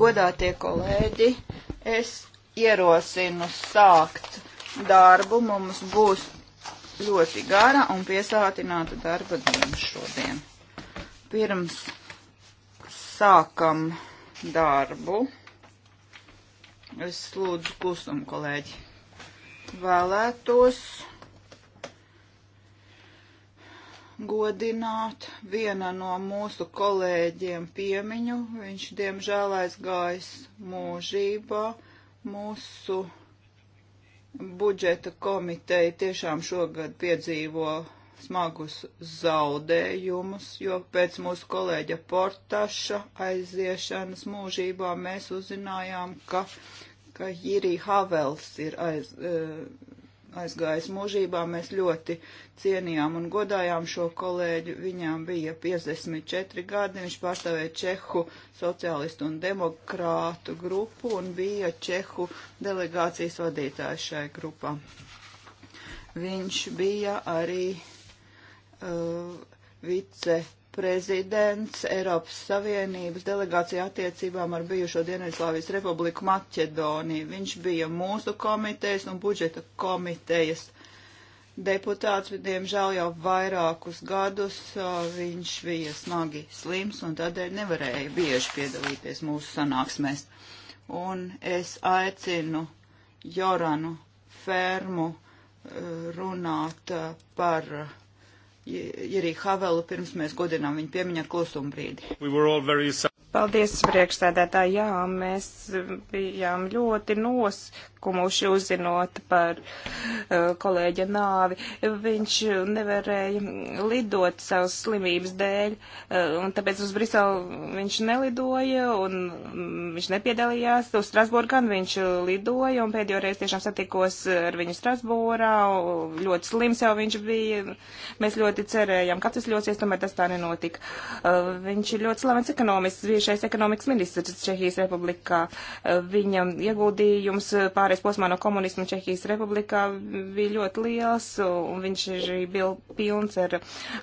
Godātie kolēģi, es ierosinu sākt darbu. Mums būs ļoti gara un piesātināta darba diena šodien. Pirms sākam darbu, es lūdzu klusumu kolēģi. Vēlētos godināt viena no mūsu kolēģiem piemiņu. Viņš diemžēl aizgājis mūžībā. Mūsu budžeta komiteja tiešām šogad piedzīvo smagus zaudējumus, jo pēc mūsu kolēģa Portaša aiziešanas mūžībā mēs uzzinājām, ka, ka Jiri Havels ir aiz, e, aizgājis mūžībā. Mēs ļoti cienījām un godājām šo kolēģu. Viņām bija 54 gadi, viņš pārstāvēja Čehu sociālistu un demokrātu grupu un bija Čehu delegācijas vadītājs šai grupā. Viņš bija arī uh, vice prezidents Eiropas Savienības delegācija attiecībām ar bijušo Dienvidslāvijas republiku Maķedoniju. Viņš bija mūsu komitejas un budžeta komitejas deputāts, bet diemžēl jau vairākus gadus viņš bija smagi slims un tādēļ nevarēja bieži piedalīties mūsu sanāksmēs. Un es aicinu Joranu Fermu runāt par Jerī Havelu, pirms mēs godinām viņu piemiņu ar klusumu brīdi. We very... Paldies, priekšsēdētāji. Jā, mēs bijām ļoti nos, notikumuši uzzinot par uh, kolēģa nāvi. Viņš nevarēja lidot savas slimības dēļ, uh, un tāpēc uz Briselu viņš nelidoja, un mm, viņš nepiedalījās. Uz Strasbūru gan viņš lidoja, un pēdējo reizi tiešām satikos ar viņu Strasbūrā. Ļoti slims jau viņš bija. Mēs ļoti cerējām, ka tas ļosies, tomēr tas tā nenotika. Uh, viņš ir ļoti slavens ekonomists, bijušais ekonomikas ministrs Čehijas Republikā. Viņam ieguldījums pār pārējais posmā no komunismu Čehijas republikā bija ļoti liels, un viņš ir bija pilns ar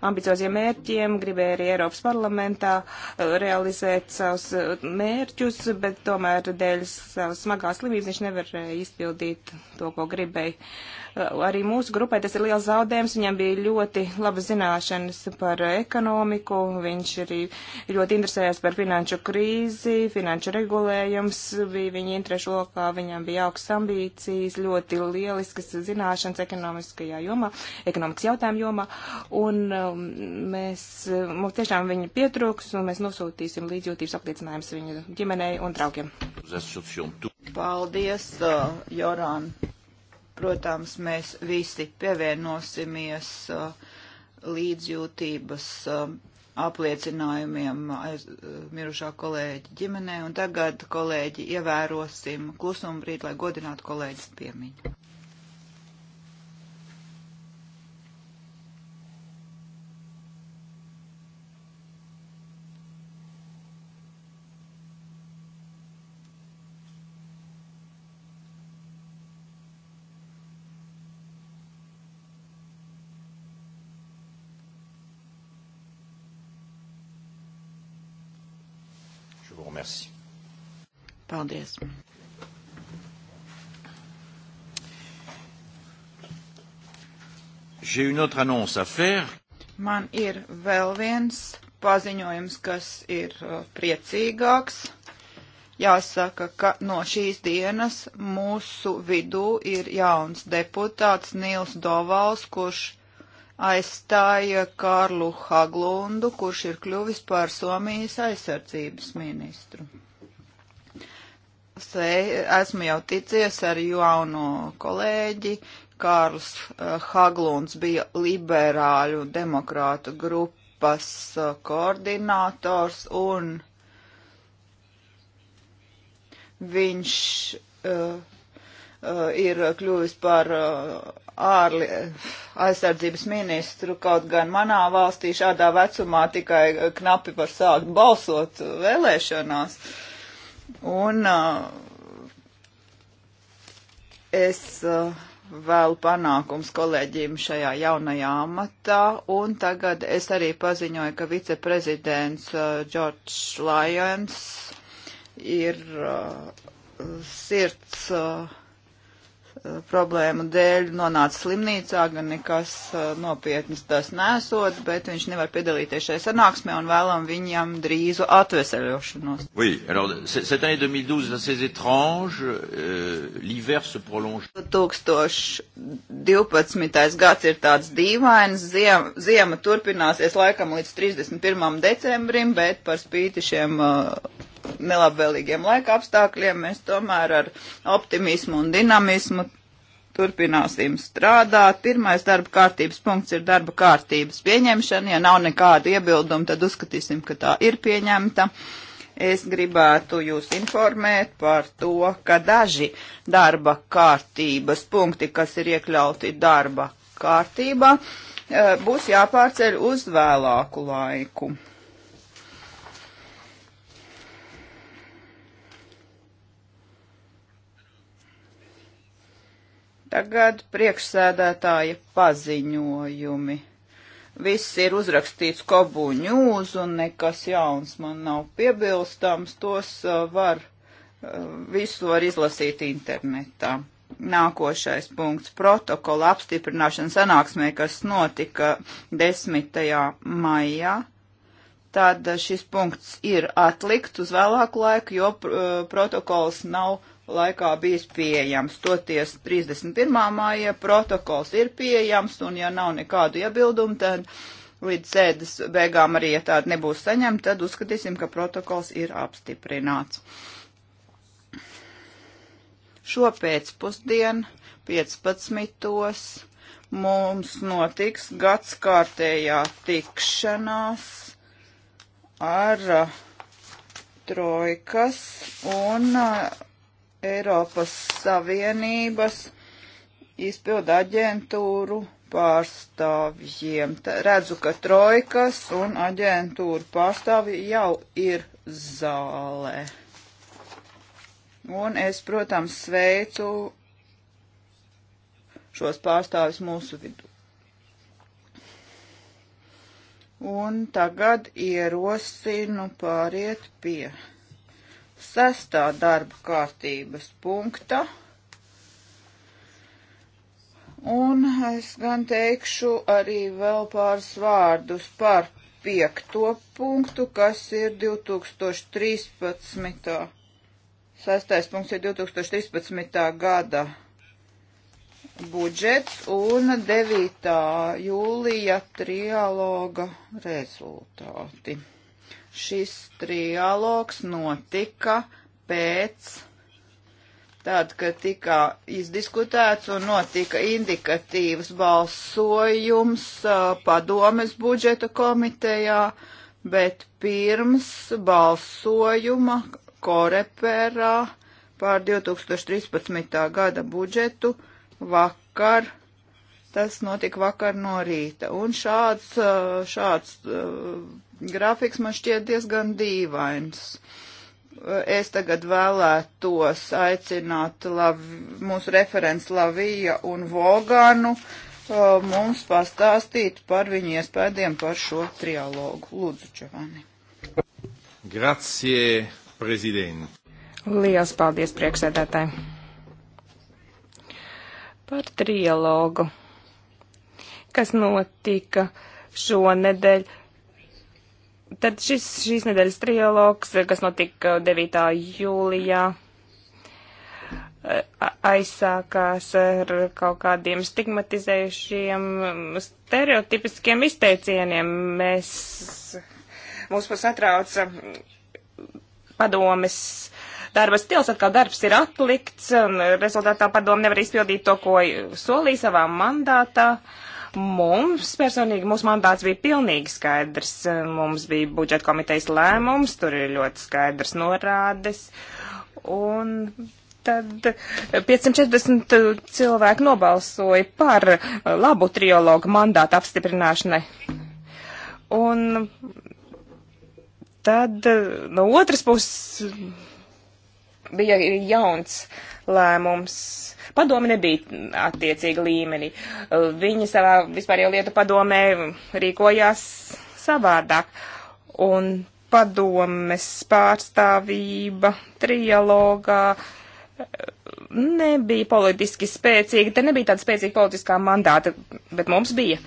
ambicioziem mērķiem, gribēja arī Eiropas parlamentā uh, realizēt savus uh, mērķus, bet tomēr dēļ savas smagās slimības viņš nevarēja izpildīt to, ko gribēja. Uh, Eh, arī mūsu grupai tas ir liels zaudējums. Viņam bija ļoti laba zināšanas par ekonomiku. Viņš arī ļoti interesējās par finanšu krīzi, finanšu regulējums bija viņa interešu lokā. Viņam bija augsts ambīcijas, ļoti lieliskas zināšanas ekonomiskajā jomā, ekonomikas jautājumu jomā. Un um, mēs, mums tiešām viņa pietrūks un mēs nosūtīsim līdzjūtības apliecinājums viņa ģimenei un draugiem. Paldies, uh, Joran. Protams, mēs visi pievienosimies uh, līdzjūtības uh, apliecinājumiem uh, aiz mirušā kolēģa ģimenē, un tagad, kolēģi, ievērosim klusumbrīdi, lai godinātu kolēģis piemiņu. Paldies! Man ir vēl viens paziņojums, kas ir uh, priecīgāks. Jāsaka, ka no šīs dienas mūsu vidū ir jauns deputāts Nils Dovals, kurš aizstāja Kārlu Haglundu, kurš ir kļuvis par Somijas aizsardzības ministru esmu jau ticies ar jauno kolēģi. Kārls eh, Haglunds bija liberāļu demokrātu grupas eh, koordinators un viņš uh, Uh, ir kļuvis par uh, ārli, aizsardzības ministru, kaut gan manā valstī šādā vecumā tikai knapi var sākt balsot vēlēšanās. Uh, Un es vēlu panākums kolēģiem šajā jaunajā amatā, un tagad es arī paziņoju, ka viceprezidents Džordžs uh, Lajons ir uh, sirds uh, Eh, problēmu dēļ nonāca slimnīcā, gan nekas eh, nopietnas tas nesot, bet viņš nevar piedalīties šajā sanāksmē un vēlam viņam drīzu atveseļošanos. Oui, alors, cette année 2012 est assez étrange, euh, l'hiver se prolonge. 2012. gads ir tāds dīvains, ziem, ziema turpināsies laikam līdz 31. decembrim, bet par spīti šiem uh, nelabvēlīgiem laika apstākļiem, mēs tomēr ar optimismu un dinamismu turpināsim strādāt. Pirmais darba kārtības punkts ir darba kārtības pieņemšana. Ja nav nekāda iebilduma, tad uzskatīsim, ka tā ir pieņemta. Es gribētu jūs informēt par to, ka daži darba kārtības punkti, kas ir iekļauti darba kārtībā, eh, būs jāpārceļ uz vēlāku laiku. Tagad priekšsēdētāja paziņojumi. Viss ir uzrakstīts kobuņūz un nekas jauns man nav piebilstams. Tos uh, var, uh, visu var izlasīt internetā. Nākošais punkts - protokola apstiprināšana sanāksmē, kas notika 10. maijā. Tad šis punkts ir atlikt uz vēlāku laiku, jo uh, protokols nav laikā bijis pieejams. Toties 31. māja protokols ir pieejams, un ja nav nekādu iebildumu, tad līdz sēdes beigām arī, ja tāda nebūs saņemta, tad uzskatīsim, ka protokols ir apstiprināts. Šo pēcpusdienu 15. mums notiks gads kārtējā tikšanās ar uh, trojkas un uh, Eiropas Savienības izpildu aģentūru pārstāvjiem. Tā redzu, ka trojkas un aģentūru pārstāvji jau ir zālē. Un es, protams, sveicu šos pārstāvis mūsu vidū. Un tagad ierosinu pāriet pie sestā darba kārtības punkta. Un es gan teikšu arī vēl pāris vārdus par piekto punktu, kas ir 2013. Sastais punkts ir 2013. gada budžets un 9. jūlija trialoga rezultāti. Šis trialogs notika pēc tad, kad tika izdiskutēts un notika indikatīvs balsojums padomes budžeta komitejā, bet pirms balsojuma koreperā pār 2013. gada budžetu vakar, tas notika vakar no rīta. Un šāds, šāds grafiks man šķiet diezgan dīvains. Es tagad vēlētos aicināt lav, mūsu referents Lavija un Voganu uh, mums pastāstīt par viņu iespējām par šo trialogu. Lūdzu, Čevani. Grazie, prezident. Lielas paldies, priekšsēdētāji. Par trialogu, kas notika šonedēļ Tad šis, šīs nedēļas trialogs, kas notika 9. jūlijā, aizsākās ar kaut kādiem stigmatizējušiem stereotipiskiem izteicieniem. Mēs, mūs satrauca padomes darba stils, atkal darbs ir atlikts, un rezultātā padome nevar izpildīt to, ko solīja savā mandātā. Uh, Mums personīgi mūsu mandāts bija pilnīgi skaidrs. Mums bija budžeta komitejas lēmums, tur ir ļoti skaidrs norādes. Un tad 540 cilvēki nobalsoja par labu triologu mandātu apstiprināšanai. Un tad no otras puses bija jauns lēmums. Padome nebija attiecīga līmenī. Viņa savā vispārējo lietu padomē rīkojās savādāk. Un padomes pārstāvība trialogā nebija politiski spēcīga, te nebija tāda spēcīga politiskā mandāta, bet mums bija.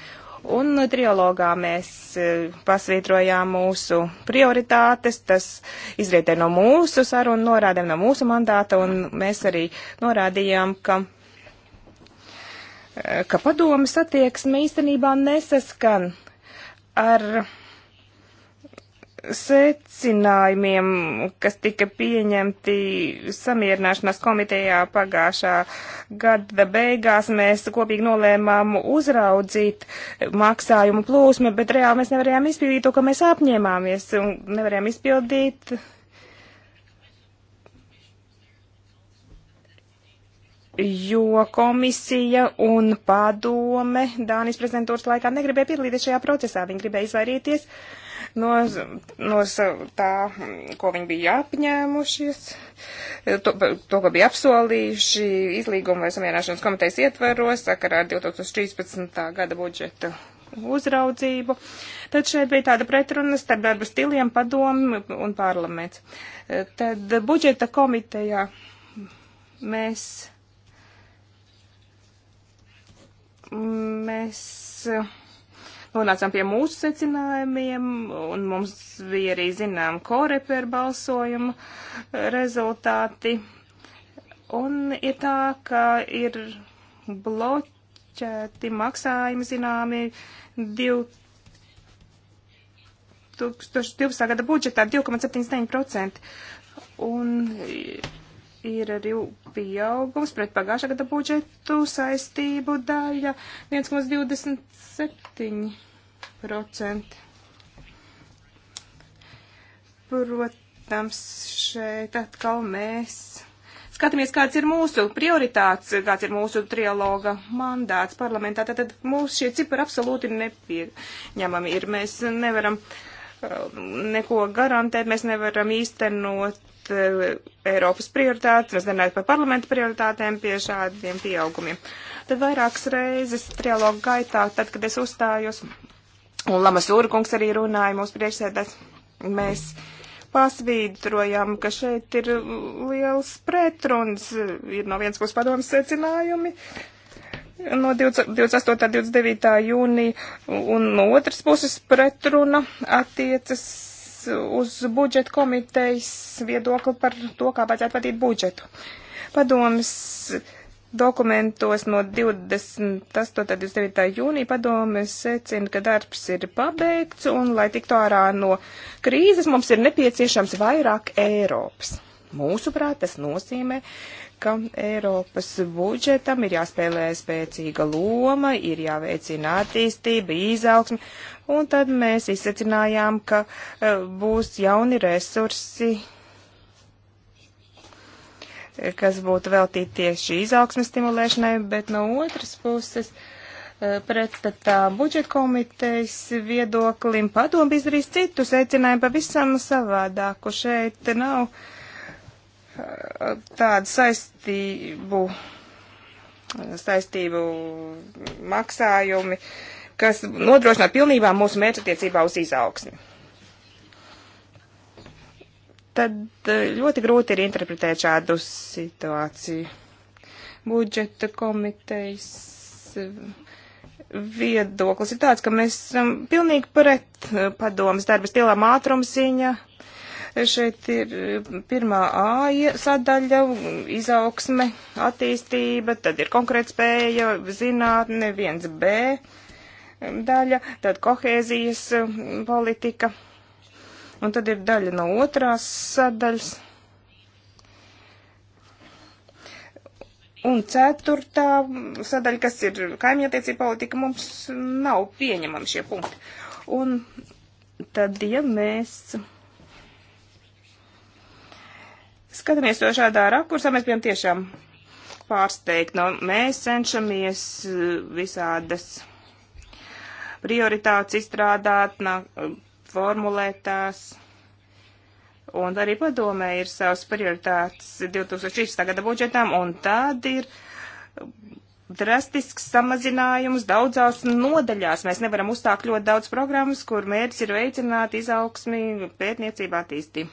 Un trilogā mēs e, pasvītrojām mūsu prioritātes, tas izrietē no mūsu sarunu norādēm, no mūsu mandāta, un mēs arī norādījām, ka, e, ka padomas attieksme īstenībā nesaskan ar secinājumiem, kas tika pieņemti samierināšanās komitejā pagājušā gada beigās, mēs kopīgi nolēmām uzraudzīt maksājumu plūsmu, bet reāli mēs nevarējām izpildīt to, ko mēs apņēmāmies, un nevarējām izpildīt. jo komisija un padome Dānijas prezidentūras laikā negribēja piedalīties šajā procesā. Viņi gribēja izvairīties uh, no, no tā, ko viņi bija apņēmušies, to, to ko bija apsolījuši izlīguma vai samierināšanas komitejas ietveros sakarā ar 2013. gada budžetu uzraudzību. Tad šeit bija tāda pretruna starp darba stiliem, padomu un parlaments. Tad budžeta komitejā mēs. Mēs nonācām pie mūsu secinājumiem, un mums bija arī zinām koreper balsojuma rezultāti. Un ir tā, ka ir bloķēti maksājumi zināmi 2012. gada budžetā 2,79%. Un ir arī pieaugums pret pagājušā gada budžetu saistību daļa 1,27%. Protams, šeit atkal mēs skatāmies, kāds ir mūsu prioritāts, kāds ir mūsu trialoga mandāts parlamentā. Tātad mūsu šie cipari absolūti nepieņemami ir. Mēs nevaram uh, neko garantēt, mēs nevaram īstenot eh, Eiropas prioritātes, mēs runājam par parlamentu prioritātēm pie šādiem pieaugumiem. Tad vairākas reizes trialogu gaitā, tad, kad es uzstājos, un Lamas Ūrkungs arī runāja mūsu priekšsēdēs, mēs pasvītrojam, ka šeit ir liels pretruns, ir no vienas puses padomas secinājumi, no 28. un 29. jūnija, un no otras puses pretruna attiecas uz budžeta komitejas viedokli par to, kā vajadzētu vadīt budžetu. Padomas dokumentos no 28. 29. jūnija padomes secina, ka darbs ir pabeigts un, lai tiktu ārā no krīzes, mums ir nepieciešams vairāk Eiropas. Mūsuprāt, tas nozīmē, ka Eiropas budžetam ir jāspēlē spēcīga loma, ir jāveicina attīstība, izaugsme, un tad mēs izsacinājām, ka e, būs jauni resursi, e, kas būtu veltīti tieši izaugsmes stimulēšanai, bet no otras puses e, pretstatā budžeta komitejas viedoklim padomu izdarīs citu secinājumu pavisam savādāku. Šeit nav. Uh, tādu saistību, saistību maksājumi, kas nodrošinā pilnībā mūsu mērķatiecībā uz izaugsmi. Tad e, ļoti grūti ir interpretēt šādu situāciju. Budžeta komitejas e, viedoklis ir tāds, ka mēs esam pilnīgi pret e, padomas darba stilām ātrumziņa Šeit ir eh, pirmā A sadaļa - izaugsme, attīstība, tad ir konkrētspēja, zinātne, viens B eh, daļa, tad kohēzijas eh, politika, un tad ir daļa no otrās sadaļas. Un ceturtā sadaļa, kas ir kaimiņattiecība politika, mums nav pieņemami šie punkti. Un tad, ja mēs skatāmies to šādā rakursā, mēs bijām tiešām pārsteigti. No, nu, mēs cenšamies eh, visādas prioritātes izstrādāt, nā, formulēt tās. Un arī padomē ir savas prioritātes 2013. gada budžetam, un tad ir drastisks samazinājums daudzās nodaļās. Mēs nevaram uzstāt ļoti daudz programmas, kur mērķis ir veicināt izaugsmi pētniecību attīstību.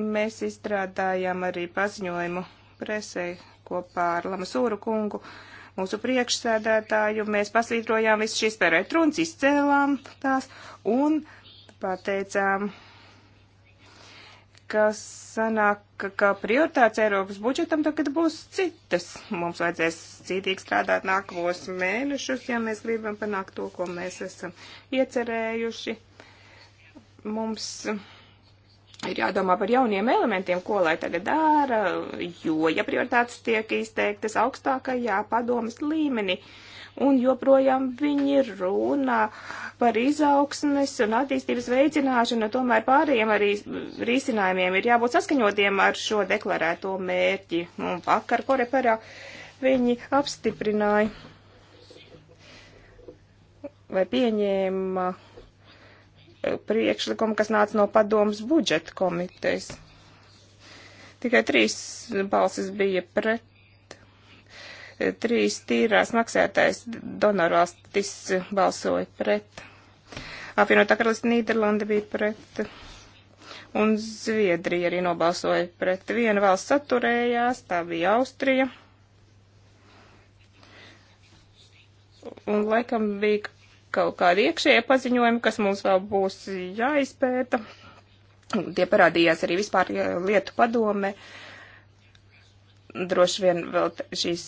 Mēs izstrādājām arī paziņojumu presē kopā ar Lamasūru kungu, mūsu priekšsēdētāju. Mēs pasvītrojām visu šīs pretrunas, izcēlām tās un pateicām, ka sanāk, ka prioritāts Eiropas budžetam tagad būs citas. Mums vajadzēs cītīgi strādāt nākamos mēnešus, ja mēs gribam panākt to, ko mēs esam iecerējuši. Mums ir jādomā par jauniem elementiem, ko lai tagad dara, jo, ja prioritātes tiek izteiktas augstākajā padomas līmenī, un joprojām viņi runā par izaugsmes un attīstības veicināšanu, tomēr pārējiem arī risinājumiem ir jābūt saskaņotiem ar šo deklarēto mērķi, un vakar koreperā viņi apstiprināja vai pieņēma priekšlikumu, kas nāca no padomas budžeta komitejas. Tikai trīs balsis bija pret. Trīs tīrās maksētājs donorvalstis balsoja pret. Apvienotā karalista Nīderlanda bija pret. Un Zviedrija arī nobalsoja pret. Viena valsts atturējās, tā bija Austrija. Un laikam bija kaut kādi iekšējie paziņojumi, kas mums vēl būs jāizpēta. Tie parādījās arī vispār lietu padome. Droši vien vēl šīs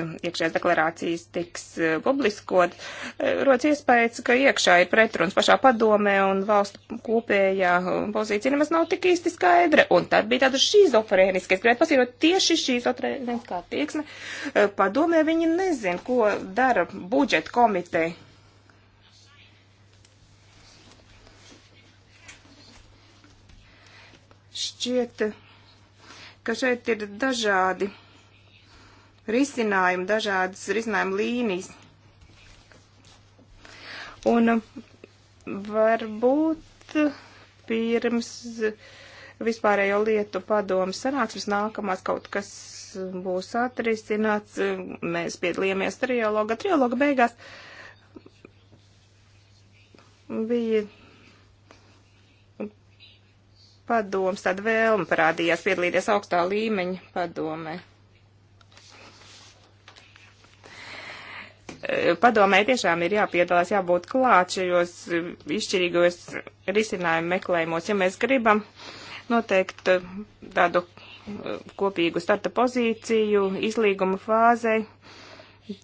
iekšējās deklarācijas tiks e, publiskot. E, rodas iespējas, ka iekšā ir pretruns pašā padomē un valstu kopējā pozīcija nemaz nav tik īsti skaidra. Un tad bija tāda šizofrēniska, es gribētu pasīrot tieši šizofrēniskā tieksme. E, padomē viņi nezin, ko dara budžeta komiteja. Šķiet, ka šeit ir dažādi risinājumi, dažādas risinājuma līnijas. Un varbūt pirms vispārējo lietu padomu sanāksmes nākamās kaut kas būs atrisināts. Mēs piedalījāmies trijologā. Trijologa beigās bija padoms, tad vēlme parādījās piedalīties augstā līmeņa padomē. E, padomē tiešām ir jāpiedalās, jābūt klāt šajos izšķirīgos risinājumu meklējumos, ja mēs gribam noteikt tādu kopīgu starta pozīciju izlīguma fāzei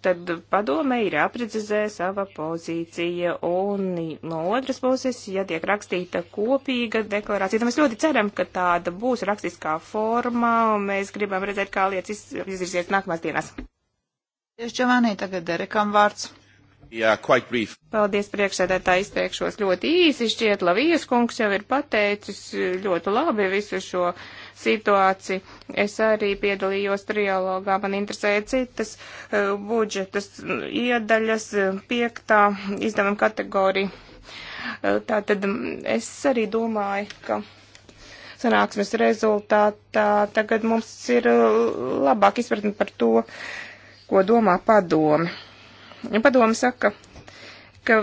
tad padome ir jāprecizē sava pozīcija. Un no otras puses, ja tiek rakstīta kopīga deklarācija, tad mēs ļoti ceram, ka tāda būs rakstiskā formā, un mēs gribam redzēt, kā lietas izvirsies nākamās dienās. Tieši Čevanī tagad Derekam vārds. Yeah, quite brief. Paldies priekšsēdētāji, izteikšos ļoti īsi, šķiet, Lavijas kungs jau ir pateicis ļoti labi visu šo situāciju. Es arī piedalījos trialogā, man interesēja citas uh, budžetas iedaļas, eh, piektā izdevuma kategorija. Uh, tātad mm, es arī domāju, ka sanāksmes rezultātā tagad mums ir labāk izpratni par to, ko domā padomi Padoma saka, ka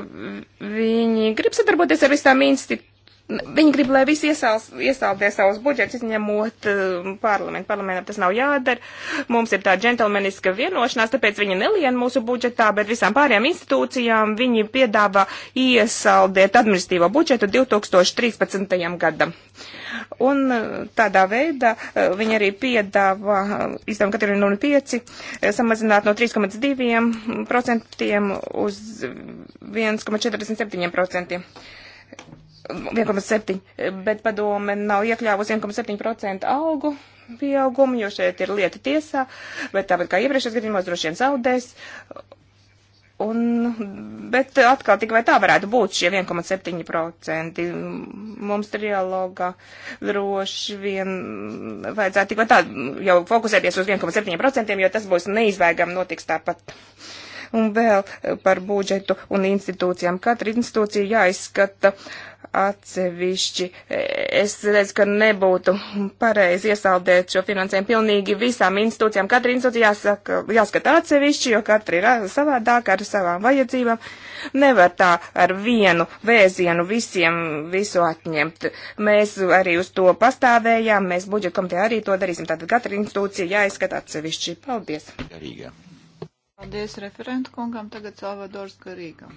viņi grib sadarboties ar visām institūcijām Viņi grib, lai visi iesals, iesaldē savus budžetus, izņemot uh, parlamentu. Parlamentam tas nav jādara. Mums ir tā džentelmeniska vienošanās, tāpēc viņi nelien mūsu budžetā, bet visām pārējām institūcijām viņi piedāvā iesaldēt administrīvo budžetu 2013. gadam. Un uh, tādā veidā uh, viņi arī piedāvā uh, izdevumu katru 0,5 uh, samazināt no 3,2% uz 1,47%. 1,7, bet padome nav iekļāvusi 1,7% augu pieaugumu, jo šeit ir lieta tiesā, bet tāpat kā iepriekšējos gadījumos droši vien zaudēs. Un, bet atkal tik vai tā varētu būt šie 1,7%. Mums trialogā droši vien vajadzētu tik vai tā jau fokusēties uz 1,7%, jo tas būs neizbēgami notiks tāpat. Un vēl par budžetu un institūcijām. Katra institūcija jāizskata. Uh, atsevišķi. Es redzu, ka nebūtu pareizi iesaldēt šo finansējumu pilnīgi visām institūcijām. Katra institūcija jāsaka, jāskata atsevišķi, jo katra ir savādāk ar savām vajadzībām. Nevar tā ar vienu vēzienu visiem visu atņemt. Mēs arī uz to pastāvējām, mēs budžeta komitē arī to darīsim. Tātad katra institūcija jāizskata atsevišķi. Paldies! Garīgā. Paldies referentu kungam, tagad Salvadors Garīgam.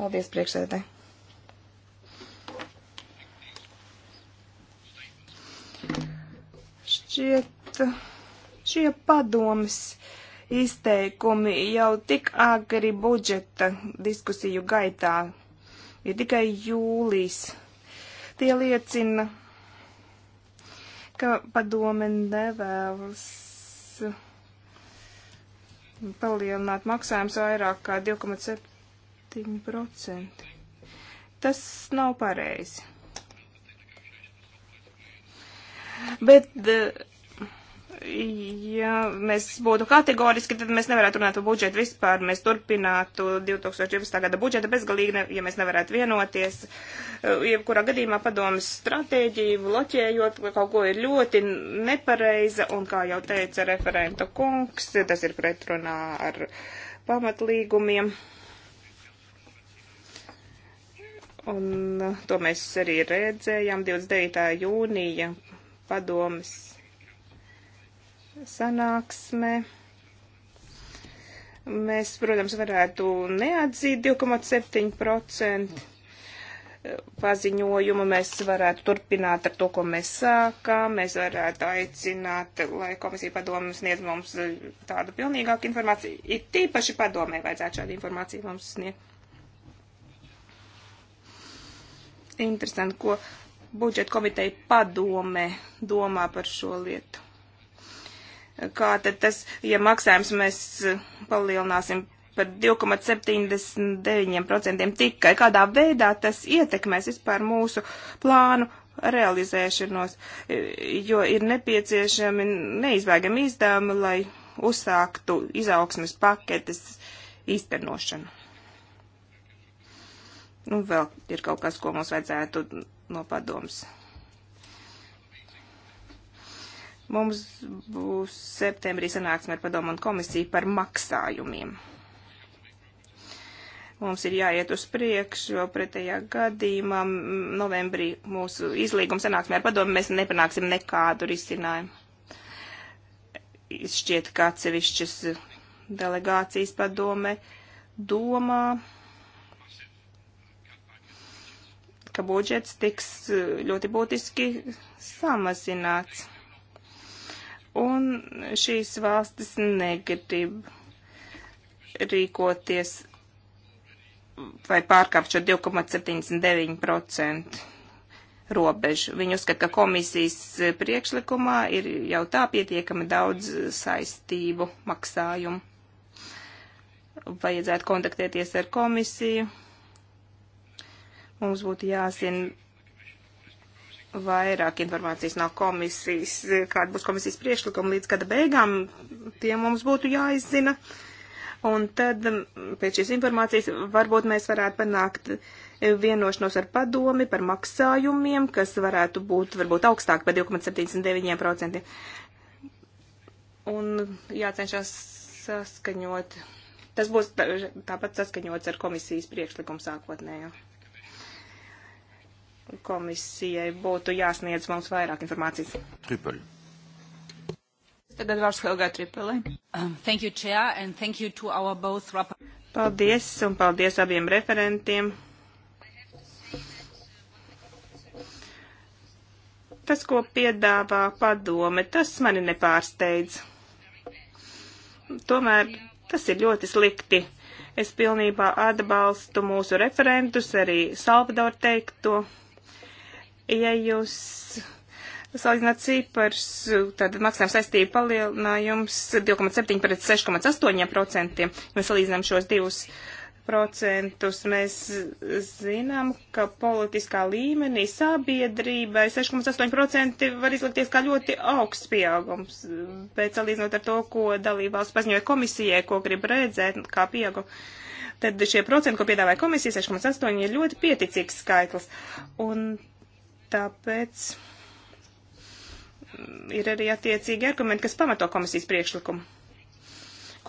Paldies, priekšsēdē. Šķiet, šie padomis izteikumi jau tik agri budžeta diskusiju gaitā ir tikai jūlijas. Tie liecina, ka padome nevēlas palielināt maksājumus vairāk kā 2,7 7%. Tas nav pareizi. Bet, ja mēs būtu kategoriski, tad mēs nevarētu runāt par budžetu vispār. Mēs turpinātu 2014. gada budžeta bezgalīgi, ne, ja mēs nevarētu vienoties. Jebkurā gadījumā padomas stratēģija, bloķējot kaut ko ir ļoti nepareiza, un kā jau teica referenta kungs, tas ir pretrunā ar pamatlīgumiem. Un uh, to mēs arī redzējām 29. jūnija padomas sanāksmē. Mēs, protams, varētu neatzīt 2,7% paziņojumu. Mēs varētu turpināt ar to, ko mēs sākām. Mēs varētu aicināt, lai komisija padomu sniedz mums tādu pilnīgāku informāciju. Ir tīpaši padomē vajadzētu šādu informāciju mums sniegt. interesanti, ko budžeta komiteja padome domā par šo lietu. Kā tad tas, ja maksājums mēs palielināsim par 2,79% tikai, kādā veidā tas ietekmēs vispār mūsu plānu realizēšanos, jo ir nepieciešami neizbēgami izdevumi, lai uzsāktu izaugsmes paketes īstenošanu nu, vēl ir kaut kas, ko mums vajadzētu no padoms. Mums būs septembrī sanāksme ar padomu un komisiju par maksājumiem. Mums ir jāiet uz priekšu, jo pretējā gadījumā novembrī mūsu izlīguma sanāksmē ar padomu mēs nepanāksim nekādu risinājumu. Šķiet, ka atsevišķas delegācijas padome domā ka budžets tiks eh, ļoti būtiski samazināts. Un šīs valstis negrib rīkoties vai pārkāpt šo 2,79% robežu. Viņi uzskata, ka komisijas priekšlikumā ir jau tā pietiekami daudz saistību maksājumu. Vajadzētu kontaktēties ar komisiju Mums būtu jāzina vairāk informācijas no komisijas, kāda būs komisijas priekšlikuma līdz gada beigām, tie mums būtu jāizzina. Un tad pēc šīs informācijas varbūt mēs varētu panākt vienošanos ar padomi par maksājumiem, kas varētu būt varbūt augstāk par 2,79%. Un jācenšas saskaņot. Tas būs tāpat saskaņots ar komisijas priekšlikumu sākotnējo. Ja komisijai būtu jāsniedz mums vairāk informācijas. Tripoli. Tagad vārds Helga Tripelē. Um, thank you, Chair, and thank you to our both Paldies, un paldies abiem referentiem. Tas, ko piedāvā padome, tas mani nepārsteidz. Tomēr tas ir ļoti slikti. Es pilnībā atbalstu mūsu referentus, arī Salvadoru teikto. Ja jūs salīdzināt cipars, tad maksājuma saistība palielinājums 2,7 pret 6,8%. Ja mēs salīdzinām šos divus procentus, mēs zinām, ka politiskā līmenī sabiedrībai 6,8% var izlikties kā ļoti augsts pieaugums, bet salīdzinot ar to, ko dalībvalsts paziņoja komisijai, ko grib redzēt kā pieaugumu tad šie procenti, ko piedāvāja komisija, 6,8 ir ļoti pieticīgs skaitlis. Un Tāpēc mm, ir arī attiecīgi argumenti, kas pamato komisijas priekšlikumu.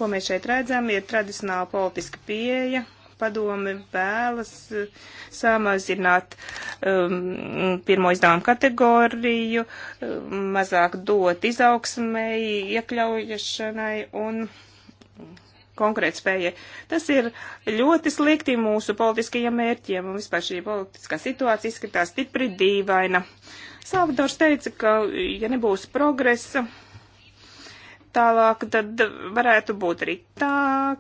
Ko mēs šeit redzam, ir tradicionāla politiska pieeja. Padome vēlas eh, samazināt um, pirmo izdevumu kategoriju, um, mazāk dot izaugsmēji, iekļaujašanai un konkurētspējai. Tas ir ļoti slikti mūsu politiskajiem mērķiem, un vispār šī politiskā situācija izskatās stipri dīvaina. Salvadors teica, ka ja nebūs progresa, tālāk tad varētu būt arī tā,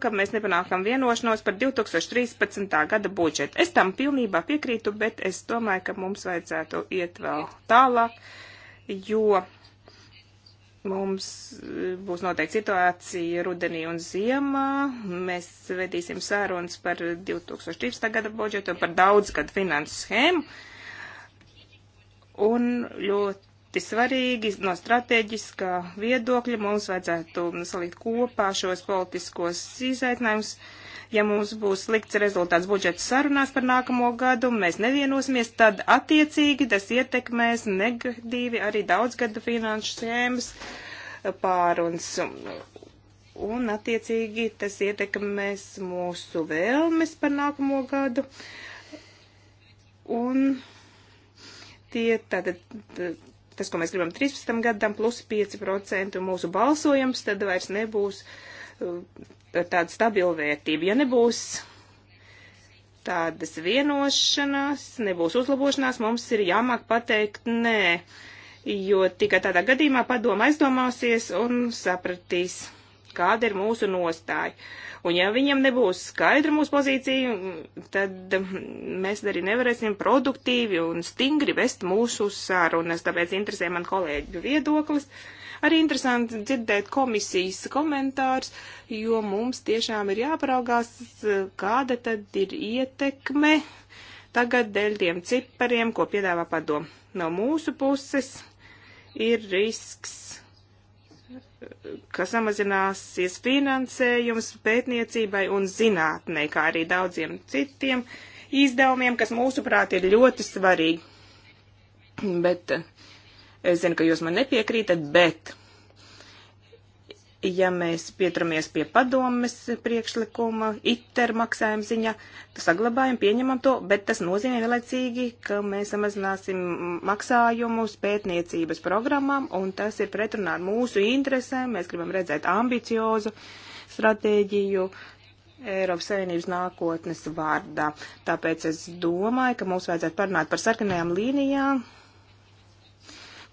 ka mēs nepanākam vienošanos par 2013. gada budžetu. Es tam pilnībā piekrītu, bet es domāju, ka mums vajadzētu iet vēl tālāk, jo Mums eh, būs noteikti situācija rudenī un ziemā. Mēs vedīsim sērunas par 2013. gada budžetu un par daudzgadu finansu schēmu. Un ļoti svarīgi no strateģiskā viedokļa mums vajadzētu salikt kopā šos politiskos izaicinājumus. Uh, Ja mums būs slikts rezultāts budžeta sarunās par nākamo gadu, mēs nevienosimies, tad attiecīgi tas ietekmēs negatīvi arī daudzgada finanšu schēmas pārunas. Un attiecīgi tas ietekmēs mūsu vēlmes par nākamo gadu. Un tie tātad tas, ko mēs gribam 13 gadam, plus 5% mūsu balsojums, tad vairs nebūs tāda stabila vērtība. Ja nebūs tādas vienošanās, nebūs uzlabošanās, mums ir jāmāk pateikt nē, jo tikai tādā gadījumā padoma aizdomāsies un sapratīs, kāda ir mūsu nostāja. Un ja viņam nebūs skaidra mūsu pozīcija, tad mēs arī nevarēsim produktīvi un stingri vest mūsu sarunas, tāpēc interesē man kolēģu viedoklis. Uh, Arī interesanti dzirdēt komisijas komentārus, jo mums tiešām ir jāparaugās, kāda tad ir ietekme tagad dēļ tiem cipariem, ko piedāvā padom. No mūsu puses ir risks ka samazināsies finansējums pētniecībai un zinātnē, kā arī daudziem citiem izdevumiem, kas mūsuprāt ir ļoti svarīgi. Bet uh, Es zinu, ka jūs man nepiekrītat, bet ja mēs pieturamies pie padomes priekšlikuma, iter maksājuma ziņa, saglabājam, pieņemam to, bet tas nozīmē vienlaicīgi, ka mēs samazināsim maksājumus pētniecības programmām, un tas ir pretrunā ar mūsu interesēm. Mēs gribam redzēt ambiciozu stratēģiju, Eiropas Savienības nākotnes vārdā. Tāpēc es domāju, ka mums vajadzētu parunāt par sarkanajām līnijām,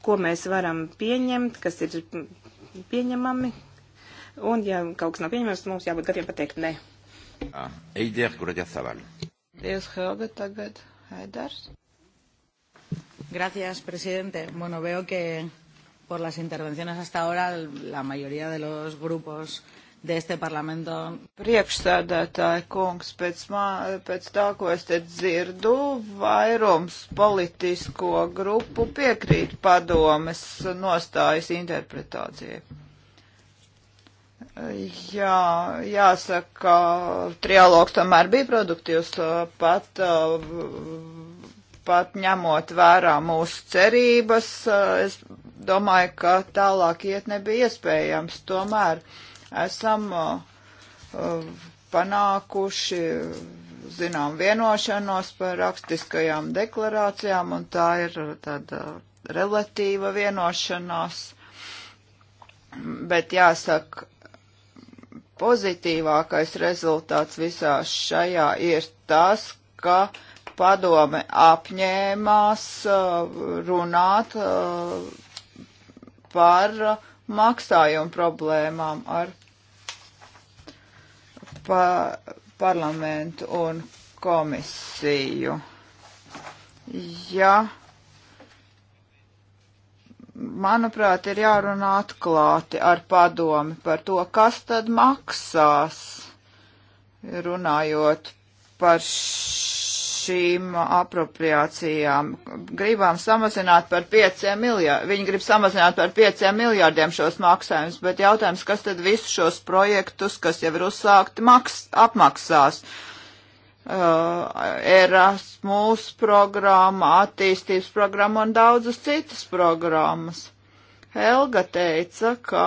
ko mēs varam pieņemt, kas ir pieņemami. Un, ja kaut kas nav pieņemams, mums jābūt gataviem pateikt nē. Ah, Eider Gurdiazabal. Dievs, Helga, tagad Eiders. Gracias, presidente. Bueno, veo que por las intervenciones hasta ahora la mayoría de los grupos de este Parlamento. Priekšsēdētāji kungs, pēc, mā, pēc tā, ko es te dzirdu, vairums politisko grupu piekrīt padomes nostājas interpretācijai. Jā, jāsaka, trialogs tomēr bija produktīvs, pat, pat ņemot vērā mūsu cerības, es domāju, ka tālāk iet nebija iespējams. Tomēr uh, esam panākuši zinām vienošanos par rakstiskajām deklarācijām, un tā ir tāda relatīva vienošanās. Bet jāsaka, pozitīvākais rezultāts visā šajā ir tas, ka padome apņēmās runāt par maksājumu problēmām ar pa parlamentu un komisiju. Ja, manuprāt, ir jārunā atklāti ar padomi par to, kas tad maksās, runājot par šīm apropriācijām. Gribām samazināt par 5 miljārdiem, viņi grib samazināt par 5 miljārdiem šos maksājumus, bet jautājums, kas tad visus šos projektus, kas jau ir uzsākti, maks, apmaksās? Uh, Erasmus programma, attīstības programma un daudzas citas programmas. Helga teica, ka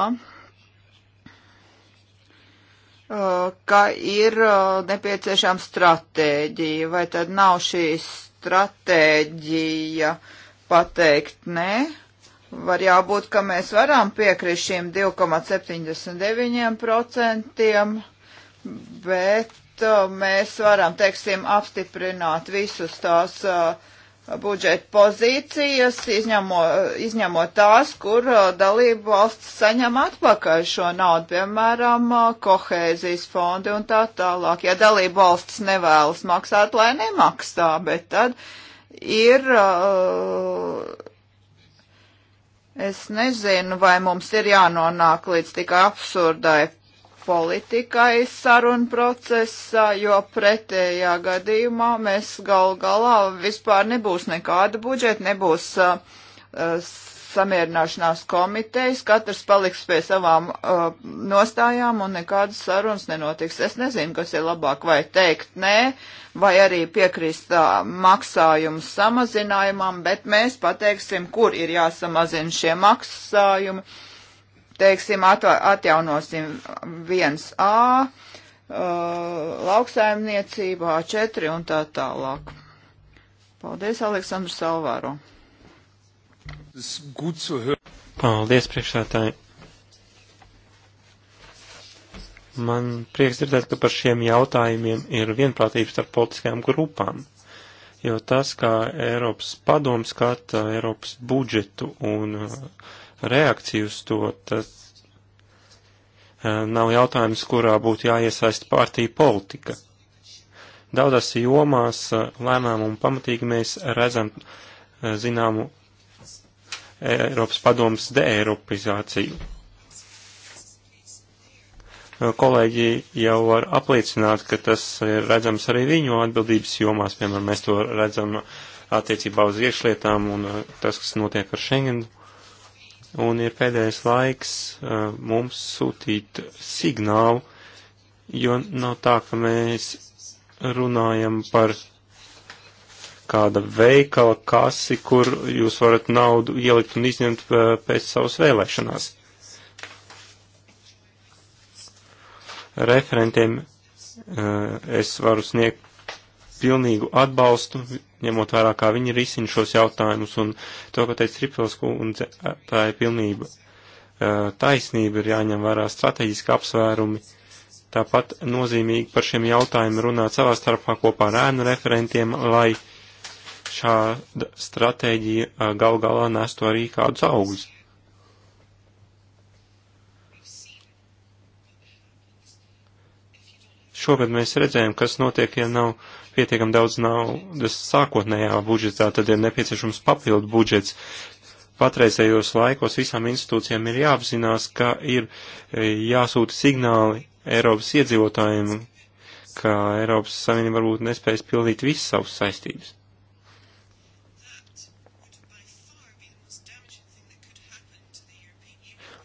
Uh, ka ir uh, nepieciešama stratēģija, vai tad nav šī stratēģija pateikt nē? Var jābūt, ka mēs varam piekrist šiem 2,79%, bet uh, mēs varam, teiksim, apstiprināt visus tās uh, budžeta pozīcijas, izņemo, izņemot tās, kur uh, dalību valsts saņem atpakaļ šo naudu, piemēram, uh, kohēzijas fondi un tā tālāk. Ja dalību valsts nevēlas maksāt, lai nemaksā, bet tad ir. Uh, es nezinu, vai mums ir jānonāk līdz tik absurdai politikai sarunu procesā, jo pretējā gadījumā mēs gal galā vispār nebūs nekāda budžeta, nebūs uh, uh, samierināšanās komitejas, katrs paliks pie savām uh, nostājām un nekādas sarunas nenotiks. Es nezinu, kas ir labāk vai teikt nē, vai arī piekrist uh, maksājumu samazinājumam, bet mēs pateiksim, kur ir jāsamazina šie maksājumi. Uh, teiksim, atjaunosim 1A, uh, lauksaimniecībā 4 un tā tālāk. Paldies, Aleksandrs Salvaro. Paldies, priekšsētāji. Man prieks dzirdēt, ka par šiem jautājumiem ir vienprātības starp politiskajām grupām, jo tas, kā Eiropas padoms skata Eiropas budžetu un uh, reakciju uz to. Tas eh, nav jautājums, kurā būtu jāiesaist partija politika. Daudzās jomās eh, lēmām un pamatīgi mēs redzam eh, zināmu Eiropas padomas deeiropizāciju. Kolēģi jau var apliecināt, ka tas ir redzams arī viņu atbildības jomās, piemēram, mēs to redzam attiecībā uz iekšlietām un tas, kas notiek ar Schengenu un ir pēdējais laiks uh, mums sūtīt signālu, jo nav tā, ka mēs runājam par kāda veikala kasi, kur jūs varat naudu ielikt un izņemt uh, pēc savas vēlēšanās. Referentiem uh, es varu sniegt pilnīgu atbalstu, ņemot vērā, kā viņi risina šos jautājumus, un to, ko teica Tripelsku, un tā ir pilnība. Taisnība ir jāņem vērā strateģiski apsvērumi, tāpat nozīmīgi par šiem jautājumiem runāt savā starpā kopā ar ēnu referentiem, lai šāda stratēģija gal galā nestu arī kādus augļus. Šogad mēs redzējām, kas notiek, ja nav uh, pietiekam daudz naudas sākotnējā budžetā, tad ir nepieciešams papildu budžets. Patreizējos laikos visām institūcijām ir jāapzinās, ka ir e, jāsūta signāli Eiropas iedzīvotājiem, ka Eiropas Savienība varbūt nespējas pildīt visas savas saistības.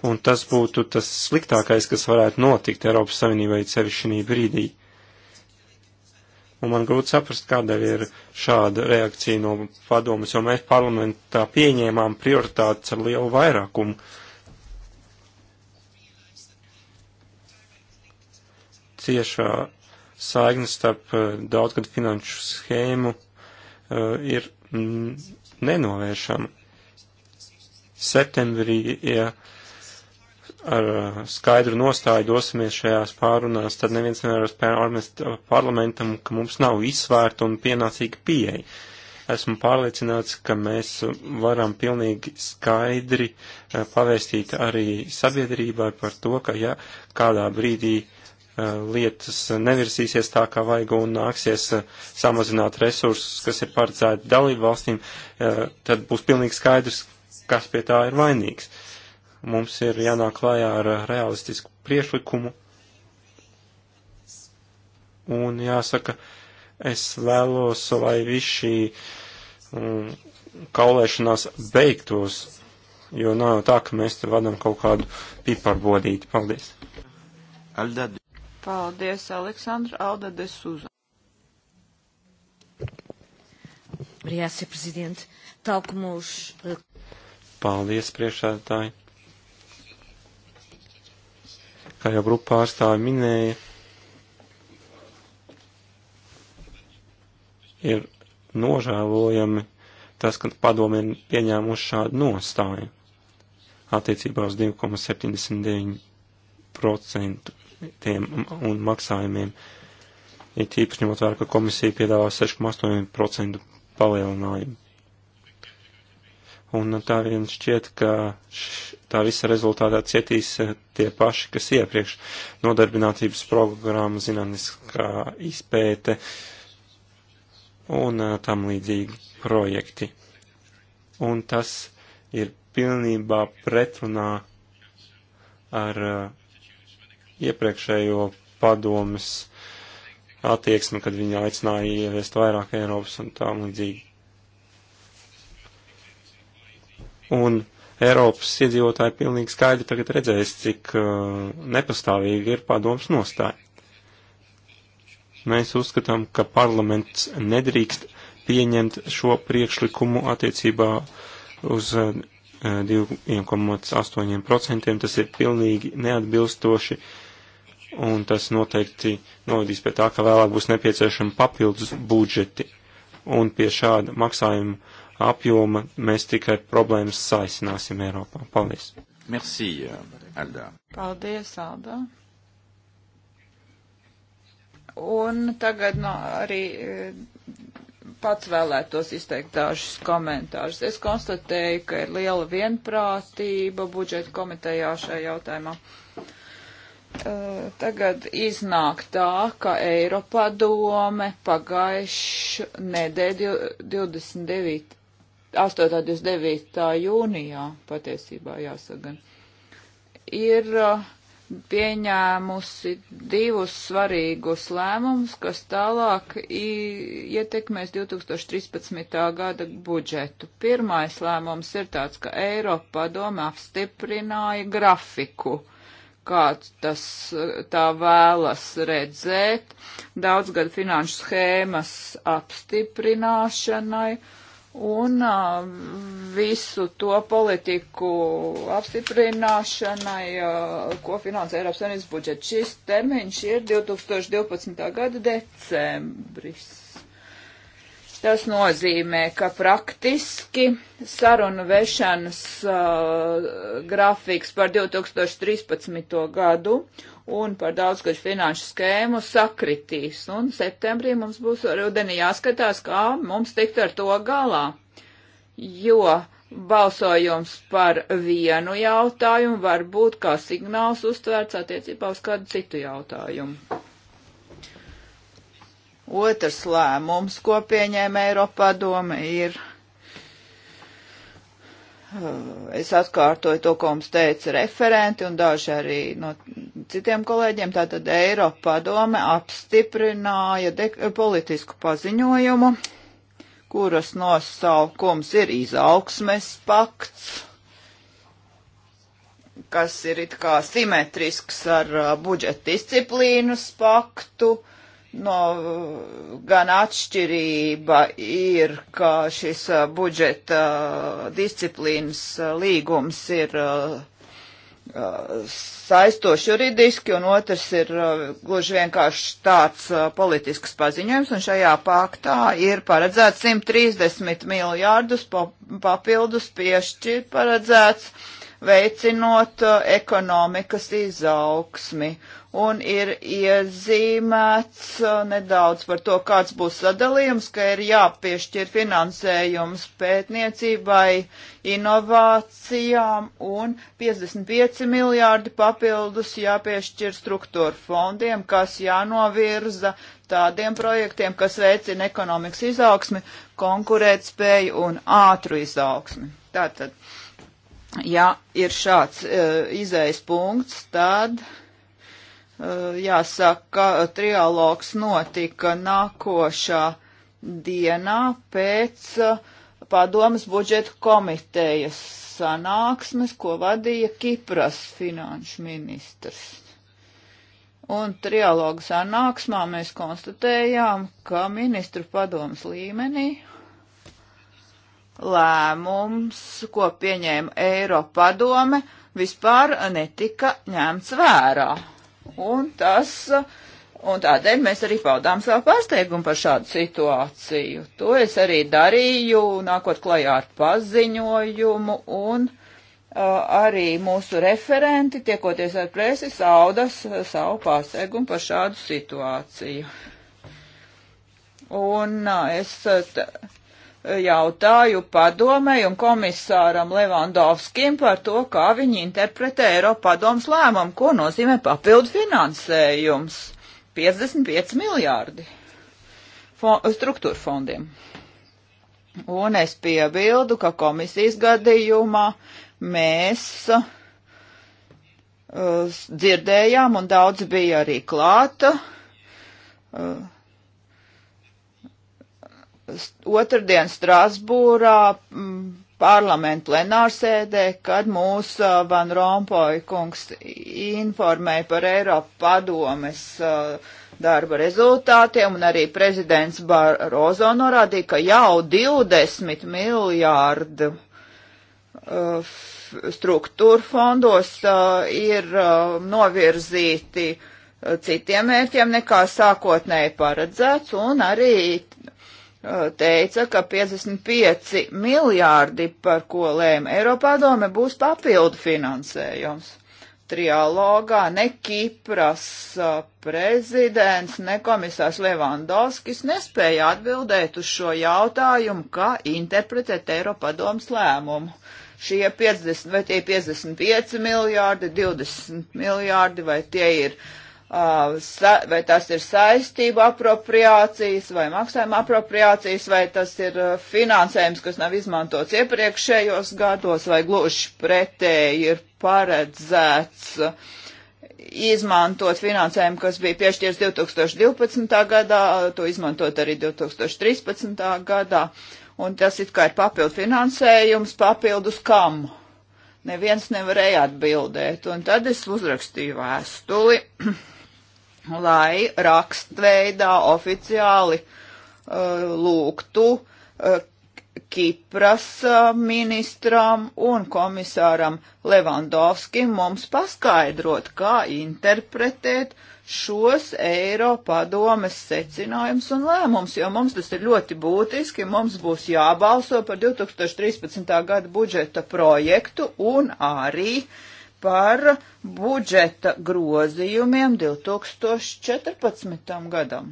Un tas būtu tas sliktākais, kas varētu notikt Eiropas Savienībai sevišķi brīdī. Uh, un man grūti saprast, kādēļ ir šāda reakcija no padomas, jo mēs parlamentā pieņēmām prioritātes ar lielu vairākumu. Tiešā saiknes starp eh, daudzgad finanšu schēmu eh, ir mm, nenovēršama. Septembrī, ja ar uh, skaidru nostāju dosimies šajās pārunās, tad neviens nevar pārmest uh, parlamentam, ka mums nav izsvērta un pienācīga pieeja. Esmu pārliecināts, ka mēs varam pilnīgi skaidri uh, pavēstīt arī sabiedrībai par to, ka ja kādā brīdī lietas nevirsīsies tā, kā vajag, un nāksies samazināt resursus, kas ir paredzēti dalību valstīm, tad būs pilnīgi skaidrs, kas pie tā ir vainīgs mums ir jānāk klājā ar realistisku priešlikumu. Un jāsaka, es vēlos, lai viss šī um, kaulēšanās beigtos, jo nav tā, ka mēs te vadam kaut kādu piparbodīti. Paldies! Aldad. Paldies, Aleksandra Alda de Souza. Obrigada, Sr. Presidente. Tal como os. Paldies, priekšsēdētāji kā jau grupa pārstāvi minēja, ir nožēlojami tas, ka padomi ir pieņēmuši šādu nostāju attiecībā uz 2,79% un maksājumiem. Ir tīpaši ņemot vērā, ka komisija piedāvā 6,8% palielinājumu un tā vien šķiet, ka š, tā visa rezultātā cietīs eh, tie paši, kas iepriekš nodarbinātības programma, zinātniskā izpēte un eh, tam līdzīgi projekti. Un tas ir pilnībā pretrunā ar eh, iepriekšējo padomes attieksmi, kad viņi aicināja ieviest vairāk Eiropas un tā līdzīgi Un Eiropas iedzīvotāji pilnīgi skaidri tagad redzēs, cik uh, nepastāvīgi ir padoms nostāja. Mēs uzskatām, ka parlaments nedrīkst pieņemt šo priekšlikumu attiecībā uz uh, 2,8%. Tas ir pilnīgi neatbilstoši un tas noteikti novadīs pie tā, ka vēlāk būs nepieciešami papildus budžeti. Un pie šāda maksājuma uh, apjoma, mēs tikai problēmas saisināsim Eiropā. Paldies! Merci, eh, Aldā. Paldies, Aldā. Un tagad no, nu, arī eh, pats vēlētos izteikt dažus komentārus. Es konstatēju, ka ir liela vienprātība budžeta komitejā šajā jautājumā. Uh, tagad iznāk tā, ka Eiropadome pagājuši nedēļ 29. 8. 29. jūnijā, patiesībā jāsaka, ir uh, pieņēmusi divus svarīgus lēmumus, kas tālāk ietekmēs 2013. gada budžetu. Pirmais lēmums ir tāds, ka Eiropa padome apstiprināja grafiku kāds tas tā vēlas redzēt, daudzgad finanšu schēmas apstiprināšanai, un uh, visu to politiku apstiprināšanai, uh, ko finansē Eiropas Savienības budžets. Šis termiņš ir 2012. gada decembris. Tas nozīmē, ka praktiski sarunu vešanas uh, grafiks par 2013. gadu un par daudzgaļu finanšu skēmu sakritīs. Un septembrī mums būs rudenī jāskatās, kā mums tikt ar to galā. Jo balsojums par vienu jautājumu var būt kā signāls uztvērts attiecībā uz kādu citu jautājumu. Otrs lēmums, ko pieņēma Eiropadome, ir, eh, es atkārtoju to, ko mums teica referenti un daži arī no citiem kolēģiem, tātad Eiropadome apstiprināja politisku paziņojumu, kuras nosaukums ir izaugsmes pakts kas ir it kā simetrisks ar uh, eh, budžeta disciplīnas paktu, uh, no, gan atšķirība ir, ka šis uh, budžeta uh, disciplīnas uh, līgums ir saistoši juridiski, un otrs ir gluži vienkārši tāds politisks paziņojums, un šajā paktā ir paredzēts 130 miljārdus papildus piešķirt paredzēts veicinot ekonomikas izaugsmi un ir iezīmēts uh, nedaudz par to, kāds būs sadalījums, ka ir jāpiešķir finansējums pētniecībai, inovācijām un 55 miljārdi papildus jāpiešķir struktūra fondiem, kas jānovirza tādiem projektiem, kas veicina ekonomikas izaugsmi, konkurētspēju un ātru izaugsmi. Tātad, ja ir šāds uh, izējas punkts, tad. Uh, Eh, jāsaka, ka trialogs notika nākošā dienā pēc eh, padomas budžeta komitejas sanāksmes, ko vadīja Kipras finanšu ministrs. Un trialogu sanāksmā mēs konstatējām, ka ministru padomas līmenī lēmums, ko pieņēma Eiropadome, vispār netika ņemts vērā. Un tas, un tādēļ mēs arī paudām savu pārsteigumu par šādu situāciju. To es arī darīju, nākot klajā ar paziņojumu, un uh, arī mūsu referenti, tiekoties ar presi, saudas savu pārsteigumu par šādu situāciju. Un uh, es. T, jautāju padomēju un komisāram Levandovskim par to, kā viņi interpretē Eiropa padomas lēmumu, ko nozīmē papildu finansējums - 55 miljārdi fon struktūra fondiem. Un es piebildu, ka komisijas gadījumā mēs uh, dzirdējām, un daudz bija arī klāta, uh, otrdien Strasbūrā parlamentu plenārsēdē, kad mūs Van Rompoja kungs informēja par Eiropa padomes darba rezultātiem, un arī prezidents Barozo norādīja, ka jau 20 miljārdu struktūra fondos ir novirzīti citiem mērķiem nekā sākotnēji paredzēts, un arī Eh, teica, ka 55 miljārdi, par ko lēma Eiropādome, būs papildu finansējums. Trialogā ne Kipras eh, prezidents, ne komisārs Levandovskis nespēja atbildēt uz šo jautājumu, kā interpretēt Eiropadomas lēmumu. Šie 50 vai tie 55 miljārdi, 20 miljārdi vai tie ir uh, vai tas ir saistību apropriācijas vai maksājuma apropriācijas, vai tas ir finansējums, kas nav izmantots iepriekšējos gados, vai gluži pretēji ir paredzēts izmantot finansējumu, kas bija piešķirs 2012. gadā, to izmantot arī 2013. gadā, un tas it kā ir papildu finansējums, papildus kam? Neviens nevarēja atbildēt, un tad es uzrakstīju vēstuli. lai rakstveidā oficiāli uh, lūgtu uh, Kipras uh, ministram un komisāram Levandovskim mums paskaidrot, kā interpretēt šos Eiropadomes secinājumus un lēmumus, jo mums tas ir ļoti būtiski. Mums būs jābalso par 2013. gada budžeta projektu un arī uh, par budžeta grozījumiem 2014. gadam.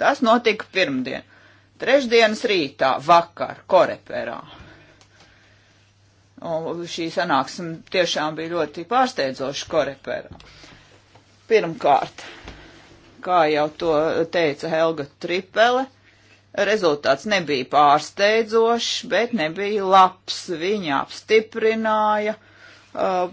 Tas notika pirmdien, trešdienas rītā, vakar, koreperā. Un šī sanāksme tiešām bija ļoti pārsteidzoša koreperā. Pirmkārt, kā jau to teica Helga Tripele, rezultāts nebija pārsteidzošs, bet nebija labs. Viņa apstiprināja uh,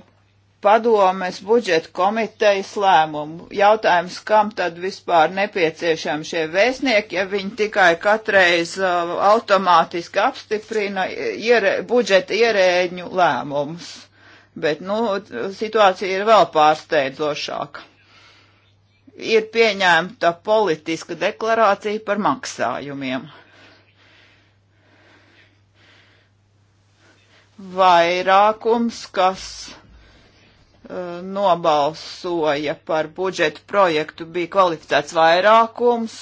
padomes budžeta komitejas lēmumu. Jautājums, kam tad vispār nepieciešami šie vēstnieki, ja viņi tikai katreiz uh, automātiski apstiprina iere, budžeta ierēģņu lēmumus. Bet, nu, situācija ir vēl pārsteidzošāka. Ir pieņemta politiska deklarācija par maksājumiem. Vairākums, kas nobalsoja par budžetu projektu, bija kvalificēts vairākums,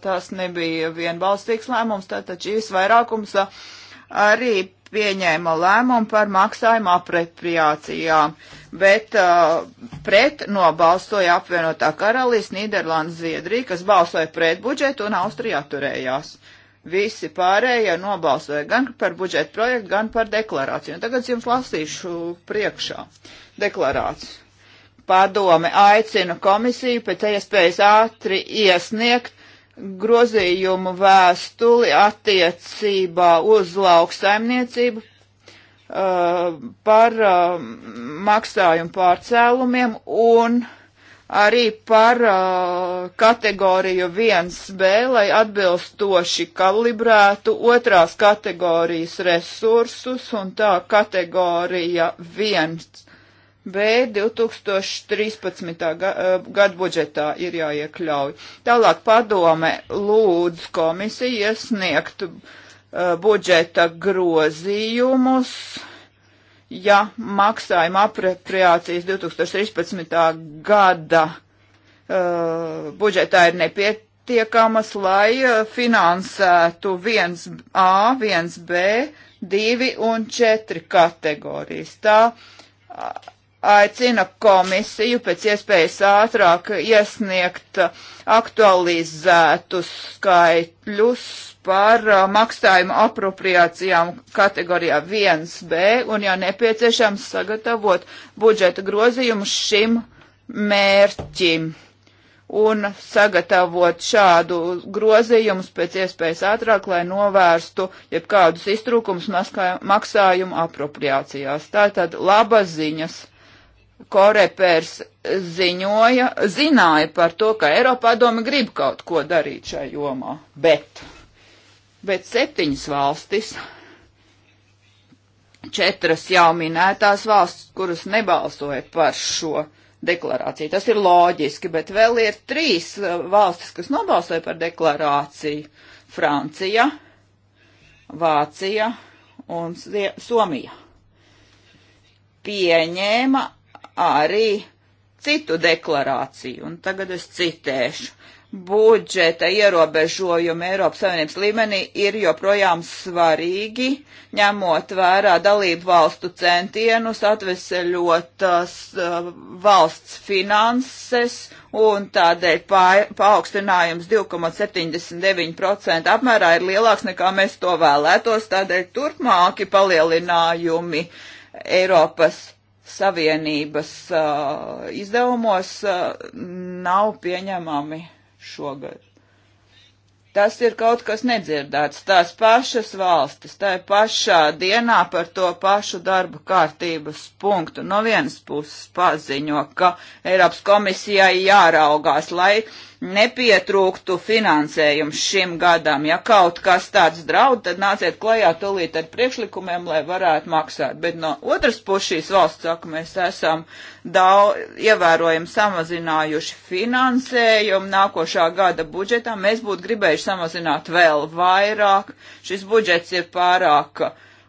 tas nebija vienbalstīgs lēmums, tātad šīs vairākums arī pieņēma lēmumu par maksājumu aprepriācijām, bet uh, pret nobalstoja apvienotā karalīs Nīderlandes Zviedrija, kas balsoja pret budžetu un Austrija atturējās. Visi pārējie nobalsoja gan par budžeta projektu, gan par deklarāciju. Un tagad jums lasīšu priekšā deklarāciju. Padome aicina komisiju pēc iespējas ātri iesniegt grozījumu vēstuli attiecībā uz lauksaimniecību uh, par uh, maksājumu pārcēlumiem un uh, arī par uh, kategoriju 1B, lai atbilstoši kalibrētu otrās kategorijas resursus, un tā kategorija 1B 2013. Ga, uh, gada budžetā ir jāiekļauj. Tālāk padome lūdz komisiju iesniegt uh, budžeta grozījumus ja maksājuma apropriācijas 2013. gada uh, budžetā ir nepietiekamas, lai uh, finansētu 1A, 1B, 2 un 4 kategorijas. Tā uh, aicina komisiju pēc iespējas ātrāk iesniegt aktualizētus skaitļus par uh, maksājumu apropriācijām kategorijā 1B un, ja nepieciešams, sagatavot budžeta grozījumus šim mērķim un sagatavot šādu grozījumus pēc iespējas ātrāk, lai novērstu jebkādus iztrūkums maksājumu apropriācijās. Tātad labas ziņas Korepērs ziņoja, zināja par to, ka Eiropadome grib kaut ko darīt šai jomā, bet, bet septiņas valstis, četras jau minētās valstis, kuras nebalsoja par šo deklarāciju. Tas ir loģiski, bet vēl ir trīs eh, valstis, kas nobalsoja par deklarāciju - Francija, Vācija un Somija pieņēma arī citu deklarāciju, un tagad es citēšu. Budžeta ierobežojumi Eiropas Savienības līmenī ir joprojām svarīgi, ņemot vērā dalību valstu centienus atveseļot uh, uh valsts finanses, un tādēļ pa, paaugstinājums 2,79% apmērā ir lielāks nekā mēs to vēlētos, tādēļ turpmāki palielinājumi Eiropas Savienības uh, izdevumos uh, nav pieņemami šogad. Tas ir kaut kas nedzirdēts. Tās pašas valstis, tā pašā dienā par to pašu darba kārtības punktu. No vienas puses paziņo, ka Eiropas komisijai jāraugās, lai uh, nepietrūktu finansējums šim gadam. Ja kaut kas tāds draud, tad nāciet klajā tolīt ar priekšlikumiem, lai varētu maksāt. Bet no otras puses šīs valsts saka, mēs esam daudz ievērojami samazinājuši finansējumu nākošā gada budžetā. Mēs būtu gribējuši samazināt vēl vairāk. Šis budžets ir pārāk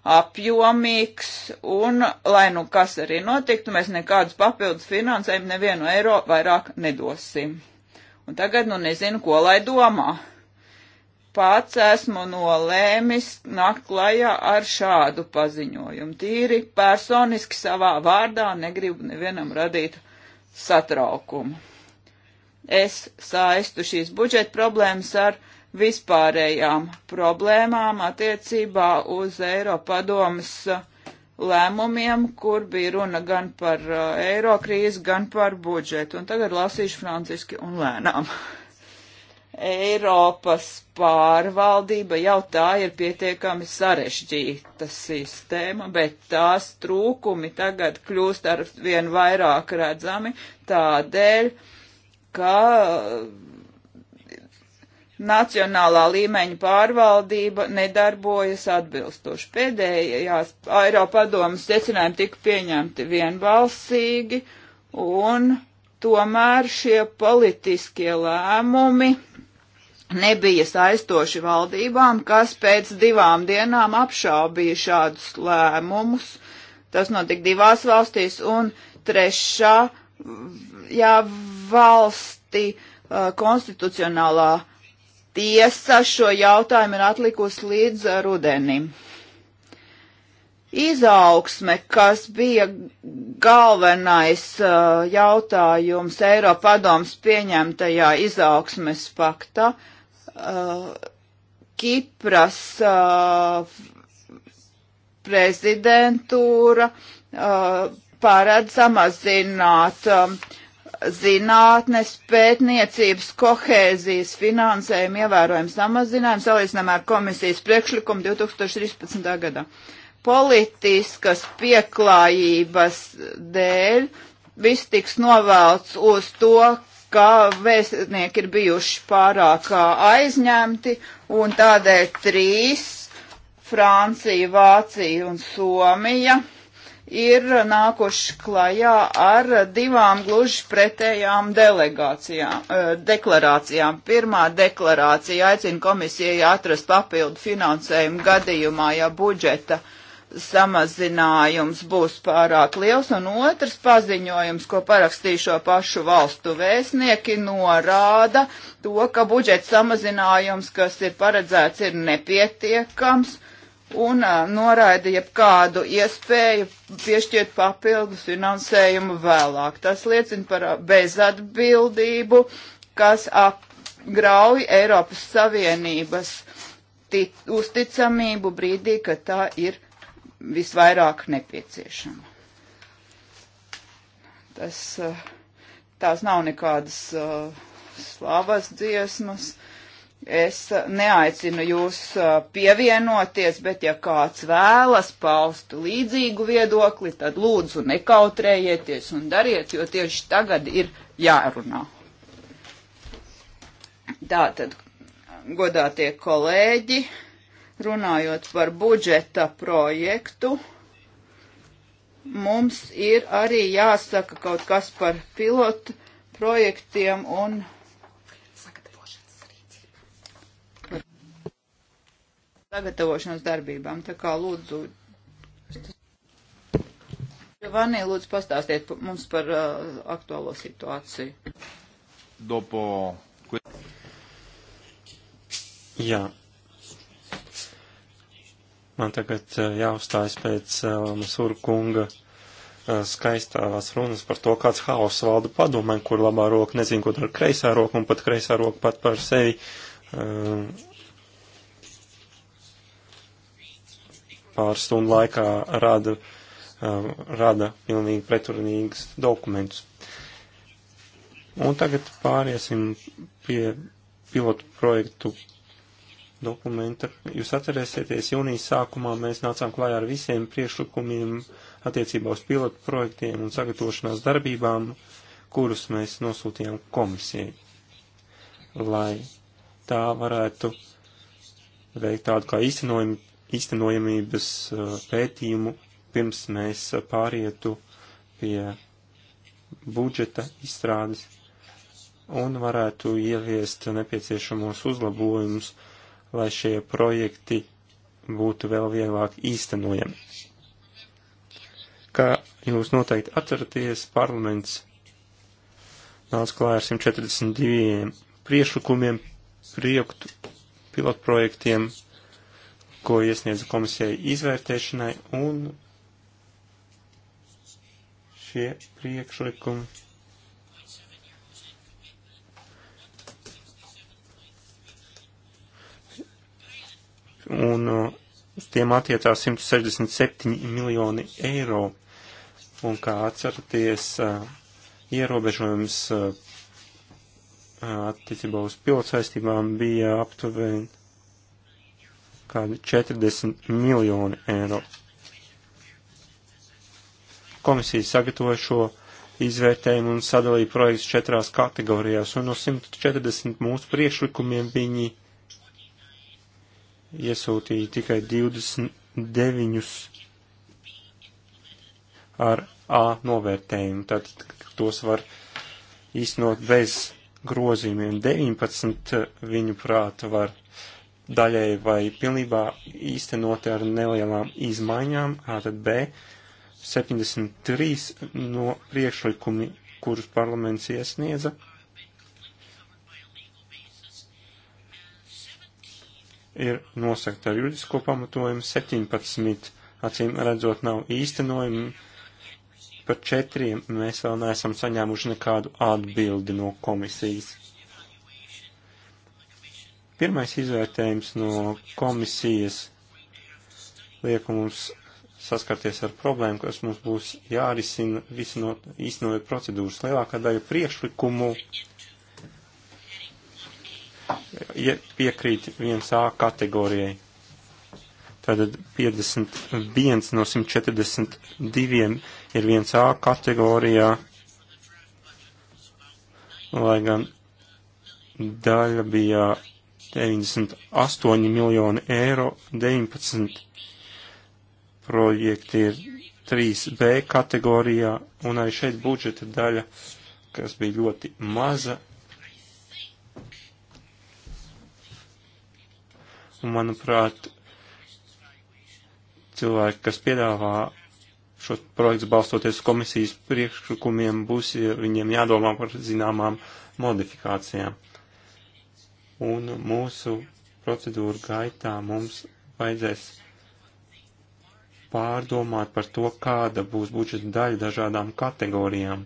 apjomīgs, un, lai nu kas arī notiktu, mēs nekādus papildus finansējumu nevienu eiro vairāk nedosim. Un tagad nu nezinu, ko lai domā. Pats esmu nolēmis nakt klajā ar šādu paziņojumu. Tīri personiski savā vārdā negribu nevienam radīt satraukumu. Es saistu šīs budžeta problēmas ar vispārējām problēmām attiecībā uz Eiropadomas uh, lēmumiem, kur bija runa gan par uh, eiro krīzi, gan par budžetu. Un tagad lasīšu franciski un lēnām. Eiropas pārvaldība jau tā ir pietiekami sarežģīta sistēma, bet tās trūkumi tagad kļūst ar vien vairāk redzami tādēļ, ka uh, nacionālā līmeņa pārvaldība nedarbojas atbilstoši. Pēdējās Eiropadomas secinājumi tika pieņemti vienbalsīgi, un tomēr šie politiskie lēmumi nebija saistoši valdībām, kas pēc divām dienām apšaubīja šādus lēmumus. Tas notika divās valstīs, un trešā jā, valsti uh, konstitucionālā uh, tiesa šo jautājumu ir atlikusi līdz rudenim. Izaugsme, kas bija galvenais uh, jautājums Eiropadoms pieņemtajā izaugsmes paktā, uh, Kipras uh, prezidentūra uh, paredz samazināt um, zinātnes, pētniecības, kohēzijas finansējuma ievērojams samazinājums salīdzinām ar komisijas priekšlikumu 2013. gadā. Politiskas pieklājības dēļ viss tiks novēlts uz to, ka vēstnieki ir bijuši pārāk aizņemti un tādēļ trīs - Francija, Vācija un Somija ir nākuši klajā ar divām gluži pretējām delegācijām, eh, deklarācijām. Pirmā deklarācija aicina komisijai atrast papildu finansējumu gadījumā, ja budžeta samazinājums būs pārāk liels, un otrs paziņojums, ko parakstīšo pašu valstu vēstnieki, norāda to, ka budžeta samazinājums, kas ir paredzēts, ir nepietiekams, un noraida jebkādu iespēju piešķirt papildus finansējumu vēlāk. Tas liecina par bezatbildību, kas apgrauj Eiropas Savienības tic, uzticamību brīdī, kad tā ir visvairāk nepieciešama. Tas, tās nav nekādas uh, slavas dziesmas. Uh, Es neaicinu jūs pievienoties, bet ja kāds vēlas paust līdzīgu viedokli, tad lūdzu nekautrējieties un dariet, jo tieši tagad ir jārunā. Tātad, godātie kolēģi, runājot par budžeta projektu, mums ir arī jāsaka kaut kas par pilotu projektiem un projektiem sagatavošanos darbībām. Tā kā lūdzu. Giovanni, lūdzu pastāstiet mums par uh, aktuālo situāciju. Dopo. Jā. Man tagad uh, jāuzstājas pēc uh, Masur kunga uh, skaistās runas par to, kāds haoss valda padomē, kur labā roka nezin, ko dara kreisā roka, un pat kreisā roka pat par sevi uh, pāris stundu laikā rada, um, rada pilnīgi pretrunīgas dokumentus. Un tagad pāriesim pie pilotu projektu dokumenta. Jūs atcerēsieties, jūnijas sākumā mēs nācām klājā ar visiem priekšlikumiem attiecībā uz pilotu projektiem un sagatavošanās darbībām, kurus mēs nosūtījām komisijai, lai tā varētu veikt tādu kā īstenojumu īstenojamības uh, pētījumu, pirms mēs pārietu pie budžeta izstrādes un varētu ieviest nepieciešamos uzlabojumus, lai šie projekti būtu vēl vieglāk īstenojami. Kā jūs noteikti atceraties, parlaments nāca klāja ar 142 priešlikumiem, priektu pilotprojektiem, ko iesniedza komisijai izvērtēšanai, un šie priekšlikumi un uh, uz tiem attiecās 167 miljoni eiro. Un kā atceraties, uh, ierobežojums uh, attiecībā uz pilotsaistībām bija aptuveni kādi 40 miljoni eiro. Komisija sagatavoja šo izvērtējumu un sadalīja projektus četrās kategorijās, un no 140 mūsu priekšlikumiem viņi iesūtīja tikai 29 ar A novērtējumu, tātad tos var īstenot bez grozījumiem. 19 viņu prāta var uh, daļai vai pilnībā īstenoti ar nelielām izmaiņām, tātad B 73 no priekšlikumi, kurus parlaments iesniedza. ir nosakta ar juridisko pamatojumu, 17 acīm redzot nav īstenojumi, par četriem mēs vēl neesam saņēmuši nekādu atbildi no komisijas. Pirmais izvērtējums no komisijas liek mums saskarties ar problēmu, kas mums būs jārisina visinot, īstenojot procedūras. Lielākā daļa priekšlikumu piekrīt 1A kategorijai. Tātad 51 no 142 ir 1A kategorijā, lai gan daļa bija 98 miljoni eiro, 19 projekti ir 3B kategorijā, un arī šeit budžeta daļa, kas bija ļoti maza. Un, manuprāt, cilvēki, kas piedāvā šos projektus balstoties komisijas priekšlikumiem, būs viņiem jādomā par zināmām modifikācijām un mūsu procedūru gaitā mums vajadzēs pārdomāt par to, kāda būs budžeta daļa dažādām kategorijām,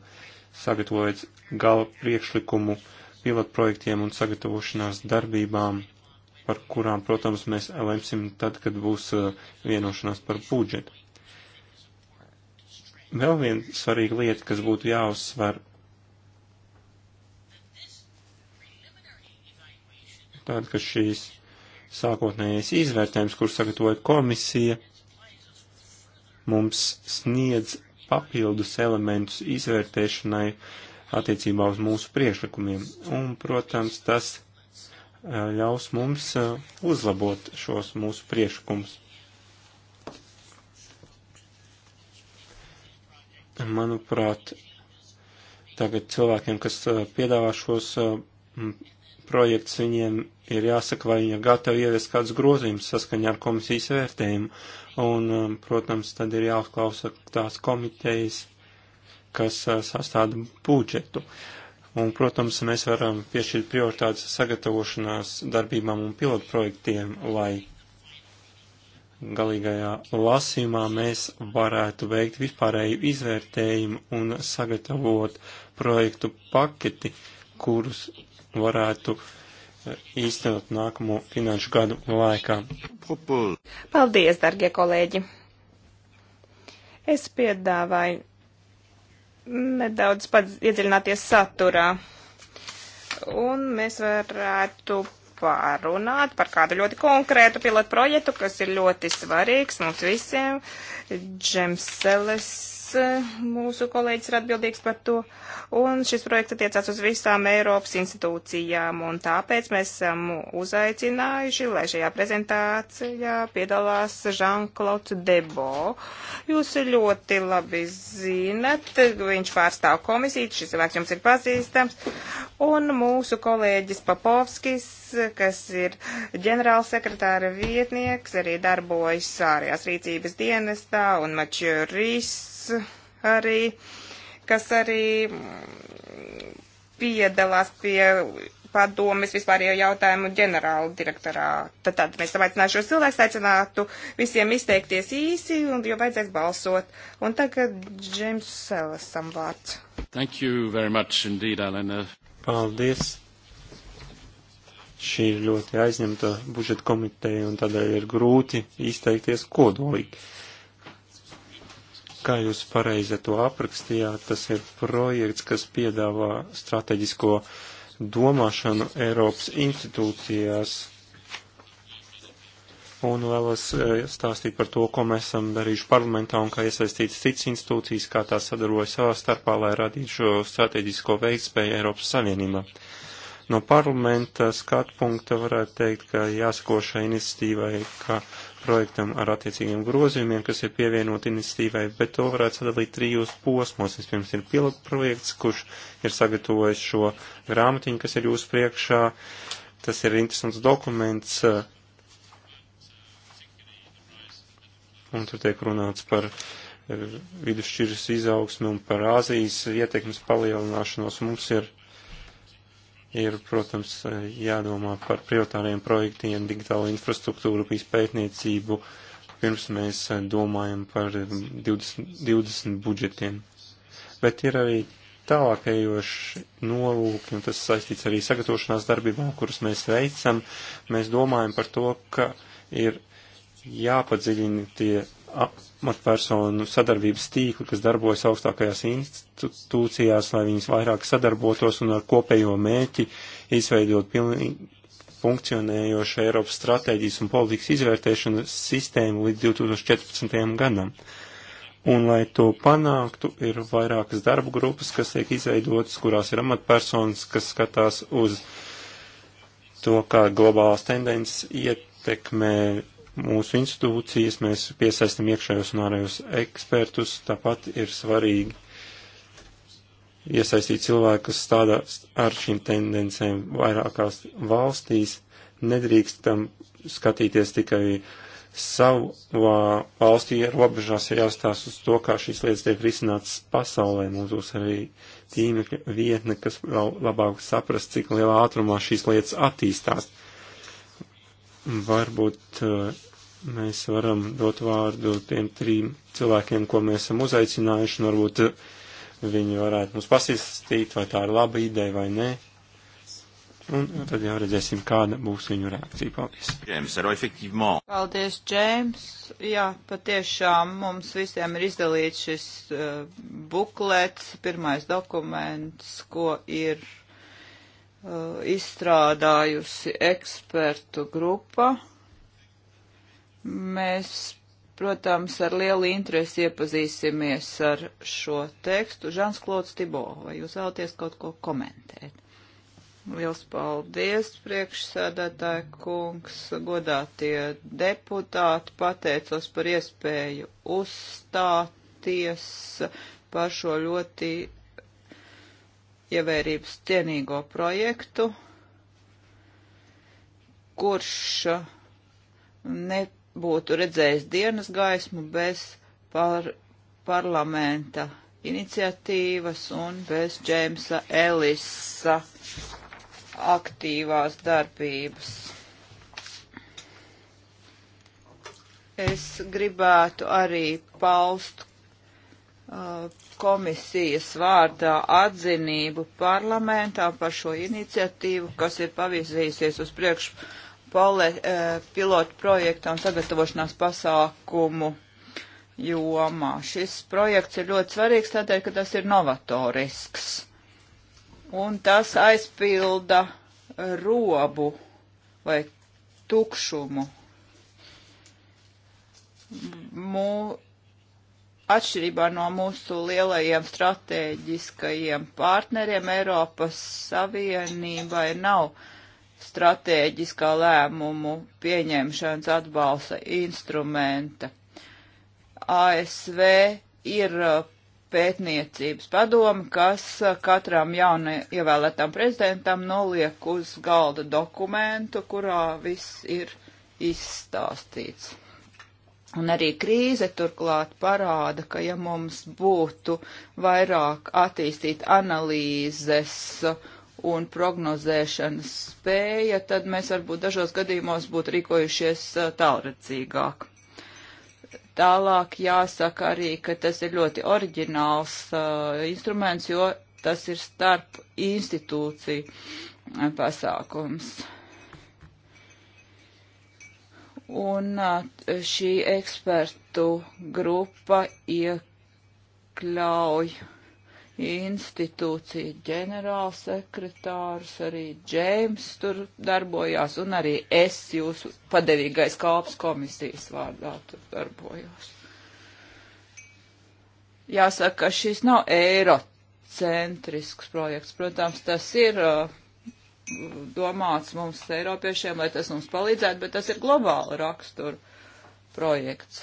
sagatavojot gala priekšlikumu pilotprojektiem un sagatavošanās darbībām, par kurām, protams, mēs lemsim tad, kad būs uh, vienošanās par budžetu. Vēl viena svarīga lieta, kas būtu jāuzsver, Tātad, ka šīs sākotnējais izvērtējums, kur sagatavoja komisija, mums sniedz papildus elementus izvērtēšanai attiecībā uz mūsu priekšlikumiem. Un, protams, tas ļaus mums uzlabot šos mūsu priekšlikumus. Manuprāt, tagad cilvēkiem, kas piedāvā šos projekts, viņiem ir jāsaka, vai viņi ir gatavi ieviest kādus grozījumus saskaņā ar komisijas vērtējumu. Un, um, protams, tad ir jāuzklausa tās komitejas, kas uh, sastāda budžetu. Un, protams, mēs varam piešķirt prioritātes sagatavošanās darbībām un pilotprojektiem, lai galīgajā lasījumā mēs varētu veikt vispārēju izvērtējumu un sagatavot projektu paketi, kurus varētu eh, īstenot nākamo finanšu gadu laikā. Paldies, dargie kolēģi! Es piedāvāju nedaudz iedziļināties saturā, un mēs varētu parunāt par kādu ļoti konkrētu pilotu projektu, kas ir ļoti svarīgs mums visiem. Džemseles E, mūsu kolēģis ir atbildīgs par to, un šis projekts attiecās uz visām Eiropas institūcijām, un tāpēc mēs esam uzaicinājuši, lai šajā prezentācijā piedalās Jean-Claude Debo. Jūs ļoti labi zinat, viņš pārstāv komisiju, šis cilvēks jums ir pazīstams, un mūsu kolēģis Papovskis, kas ir ģenerālsekretāra vietnieks, arī darbojas ārējās rīcības dienestā, un Mačuris arī, kas arī mm, piedalās pie padomes vispārējo jautājumu ģenerāla direktorā. Tad, tad mēs savaicināšu šos cilvēkus, aicinātu visiem izteikties īsi, un jo vajadzēs balsot. Un tagad Džeims Selesam vārds. Thank you very much indeed, Alena. Paldies. Šī ir ļoti aizņemta budžeta komiteja, un tādēļ ir grūti izteikties kodolīgi. Kā jūs pareizi to aprakstījāt, tas ir projekts, kas piedāvā strateģisko domāšanu Eiropas institūcijās un vēlas e, stāstīt par to, ko mēs esam darījuši parlamentā un kā iesaistīts cits institūcijas, kā tā sadarbojas savā starpā, lai radītu šo strateģisko veiktspēju Eiropas Savienībā. No parlamenta skatu punkta varētu teikt, ka jāsako šai iniciatīvai, ka projektam ar attiecīgiem grozījumiem, kas ir pievienot iniciatīvai, bet to varētu sadalīt trijos posmos. Vispirms ir pilotprojekts, kurš ir sagatavojis šo grāmatiņu, kas ir jūsu priekšā. Tas ir interesants dokuments, eh, un tur tiek runāts par eh, vidusšķiras izaugsmi un par Āzijas ietekmes palielināšanos. Mums ir ir, protams, jādomā par prioritāriem projektiem, digitālo infrastruktūru, pētniecību, pirms mēs domājam par 20, 20 budžetiem. Bet ir arī tālākajoši nolūki, un tas saistīts arī sagatavošanās darbībām, kuras mēs veicam. Mēs domājam par to, ka ir jāpadziļina tie amatpersonu sadarbības tīkli, kas darbojas augstākajās institūcijās, lai viņas vairāk sadarbotos un ar kopējo mērķi izveidot pilnīgi funkcionējošu Eiropas stratēģijas un politikas izvērtēšanas sistēmu līdz 2014. gadam. Un, lai to panāktu, ir vairākas darba grupas, kas tiek izveidotas, kurās ir amatpersonas, kas skatās uz to, kā globālās tendences ietekmē mūsu institūcijas, mēs piesaistam iekšējos un ārējos ekspertus, tāpat ir svarīgi iesaistīt cilvēku, kas stādā ar šīm tendencēm vairākās valstīs, nedrīkstam skatīties tikai savā valstī robežās, ir jāstās uz to, kā šīs lietas tiek risinātas pasaulē. Mums būs arī tīmekļa vietne, kas vēl labāk saprast, cik lielā ātrumā šīs lietas attīstās. Uh, Varbūt uh, mēs varam dot vārdu tiem trim cilvēkiem, ko mēs esam uzaicinājuši, un varbūt uh, viņi varētu mums pasistīt, vai tā ir laba ideja vai nē. Un tad jau redzēsim, kāda būs viņu reakcija. Paldies. James, Paldies, Džēms. Jā, patiešām mums visiem ir izdalīts šis uh, buklets, pirmais dokuments, ko ir Eh, izstrādājusi ekspertu grupa. Mēs, protams, ar lielu interesi iepazīsimies ar šo tekstu. Žans Klods Tibo, vai jūs vēlaties kaut ko komentēt? Liels paldies, priekšsēdētāji kungs, godātie deputāti, pateicos par iespēju uzstāties par šo ļoti ievērības cienīgo projektu, kurš nebūtu redzējis dienas gaismu bez par parlamenta iniciatīvas un bez Džeimsa Ellisa aktīvās darbības. Es gribētu arī paust komisijas vārdā atzinību parlamentā par šo iniciatīvu, kas ir pavirzījusies uz priekšu eh, pilotu projekta un sagatavošanās pasākumu jomā. Šis projekts ir ļoti svarīgs tādēļ, ka tas ir novatorisks. Un tas aizpilda robu vai tukšumu. Mū, Atšķirībā no mūsu lielajiem stratēģiskajiem partneriem, Eiropas Savienībai nav stratēģiskā lēmumu pieņemšanas atbalsta instrumenta. ASV ir uh, pētniecības padoma, kas uh, katram jaunievēlētam prezidentam noliek uz galda dokumentu, kurā viss ir izstāstīts. Un arī krīze turklāt parāda, ka ja mums būtu vairāk attīstīt analīzes un prognozēšanas spēja, tad mēs varbūt dažos gadījumos būtu rīkojušies tālredzīgāk. Tālāk jāsaka arī, ka tas ir ļoti oriģināls uh, instruments, jo tas ir starp institūciju pasākums. Uh, Un šī ekspertu grupa iekļauj institūciju ģenerālsekretārus, arī Džeims tur darbojās, un arī es jūsu padevīgais kalps komisijas vārdā tur darbojos. Jāsaka, šis nav eirocentrisks projekts, protams, tas ir uh, domāts mums Eiropiešiem, lai tas mums palīdzētu, bet tas ir globāla rakstura projekts.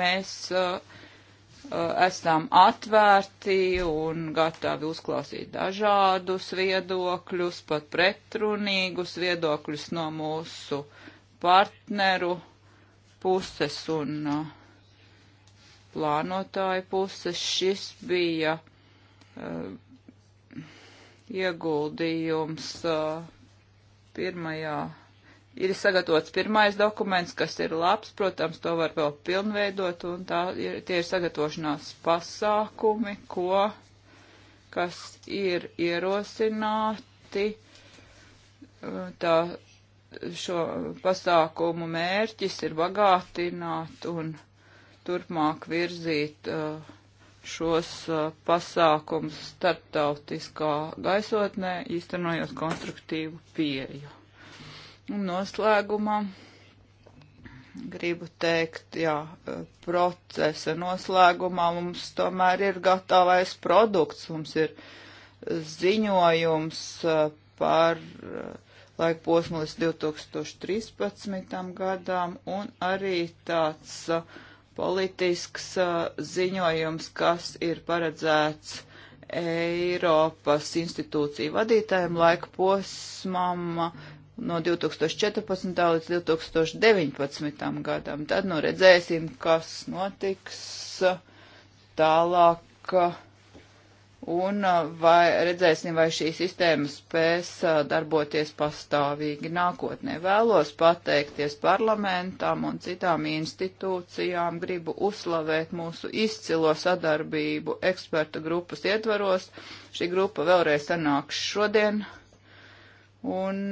Mēs uh, uh, esam atvērti un gatavi uzklausīt dažādus viedokļus, pat pretrunīgus viedokļus no mūsu partneru puses un uh, plānotāju puses. Šis bija uh, ieguldījums pirmajā. Ir sagatavots pirmais dokuments, kas ir labs, protams, to var vēl pilnveidot, un tā ir, tie ir sagatavošanās pasākumi, ko, kas ir ierosināti, tā šo pasākumu mērķis ir bagātināt un turpmāk virzīt uh, šos pasākums starptautiskā gaisotnē, īstenojot konstruktīvu pieeju. Un noslēgumā gribu teikt, jā, procesa noslēgumā mums tomēr ir gatavais produkts, mums ir ziņojums par laika posmu līdz 2013. gadām un arī tāds uh, politisks ziņojums, kas ir paredzēts Eiropas institūciju vadītājiem laika posmam no 2014. līdz 2019. gadam. Tad nu redzēsim, kas notiks tālāk un vai redzēsim, vai šī sistēma spēs darboties pastāvīgi nākotnē. Vēlos pateikties parlamentam un citām institūcijām, gribu uzslavēt mūsu izcilo sadarbību eksperta grupas ietvaros. Šī grupa vēlreiz sanāks šodien, un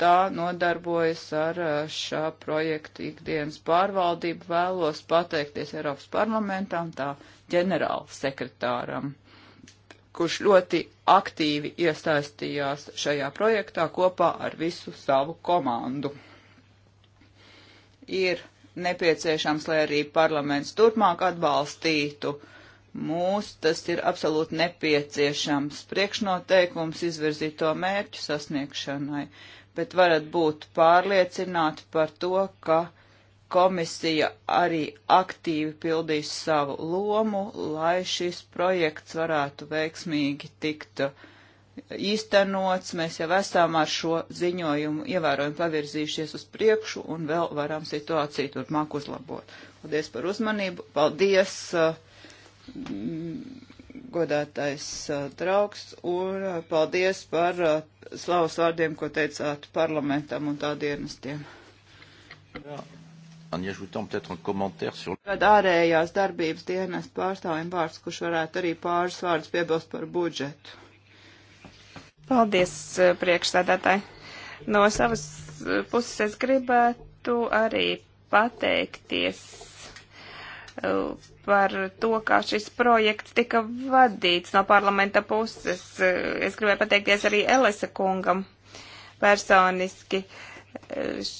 tā nodarbojas ar šā projekta ikdienas pārvaldību. Vēlos pateikties Eiropas parlamentam, tā ģenerālsekretāram kurš ļoti aktīvi iesaistījās šajā projektā kopā ar visu savu komandu. Ir nepieciešams, lai arī parlaments turpmāk atbalstītu mūs, tas ir absolūti nepieciešams priekšnoteikums izvirzīt to mērķu sasniegšanai, bet varat būt pārliecināti par to, ka komisija arī aktīvi pildīs savu lomu, lai šis projekts varētu veiksmīgi tikt īstenots. Mēs jau esam ar šo ziņojumu ievērojami pavirzījušies uz priekšu un vēl varam situāciju turpmāk uzlabot. Paldies par uzmanību. Paldies, mm, godātais draugs, un paldies par slavas vārdiem, ko teicāt parlamentam un tā dienestiem. Jā en y ajoutant peut-être un commentaire sur... Tad ārējās darbības dienas pārstāvjiem vārds, kurš varētu arī pāris vārdus piebilst par budžetu. Paldies, eh, priekšsēdētāji. No savas eh, puses es gribētu arī pateikties eh, par to, kā šis projekts tika vadīts no parlamenta puses. Es gribēju pateikties arī Elesa kungam personiski. Uh,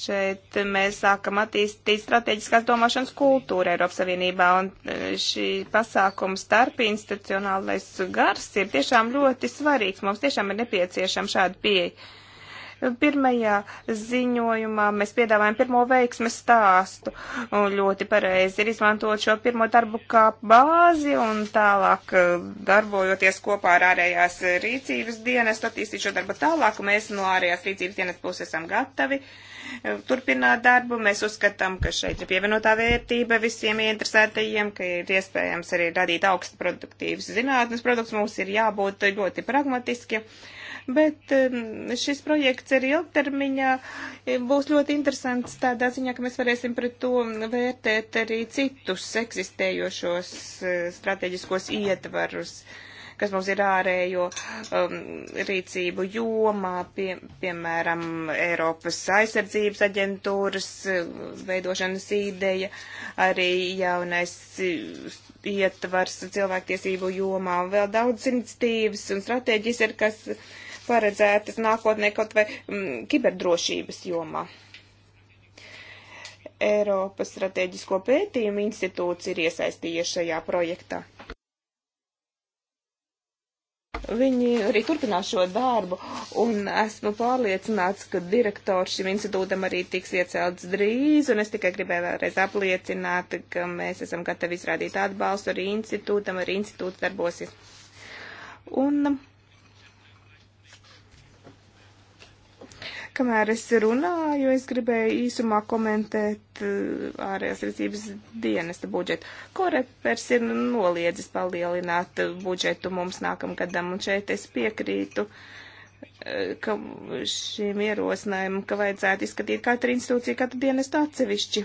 šeit mēs sākam attīstīt strateģiskās domāšanas kultūru Eiropas Savienībā, un eh, šī pasākuma starp institucionālais gars ir tiešām ļoti svarīgs. Mums tiešām ir nepieciešama šāda pieeja. Pirmajā ziņojumā mēs piedāvājam pirmo veiksmes stāstu. Un ļoti pareizi ir izmantot šo pirmo darbu kā bāzi un tālāk eh, darbojoties kopā ar ārējās rīcības dienas, attīstīt šo darbu tālāk. Mēs no ārējās rīcības dienas puses esam gatavi eh, turpināt darbu. Mēs uzskatām, ka šeit ir pievienotā vērtība visiem interesētajiem, ka ir iespējams arī radīt augstu produktīvas zinātnes produkts. Mums ir jābūt ļoti pragmatiski. Uh, bet šis projekts ir ilgtermiņā, e, būs ļoti interesants tādā ziņā, ka mēs varēsim pret to vērtēt arī citus eksistējošos e, strateģiskos ietvarus kas mums ir ārējo um, rīcību jomā, pie, piemēram, Eiropas aizsardzības aģentūras e, veidošanas ideja, arī jaunais ietvars cilvēktiesību jomā, vēl daudz iniciatīvas un stratēģijas ir, kas paredzētas nākotnē kaut vai mm, kiberdrošības jomā. Eiropas Strateģisko pētījumu institūts ir iesaistījies šajā projektā. Viņi arī turpinās šo darbu, un esmu pārliecināts, ka direktors šim institūtam arī tiks iecelts drīz, un es tikai gribēju vēlreiz apliecināt, ka mēs esam gatavi izrādīt atbalstu arī institūtam, arī institūts darbosies. Un Kamēr es runāju, es gribēju īsumā komentēt eh, ārējās rīcības dienesta budžetu. Korepers ir noliedzis palielināt budžetu mums nākamgadam, un šeit es piekrītu eh, ka šim ierosinājumam, ka vajadzētu izskatīt katru institūciju, katru dienestu atsevišķi.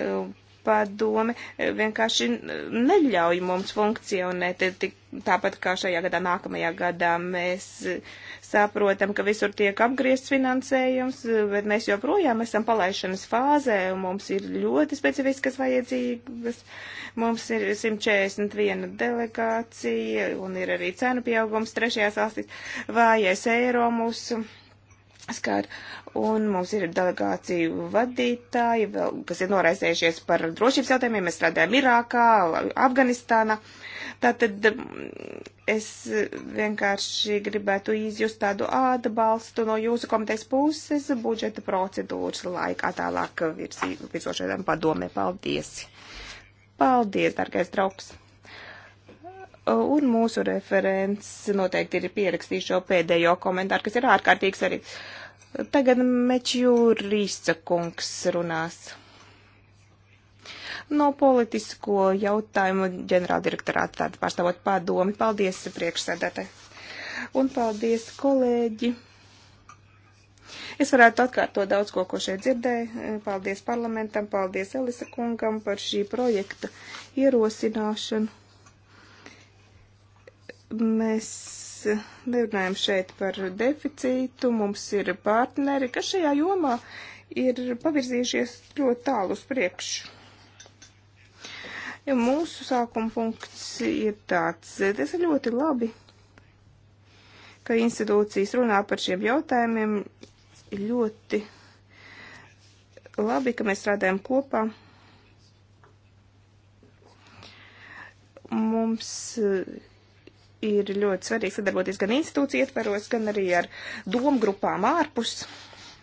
Eh, padome vienkārši neļauj mums funkcionēt, tāpat kā šajā gadā, nākamajā gadā mēs uh, Saprotam, ka visur tiek apgriezt finansējums, bet mēs joprojām esam palaišanas fāzē, un mums ir ļoti specifiskas vajadzības. Mums ir 141 delegācija, un ir arī cenu pieaugums trešajās valstīs. Vājais eiro mūsu skar. Un mums ir delegāciju vadītāji, vēl, kas ir noraizējušies par drošības jautājumiem. Mēs strādājam Irākā, Afganistānā. Uh, Tātad mm, es vienkārši gribētu izjust tādu atbalstu no jūsu komitejas puses budžeta procedūras laikā tālāk virsošajam padomē. Paldies! Paldies, dargais draugs! un mūsu referents noteikti ir pierakstījis šo pēdējo komentāru, kas ir ārkārtīgs arī. Tagad Mečjūrīsca kungs runās no politisko jautājumu ģenerāldirektorāta, tāda pārstāvot padomi. Paldies, priekšsēdētāji. Un paldies, kolēģi. Es varētu atkārtot daudz ko, ko šeit dzirdēju. Paldies parlamentam, paldies Elisa kungam par šī projekta ierosināšanu. Mēs nerunājam šeit par deficītu, mums ir partneri, kas šajā jomā ir pavirzījušies ļoti tālu uz priekšu. Ja mūsu sākuma punkts ir tāds, tas ir ļoti labi, ka institūcijas runā par šiem jautājumiem ļoti labi, ka mēs strādājam kopā. Mums eh, ir ļoti svarīgi sadarboties gan institūciju ietveros, gan arī ar domgrupām ārpus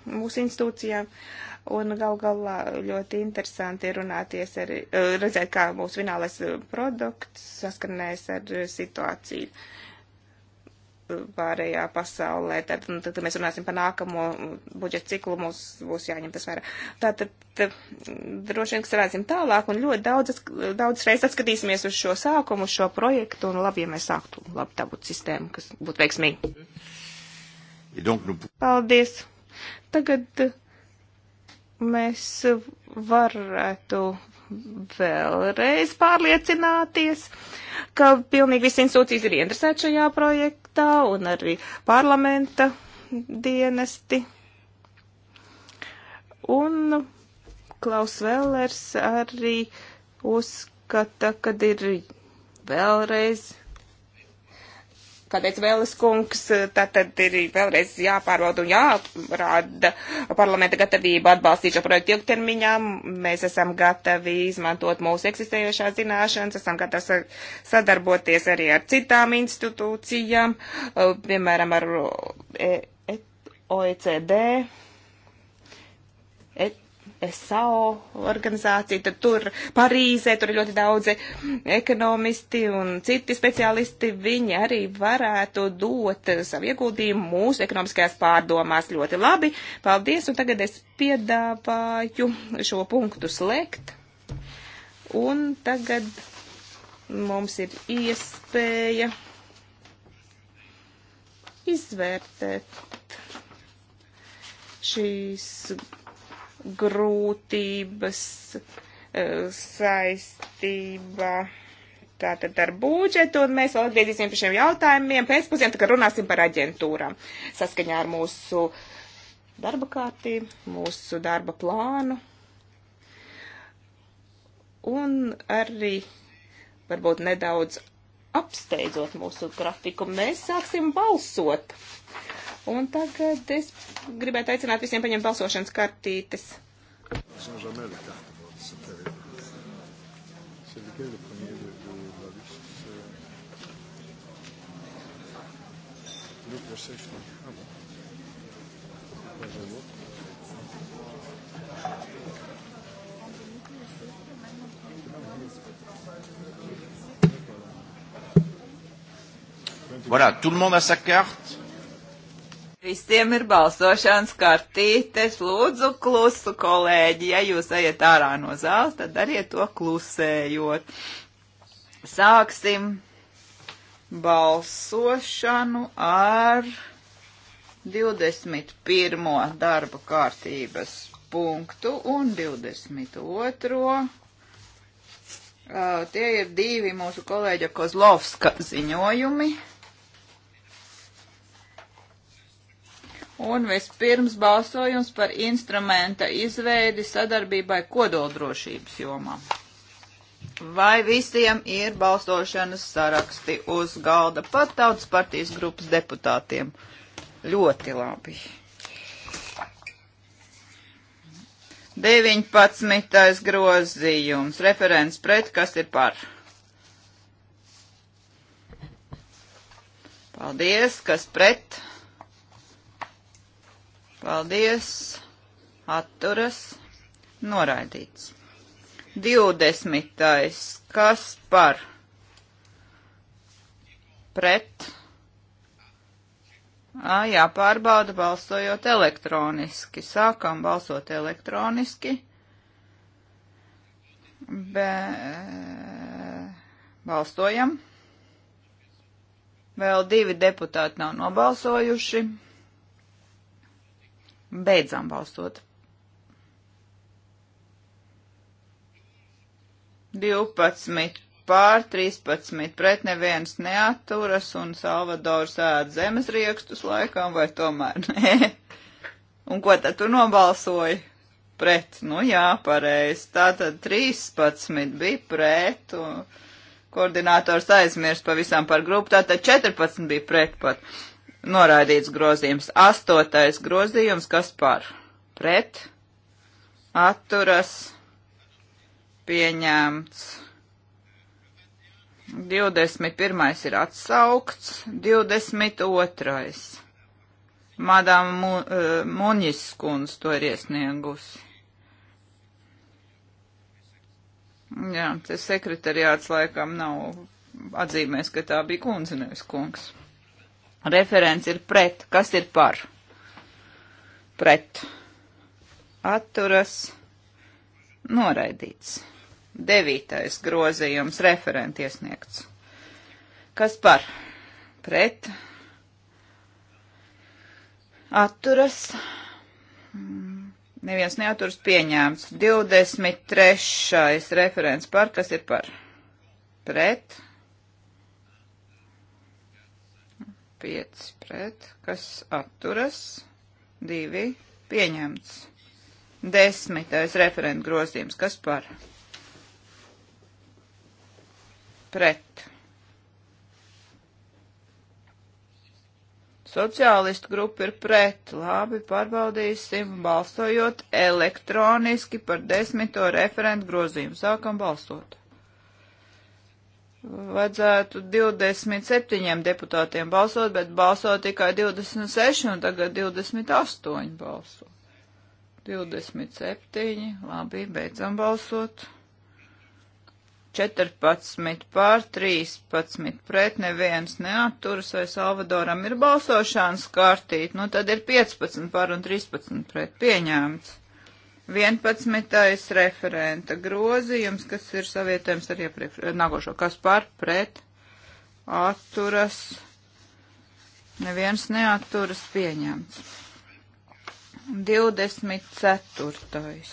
mūsu institūcijām. Uh, Un gal galā ļoti interesanti ir runāties arī, eh, redzēt, kā mūsu finālais eh, produkts saskanēs ar eh, situāciju pārējā pasaulē. Tad, nu, tad, tad mēs runāsim par nākamo mm, budžeta ciklu, mums būs jāņem tas vērā. Tātad droši vien, ka sarāsim tālāk un ļoti daudz, daudz reiz atskatīsimies uz šo sākumu, uz šo projektu un labi, ja mēs sāktu labi dabūt sistēmu, kas būtu veiksmīgi. Paldies! Tagad mēs varētu vēlreiz pārliecināties, ka pilnīgi visas institūcijas ir interesētas šajā projektā un arī parlamenta dienesti. Un Klaus Vēlers arī uzskata, kad ir vēlreiz kā teica Vēles kungs, tātad ir vēlreiz jāpārbauda un jāparāda parlamenta gatavība atbalstīt šo projektu ilgtermiņā. Mēs esam gatavi izmantot mūsu eksistējošās zināšanas, esam gatavi sadarboties arī ar citām institūcijām, eh, piemēram, ar eh, e- OECD SAO organizāciju, tad tur Parīzē, tur ir ļoti daudzi ekonomisti un citi speciālisti, viņi arī varētu dot savu ieguldījumu mūsu ekonomiskajās pārdomās ļoti labi. Paldies, un tagad es piedāvāju šo punktu slēgt. Un tagad mums ir iespēja izvērtēt šīs grūtības eh, saistībā tātad ar budžetu, un mēs vēl atgriezīsim pie šiem jautājumiem pēcpusdienā, tā kā runāsim par aģentūrām saskaņā ar mūsu darba kārtību, mūsu darba plānu, un arī varbūt nedaudz apsteidzot mūsu grafiku, mēs sāksim balsot. Un tagad es gribētu aicināt visiem paņemt balsošanas kartītes. Voilà, tout le monde a sa carte. Visiem ir balsošanas kartītes. Lūdzu, klusu, kolēģi, ja jūs ejat ārā no zāles, tad dariet to klusējot. Sāksim balsošanu ar 21. darba kārtības punktu un 22. Uh, tie ir divi mūsu kolēģa Kozlovska ziņojumi. Un vispirms balsojums par instrumenta izveidi sadarbībai kodoldrošības jomā. Vai visiem ir balsošanas saraksti uz galda pat tautas partijas grupas deputātiem? Ļoti labi. 19. grozījums. Referents pret, kas ir par? Paldies, kas pret? Paldies. Atturas. Noraidīts. 20. Kas par? Pret. Ā, jāpārbauda balsojot elektroniski. Sākam balsot elektroniski. Be... Balstojam. Vēl divi deputāti nav nobalsojuši. Beidzām balsot. 12 pār 13 pret neviens neaturas un Salvadors ēd zemes riekstus laikam vai tomēr nē. Un ko tad tu nobalsoji? Pret, nu jā, pareizi. Tātad 13 bija pret un koordinātors aizmirst pavisam par grupu, tātad 14 bija pret pat. Noraidīts grozījums. Astotais grozījums, kas par pret atturas pieņemts. 21. ir atsaukts, 22. Madām Mu, eh, Muņis skundz to ir iesniegusi. Jā, tas sekretariāts laikam nav atzīmēs, ka tā bija kundze, nevis kungs. Referents ir pret. Kas ir par? Pret. Atturas. Noraidīts. Devītais grozījums referent iesniegts. Kas par? Pret. Atturas. Neviens neaturas pieņēmts. 23. referents par. Kas ir par? Pret 5 pret, kas atturas, 2 pieņemts. Desmitais referenta grozījums, kas par? Pret. Sociālistu grupa ir pret. Labi, pārbaudīsim, balsojot elektroniski par desmito referentu grozījumu. Sākam balsot. Vajadzētu 27 deputātiem balsot, bet balso tikai 26 un tagad 28 balso. 27, labi, beidzam balsot. 14 pār 13 pret neviens neatturas vai Salvadoram ir balsošanas kārtīt, nu tad ir 15 pār un 13 pret pieņēmts. 11. referenta grozījums, kas ir savietojams ar iepriekš nākošo, kas par pret atturas, neviens neatturas pieņemts. 24.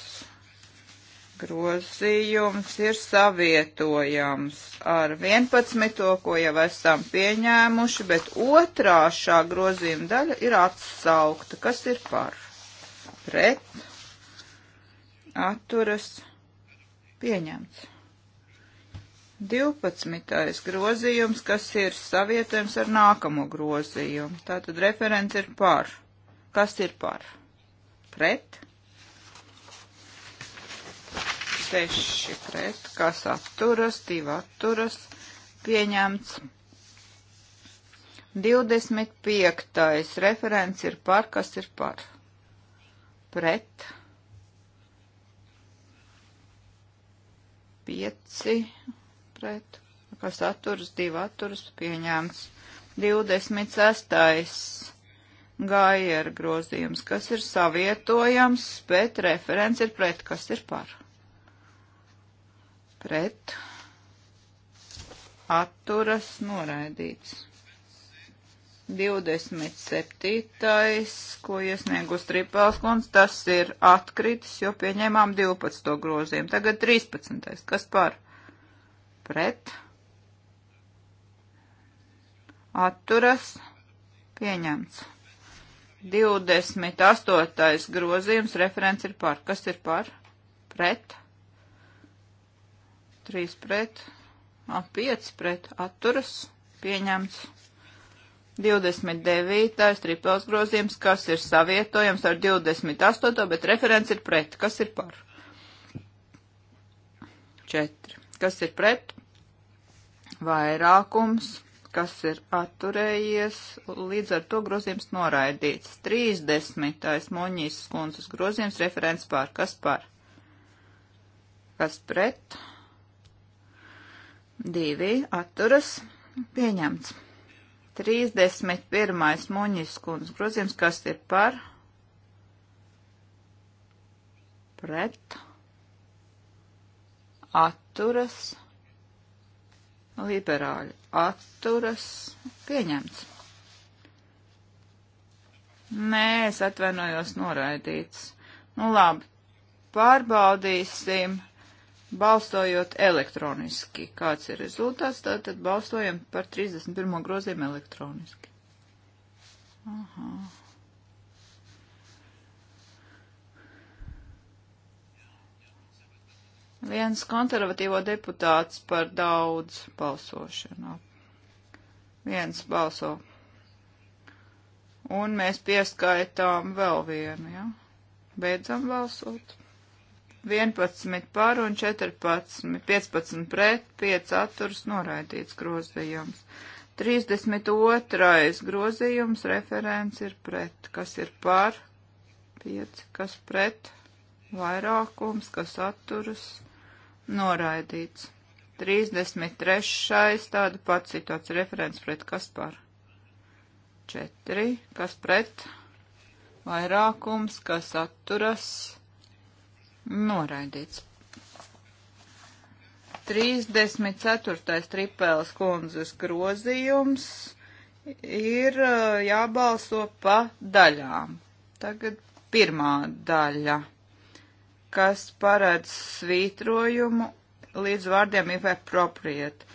grozījums ir savietojams ar 11. ko jau esam pieņēmuši, bet otrā šā grozījuma daļa ir atsaukta, kas ir par pret atturas pieņemts. 12. grozījums, kas ir savietojams ar nākamo grozījumu. Tātad referents ir par. Kas ir par? Pret. Seši pret, kas atturas, divi atturas, pieņemts. 25. referents ir par, kas ir par? Pret 5 pret, kas atturas, 2 atturas pieņēmts. 26. Gājēra grozījums, kas ir savietojams, bet referents ir pret, kas ir par. Pret atturas noraidīts. 27. ko iesniegus Tripelskons, tas ir atkritis, jo pieņēmām 12. grozījumu. Tagad 13. Kas par? Pret. Atturas. Pieņemts. 28. grozījums referents ir par. Kas ir par? Pret. 3 pret. 5 pret. Atturas. Pieņemts. 29. tripels grozījums, kas ir savietojams ar 28. bet referents ir pret. Kas ir par? 4. Kas ir pret? Vairākums. Kas ir atturējies? Līdz ar to grozījums noraidīts. 30. muņīs skundzes grozījums, referents par. Kas par? Kas pret? 2. Atturas. Pieņemts. 31. muņas kundas grozījums, kas ir par? Pret. Atturas. Liberāļi. Atturas. Pieņemts. Nē, es atvainojos noraidīts. Nu labi, pārbaudīsim balsojot elektroniski. Kāds ir rezultāts, tātad balsojam par 31. grozījumu elektroniski. Aha. Viens konservatīvo deputāts par daudz balsošanā. Viens balso. Un mēs pieskaitām vēl vienu, jā. Ja? Beidzam balsot. 11 par un 14, 15 pret, 5 atturs noraidīts grozījums. 32. grozījums referents ir pret, kas ir par, 5, kas pret, vairākums, kas atturs noraidīts. 33. tāda pati situācija referents pret, kas par, 4, kas pret, vairākums, kas atturas noraidīts Noraidīts. 34. tripēles kundzes grozījums ir jābalso pa daļām. Tagad pirmā daļa, kas paredz svītrojumu līdz vārdiem if appropriate.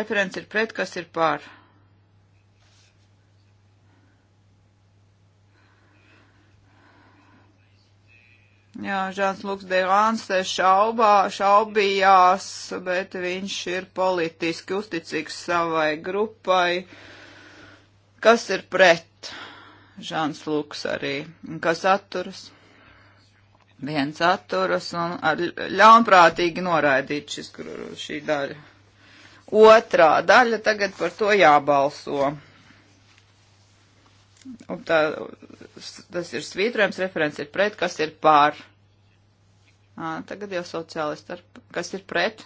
Referents ir pret, kas ir pār. Jā, Žāns Luks Derāns te šaubā, šaubījās, bet viņš ir politiski uzticīgs savai grupai. Kas ir pret? Žāns Luks arī. Kas atturas? Viens atturas un ar ļaunprātīgi noraidīt šis, šī daļa. Otrā daļa tagad par to jābalso. Un tā, tas ir svītrojums, referents ir pret, kas ir pār. À, tagad jau sociālisti, kas ir pret.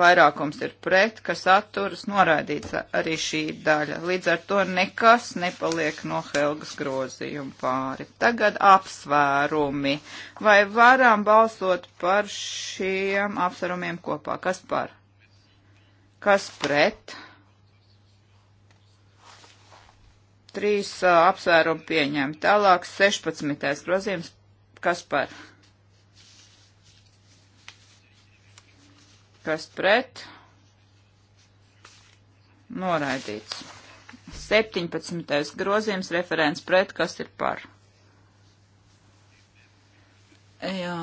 Vairākums ir pret, kas atturas noraidīts arī šī daļa. Līdz ar to nekas nepaliek no Helgas grozījuma pāri. Tagad apsvērumi. Vai varam balsot par šiem apsvērumiem kopā? Kas par? Kas pret? trīs apsvērumi pieņem. Tālāk 16. grozījums, kas par? Kas pret? Noraidīts. 17. grozījums, referents pret, kas ir par? Jā,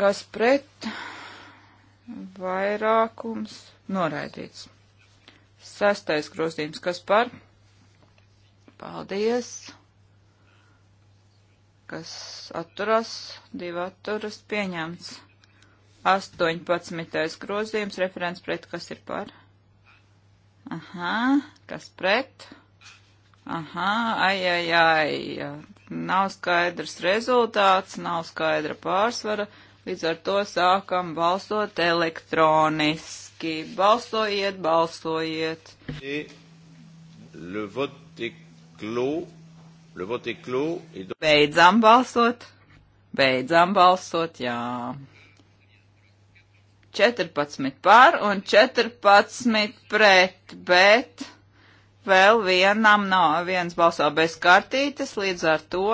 kas pret? Vairākums noraidīts. Sastais grozījums, kas par? Paldies! Kas atturas? Divi atturas pieņemts. 18. grozījums, referents pret, kas ir par? Aha, kas pret? Aha, ai, ai, ai, nav skaidrs rezultāts, nav skaidra pārsvara, līdz ar to sākam balsot elektroniski. Balsojiet, balsojiet. Le vote clos. Le vote est clos. Et donc... Beidzam balsot. Beidzam balsot, jā. 14 par un 14 pret, bet vēl vienam nav viens balsā bez kartītes, līdz ar to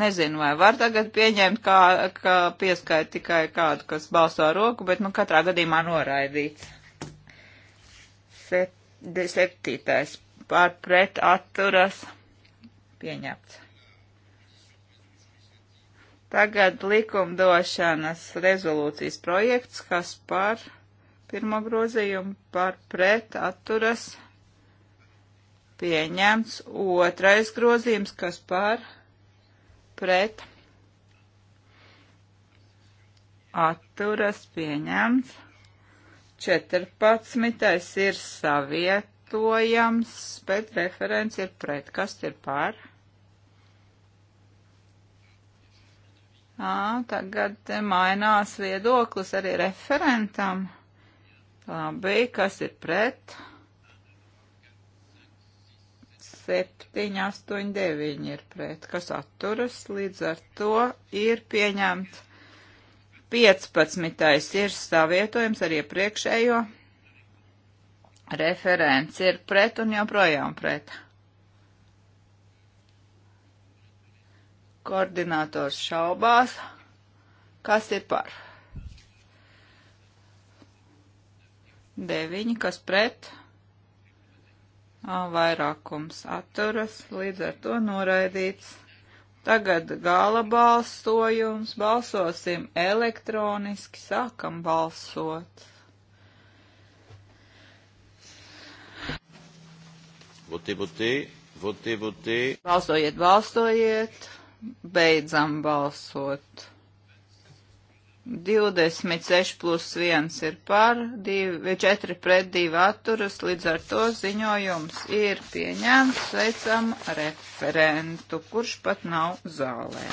nezinu, vai var tagad pieņemt, kā, kā pieskait tikai kādu, kas balso ar roku, bet nu katrā gadījumā noraidīts. Set. Septītais par pret atturas pieņemts. Tagad likumdošanas rezolūcijas projekts, kas par pirmo grozījumu par pret atturas pieņemts. Otrais grozījums, kas par pret atturas pieņemts. 14. ir savietojams, bet referents ir pret. Kas ir par? Ā, tagad mainās viedoklis arī referentam. Labi, kas ir pret? 7, 8, 9 ir pret, kas atturas, līdz ar to ir pieņemts. 15. ir savietojums ar iepriekšējo. Referents ir pret un joprojām pret. Koordinators šaubās. Kas ir par? 9, kas pret? Vairākums atturas, līdz ar to noraidīts. Tagad gala balsojums, balsosim elektroniski, sākam balsot. Votē, votē, votē, votē. Balsojiet, balsojiet, beidzam balsot. 26 plus 1 ir par, 2, 4 pret 2 atturas, līdz ar to ziņojums ir pieņemts, sveicam referentu, kurš pat nav zālē.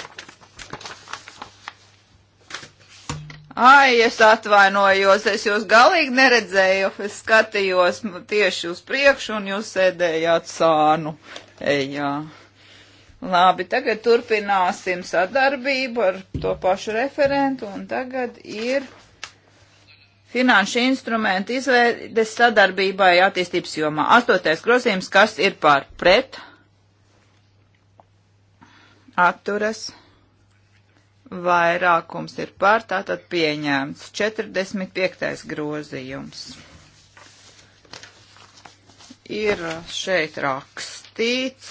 Ai, es atvainojos, es jūs galīgi neredzēju, es skatījos tieši uz priekšu un jūs sēdējāt sānu. Ejā. Labi, tagad turpināsim sadarbību ar to pašu referentu, un tagad ir finanšu instrumentu izveides sadarbībai attīstības jomā. Astotais grozījums, kas ir pār pret, atturas, vairākums ir pār, tātad pieņēmts 45. grozījums. Ir šeit rakstīts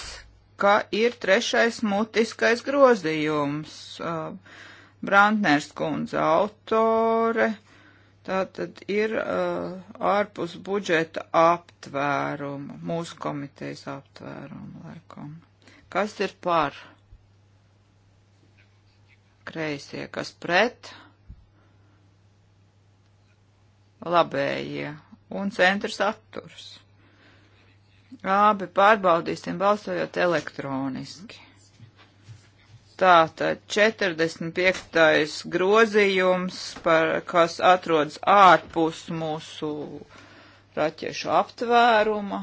ka ir trešais mutiskais grozījums. Uh, Brantners kundze autore. Tā tad ir uh, ārpus budžeta aptvērumu, mūsu komitejas aptvērumu laikam. Kas ir par? Kreisie, kas pret? Labējie un centrs atturs. Abi pārbaudīsim balsojot elektroniski. Tātad 45. grozījums, par, kas atrodas ārpus mūsu raķešu aptvēruma.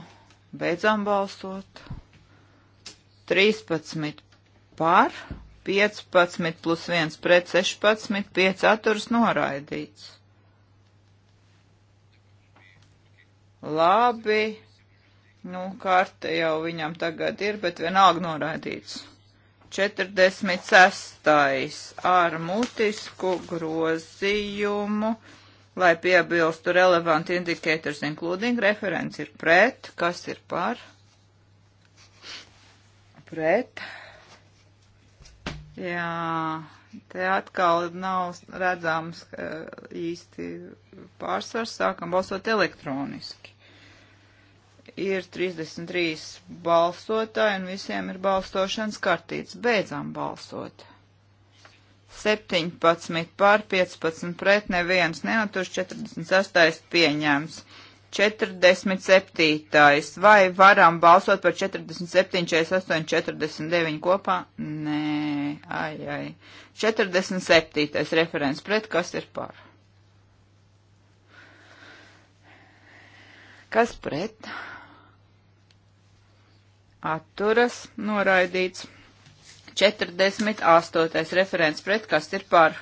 Beidzam balsot. 13 par, 15 plus 1 pret 16, 5 atturs noraidīts. Labi, Nu, karte jau viņam tagad ir, bet vienalga noraidīts. 46. ar mutisku grozījumu, lai piebilstu relevant indicators including, referents ir pret, kas ir par? Pret. Jā, te atkal nav redzams īsti pārsvars, sākam balsot elektroniski ir 33 balsotāji un visiem ir balsošanas kartītes. Beidzam balsot. 17 pār 15 pret neviens neatuš 46. pieņēms. 47. Vai varam balsot par 47, 48, 49 kopā? Nē, ai, ai. 47. referents pret, kas ir par? Kas pret? atturas noraidīts. 48. referents pret, kas ir par.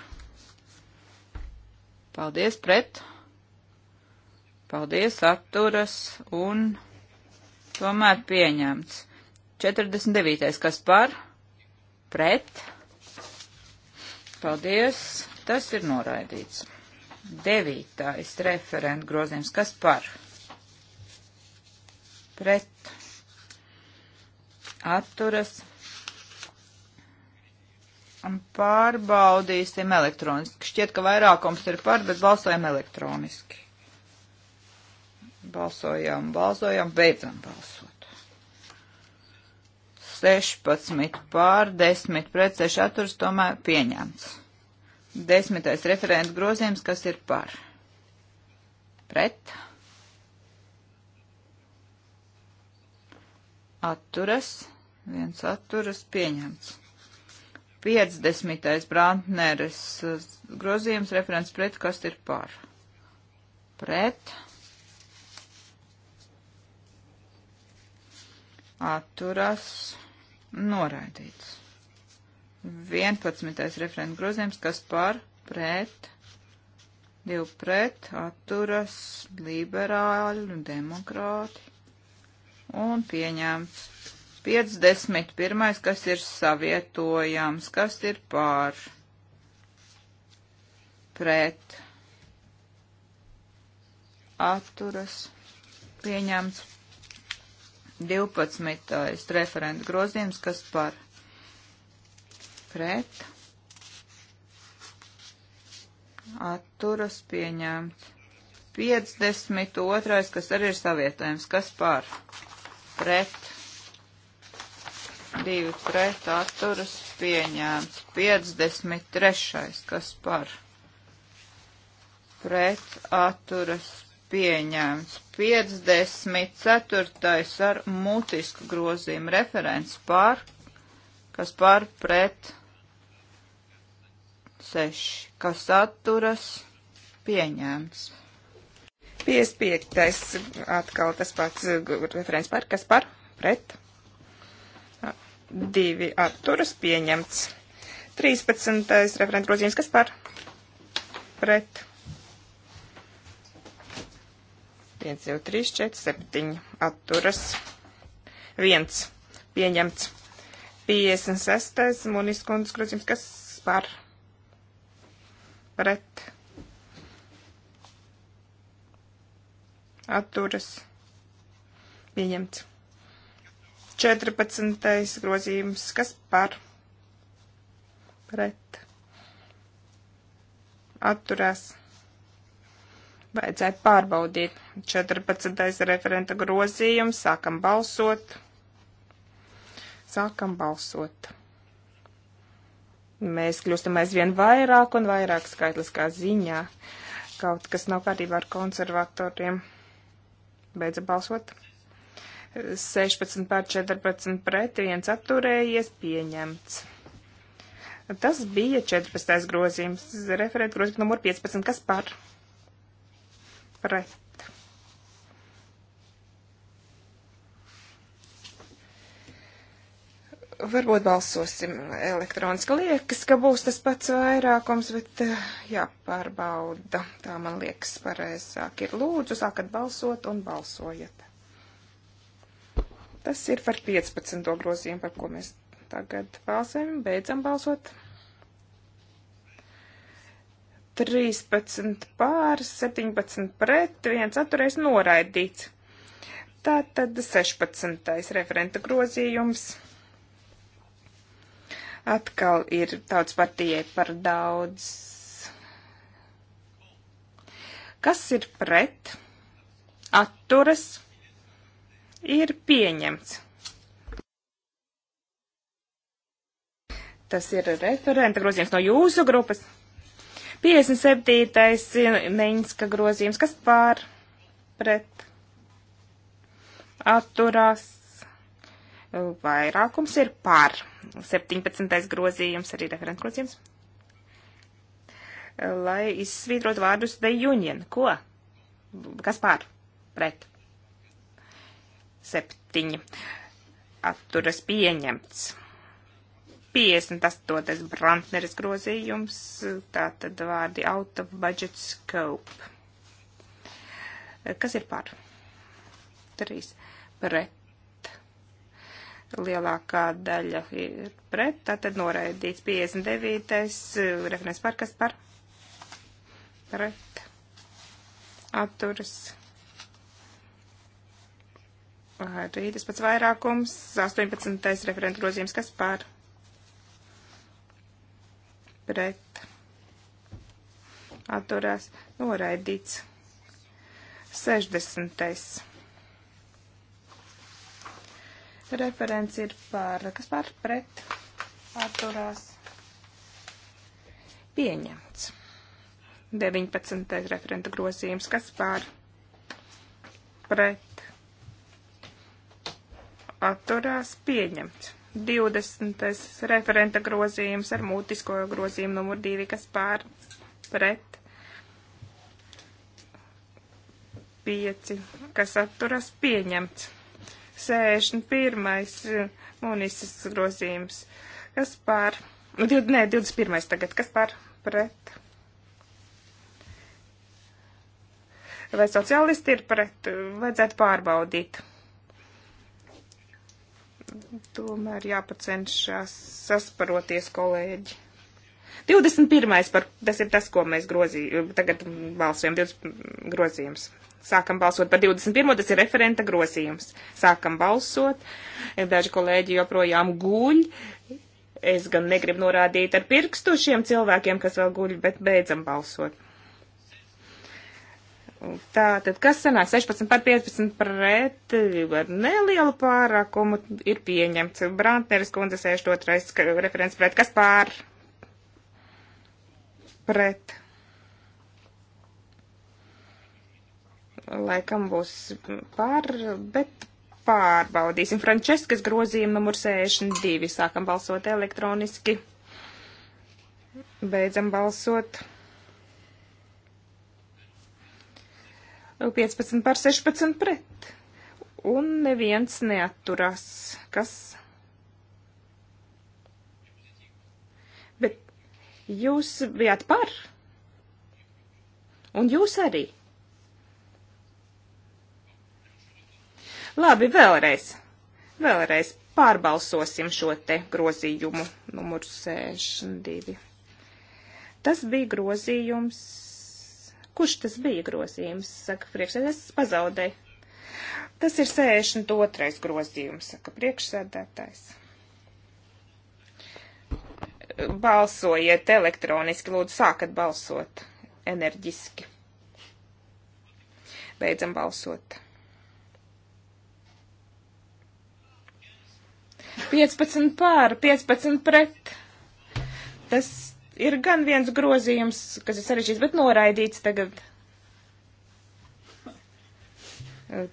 Paldies pret. Paldies atturas un tomēr pieņemts. 49. kas par? Pret. Paldies. Tas ir noraidīts. 9. referenta grozījums. Kas par? Pret atturas. Pārbaudīsim elektroniski. Šķiet, ka vairākums ir par, bet balsojam elektroniski. Balsojam, balsojam, beidzam balsot. 16 pār 10 pret 6 atturs tomēr pieņemts. Desmitais referents grozījums, kas ir par. Pret. Atturas viens atturas pieņemts. 50. Brantneres eh, grozījums referents pret, kas ir par. Pret. Atturas noraidīts. 11. referents grozījums, kas par, pret, divi pret, atturas, liberāļi un demokrāti. Un pieņemts 51. kas ir savietojams, kas ir pār, pret, atturas, pieņemts 12. referenta grozījums, kas par, pret, atturas, pieņemts 52. kas arī ir savietojams, kas par, pret, 2 pret atturas pieņēmts. 53. kas par pret atturas pieņēmts. 54. ar mutisku grozījumu referents par, kas par pret 6. kas atturas pieņēmts. 55. atkal tas pats referents par, kas par pret divi atturas pieņemts. 13. referenta grozījums, kas par pret 5, 2, 3, 4, 7 atturas 1 pieņemts. 56. muniskundas grozījums, kas par pret atturas pieņemts. 14. grozījums, kas par pret atturās. Vajadzētu pārbaudīt. 14. referenta grozījums, sākam balsot. Sākam balsot. Mēs kļūstam aizvien vairāk un vairāk skaitliskā ziņā. Kaut kas nav kārtībā ar konservatoriem. Beidza balsot. 16 pār 14 pret, viens atturējies, pieņemts. Tas bija 14. grozījums, referēt grozījums numur 15, kas par pret. Varbūt balsosim elektroniski. Liekas, ka būs tas pats vairākums, bet eh, jāpārbauda. Tā man liekas pareizāk ir. Lūdzu, sākat balsot un balsojat. Tas ir par 15. grozījumu, par ko mēs tagad balsojam. Beidzam balsot. 13 pār, 17 pret, 1 atturēs noraidīts. Tātad 16. referenta grozījums. Atkal ir tautas partijai par daudz. Kas ir pret? Atturas ir pieņemts. Tas ir referenta grozījums no jūsu grupas. 57. Meņska grozījums, kas pār pret atturās. Vairākums ir pār. 17. grozījums arī referenta grozījums. Lai izsvītrot vārdus the union. Ko? Kas pār? Pret 7. Atturas pieņemts. 58. Brantneris grozījums, tātad vārdi out of budget scope. Kas ir par? 3. Pret. Lielākā daļa ir pret, tātad noraidīts 59. Referents par kas par? Pret. Atturas Arī tas pats vairākums, 18. referenta grozījums, kas pār pret atturās noraidīts. 60. Referents ir pār, kas pār pret atturās pieņemts. 19. referenta grozījums, kas pār pret atturās pieņemts. 20. referenta grozījums ar mūtisko grozījumu numur 2, kas pār pret 5, kas atturas pieņemts. 61. Eh, munisas grozījums, kas pār, nē, 21. tagad, kas pār pret vai sociālisti ir pret, vajadzētu pārbaudīt tomēr jāpacenšas sasparoties kolēģi. 21. Par, tas ir tas, ko mēs grozījām. Tagad balsojam 20 grozījums. Sākam balsot par 21. Tas ir referenta grozījums. Sākam balsot. Daži kolēģi joprojām guļ. Es gan negribu norādīt ar pirkstu šiem cilvēkiem, kas vēl guļ, bet beidzam balsot. Tātad, kas sanāk 16 par 15 pret, ar nelielu pārākumu ir pieņemts. Brantneris kundze 62 referents pret, kas pār pret. Laikam būs pār, bet pārbaudīsim. Frančeskas grozījuma numur 62. Sākam balsot elektroniski. Beidzam balsot. 15 par 16 pret. Un neviens neaturās. Kas? Bet jūs bijāt par. Un jūs arī. Labi, vēlreiz. Vēlreiz pārbalsosim šo te grozījumu numuru 62. Tas bija grozījums Kurš tas bija grozījums? Saka, priekšsēdētājs pazaudēja. Tas ir 62. grozījums, saka priekšsēdētājs. Balsojiet elektroniski, lūdzu, sākat balsot enerģiski. Beidzam balsot. 15 pār, 15 pret. Tas Ir gan viens grozījums, kas ir sarežģīts, bet noraidīts tagad.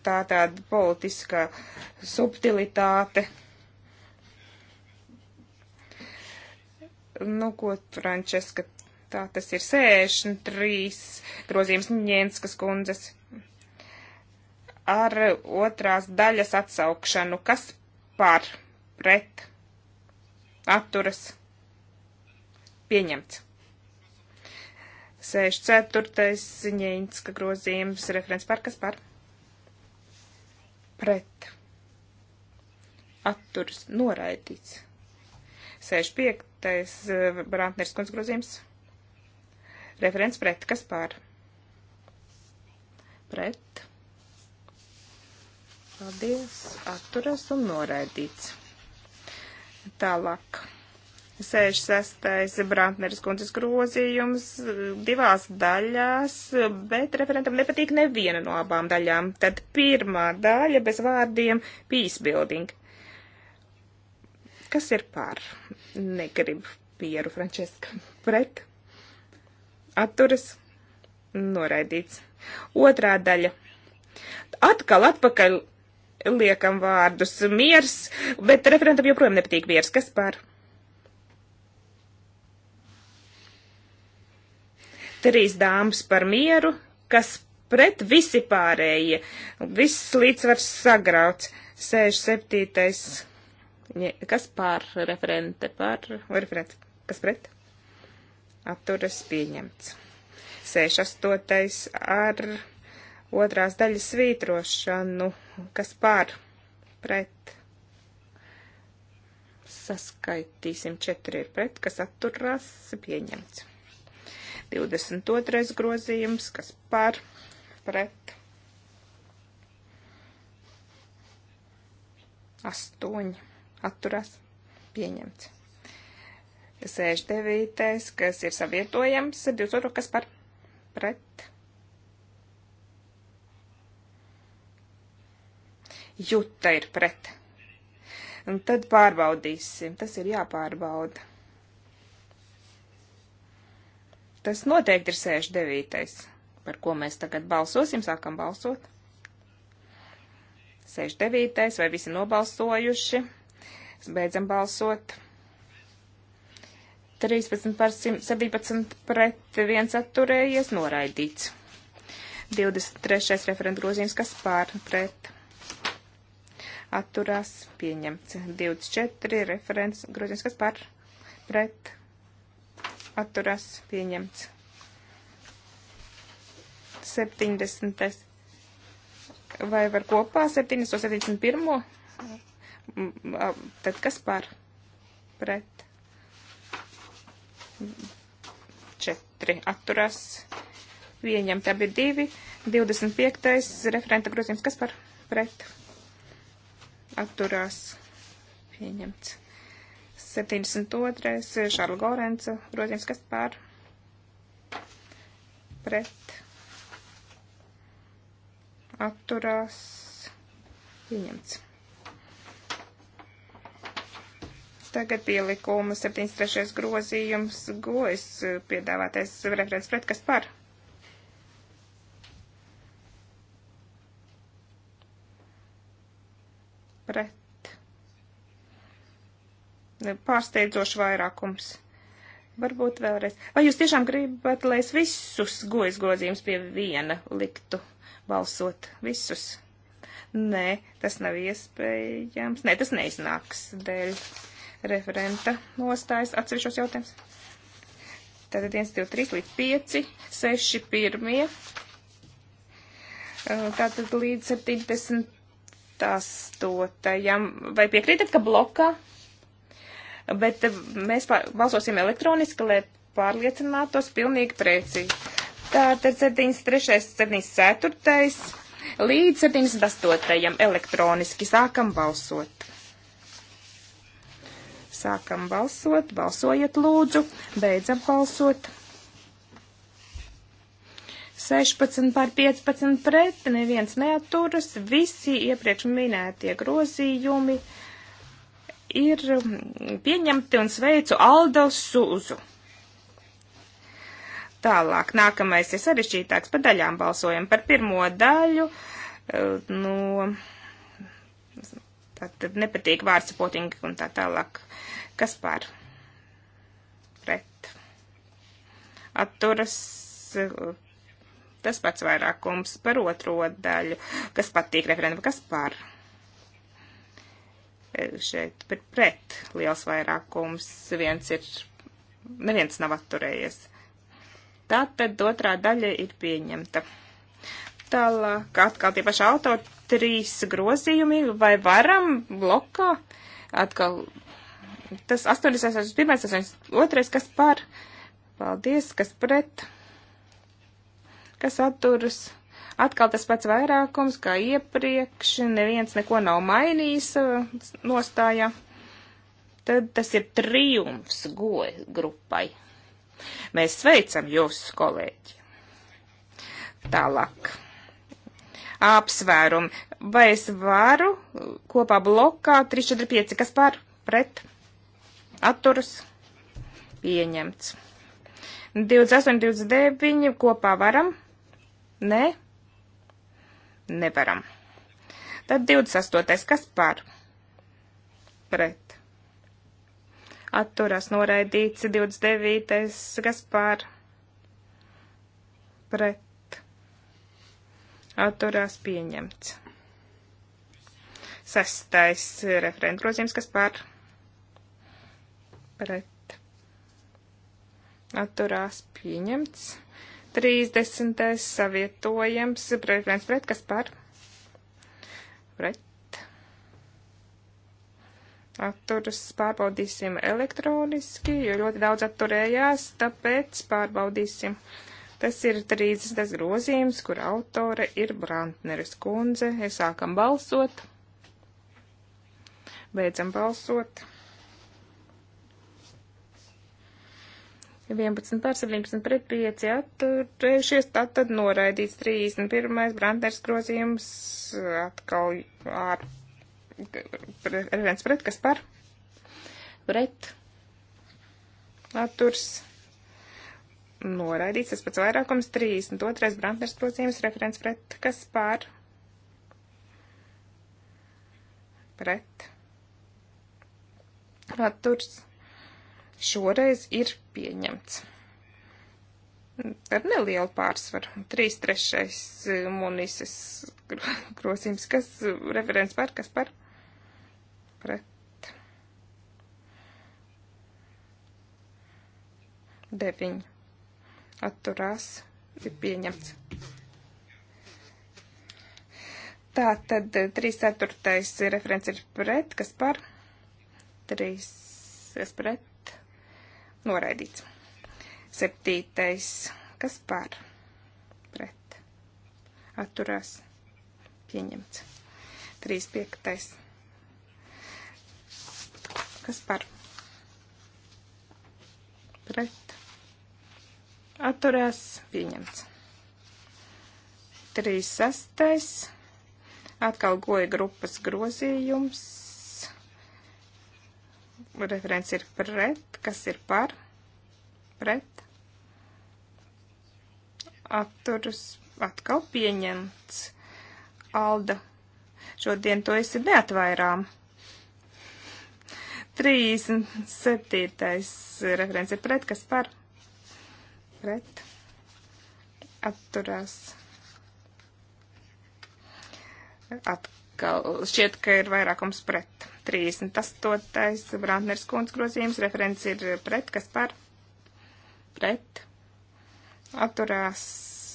Tā tāda politiskā subtilitāte. Nu, ko, Frančeska, tā tas ir 63 grozījums Ņēnskas kundzes ar otrās daļas atsaukšanu. Kas par pret atturas? Pieņemts. 64. Ziņēnska grozījums referents par kas par? Pret. Atturs noraidīts. 65. Eh, Brantners kundz grozījums. Referents pret kas par? Pret. Paldies. Atturas un noraidīts. Tālāk. 66. Brantneres kundzes grozījums divās daļās, bet referentam nepatīk neviena no abām daļām. Tad pirmā daļa bez vārdiem peace building. Kas ir pār? Negrib pieru, Frančeska. Pret. Atturas. Noraidīts. Otrā daļa. Atkal atpakaļ liekam vārdus miers, bet referentam joprojām nepatīk miers. Kas pār? trīs dāmas par mieru, kas pret visi pārējie. Viss līdzsvars sagrauts. 67. Kas pār referente? Pār referente. Kas pret? Atturas pieņemts. 68. ar otrās daļas svītrošanu. Kas pār? Pret. Saskaitīsim. 4 ir pret. Kas atturās? Pieņemts. 22. grozījums, kas par pret 8 atturās pieņemts. 69. kas ir savietojams, 22. kas par pret. Juta ir pret. Un tad pārbaudīsim. Tas ir jāpārbauda. Tas noteikti ir 69. par ko mēs tagad balsosim, sākam balsot. 69. vai visi nobalsojuši? Beidzam balsot. 13 par 17 pret 1 atturējies, noraidīts. 23. referenta grozījums, kas pār pret atturās pieņemts. 24. referents grozījums, kas pār pret atturās pieņemts. 70. Vai var kopā 7. un 71. Tad kas par? Pret. 4. Atturās. Pieņemt abi divi. 25. referenta grozījums. Kas par? Pret. Atturās. Pieņemts. 72. Eh, Šarla Gorenca grozījums, kas pār pret atturās pieņemts. Tagad pielikuma 73. grozījums gojas eh, piedāvātais referents pret kas par. Pret pārsteidzoši vairākums. Varbūt vēlreiz. Vai jūs tiešām gribat, lai es visus gojas grozījumus pie viena liktu balsot? Visus? Nē, tas nav iespējams. Nē, tas neiznāks dēļ referenta nostājas atsevišķos jautājumus. Tātad 1, 2, 3 līdz 5, 6 pirmie. Tātad līdz 78. Vai piekrītat, ka blokā bet eh, mēs balsosim elektroniski, lai pārliecinātos pilnīgi precīzi. Tātad 73, 74 līdz 78 elektroniski sākam balsot. Sākam balsot, balsojiet lūdzu, beidzam balsot. 16 pār 15 pret, neviens neaturas, visi iepriekš minētie grozījumi ir mm, pieņemti un sveicu Aldo Sūzu. Tālāk, nākamais ir sarežģītāks, pa daļām balsojam par pirmo daļu. Eh, no, tad nepatīk vārds potingi un tā tālāk. Kas pār? Pret. Atturas eh, tas pats vairākums par otro daļu. Kas patīk referendumu? Kas pār? šeit pret liels vairākums. Viens ir, neviens nav atturējies. Tātad otrā daļa ir pieņemta. Tālāk, atkal tie paši autori, trīs grozījumi, vai varam blokā atkal. Tas 81, 82, kas par. Paldies, kas pret. Kas atturas Atkal tas pats vairākums, kā iepriekš, neviens neko nav mainījis uh, nostājā. Tad tas ir triumfs goja grupai. Mēs sveicam jūs, kolēģi. Tālāk. Apsvērumi. Vai es varu kopā blokā 345, kas par pret atturas pieņemts? 28, 29 kopā varam? Nē? nevaram. Tad 28. kas par? Pret. Atturās noraidīts 29. kas par? Pret. Atturās pieņemts. Sestais referenta grozījums, kas par? Pret. Atturās pieņemts. 30. savietojams, pret, viens pret, kas par? Pret. Atturas pārbaudīsim elektroniski, jo ļoti daudz atturējās, tāpēc pārbaudīsim. Tas ir 30. grozījums, kur autore ir Brantneres kundze. Sākam balsot. Beidzam balsot. 11 pār 17 pret 5 atturējušies, tātad noraidīts 31. Brandners grozījums atkal ar referents pret, kas par? Pret. Atturs. Noraidīts tas pats vairākums 32. Brandners grozījums referents pret, kas par? Pret. Atturs šoreiz ir pieņemts. Ar nelielu pārsvaru. 3 trešais eh, munises grozījums, kas eh, referents par, kas par? Pret. 9. Atturās. Ir pieņemts. Tā tad 3 eh, ceturtais referents ir pret, kas par? 3 es pret Noraidīts. Septītais. Kas par? Pret. Atturās. Pieņemts. Trīs piektais. Kas par? Pret. Atturās. Pieņemts. Trīs sastais. Atkal goja grupas grozījums. Referents ir pret, kas ir par, pret. Atturas atkal pieņemts. Alda, šodien to esi neatvairām. 37. referents ir pret, kas par? Pret. Atturās. Atkal šķiet, ka ir vairākums pret. 38. Brantners kundz grozījums, referents ir pret, kas par pret atturās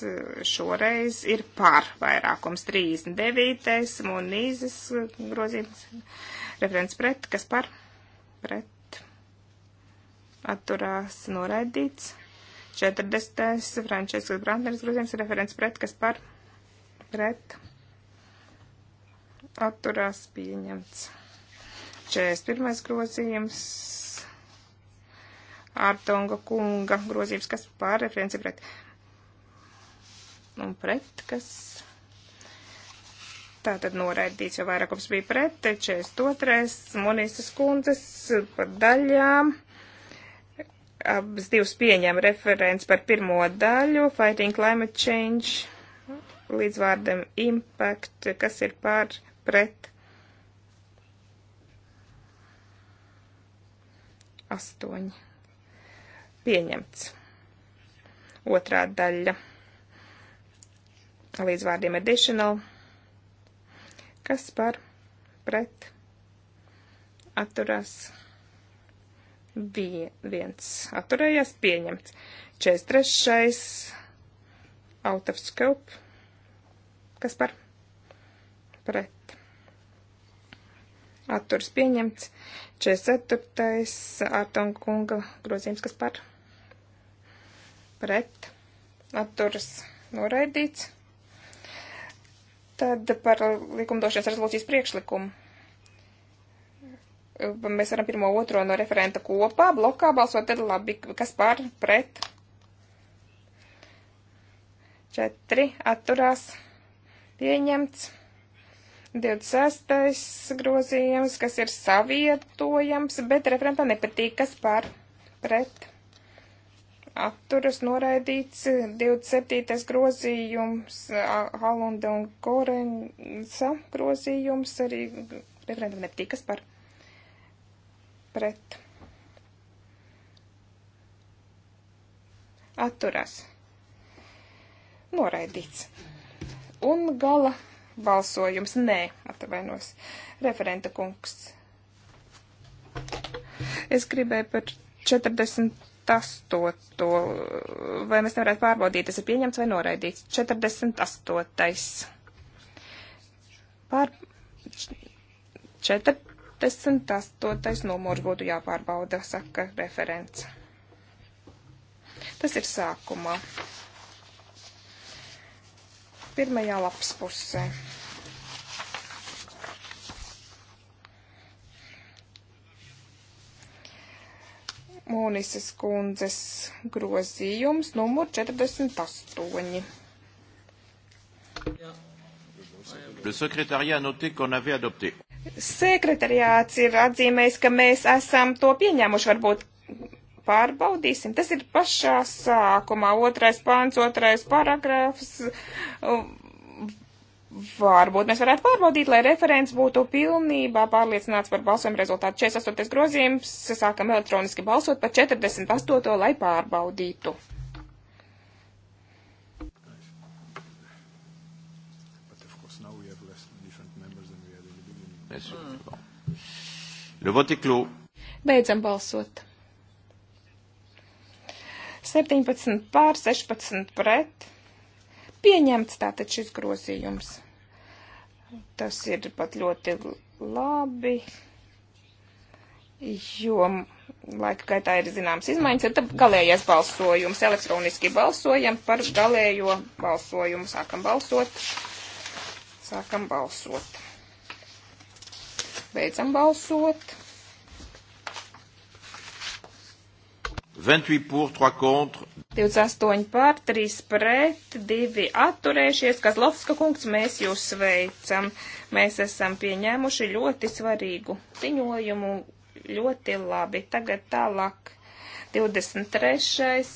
eh, šoreiz ir par vairākums 39. Munīzes grozījums, referents pret, kas par pret atturās noraidīts. 40. Frančiskas Brantners grozījums, referents pret, kas par pret atturās pieņemts. 41. grozījums Ārtonga kunga grozījums, kas pār referenci pret. Un pret, kas. Tā tad noraidīts, jo vairākums bija pret, 42. Monīsas kundzes par daļām. Abas divas pieņem referents par pirmo daļu, Fighting Climate Change, līdz vārdam Impact, kas ir pār pret 8. Pieņemts. Otrā daļa. Līdz vārdiem additional. Kas par pret atturās bija viens. Atturējās pieņemts. 43. Out of scope. Kas par pret atturs pieņemts. 44. Ārtona kunga grozījums, kas par pret atturas noraidīts. Tad par likumdošanas rezolūcijas priekšlikumu. Mēs varam pirmo otro no referenta kopā blokā balsot, tad labi, kas par pret. Četri atturās pieņemts. 26. grozījums, kas ir savietojams, bet referentam nepatīk, kas par pret atturas noraidīts. 27. grozījums, Halunda un Korensa grozījums, arī referentam nepatīk, kas par pret atturas noraidīts. Un gala balsojums. Nē, atvainos. Referenta kungs. Es gribēju par 48. Vai mēs nevarētu pārbaudīt, tas ir pieņemts vai noraidīts? 48. Pār... 48. numurs būtu jāpārbauda, saka referents. Tas ir sākumā pirmajā lapas pusē. Mūnises kundzes grozījums numur 48. Jā. Le secrétariat a noté qu'on avait adopté. Sekretariāts ir atzīmējis, ka mēs esam to pieņēmuši. Varbūt pārbaudīsim. Tas ir pašā sākumā, otrais pāns, otrais paragrāfs. Varbūt mēs varētu pārbaudīt, lai referents būtu pilnībā pārliecināts par balsojumu rezultātu. 48. grozījums, sākam elektroniski balsot par 48. lai pārbaudītu. Le vote est clos. Beidzam balsot. 17 pār 16 pret. Pieņemts tātad šis grozījums. Tas ir pat ļoti labi, jo laika gaitā ir zināmas izmaiņas, ir tad galējais balsojums. Elektroniski balsojam par galējo balsojumu. Sākam balsot. Sākam balsot. Beidzam balsot. 28 pour, 3 contre. 28 pār, 3 pret, 2 atturējušies. Kazlovska kungs, mēs jūs sveicam. Mēs esam pieņēmuši ļoti svarīgu ziņojumu. Ļoti labi. Tagad tālāk. 23.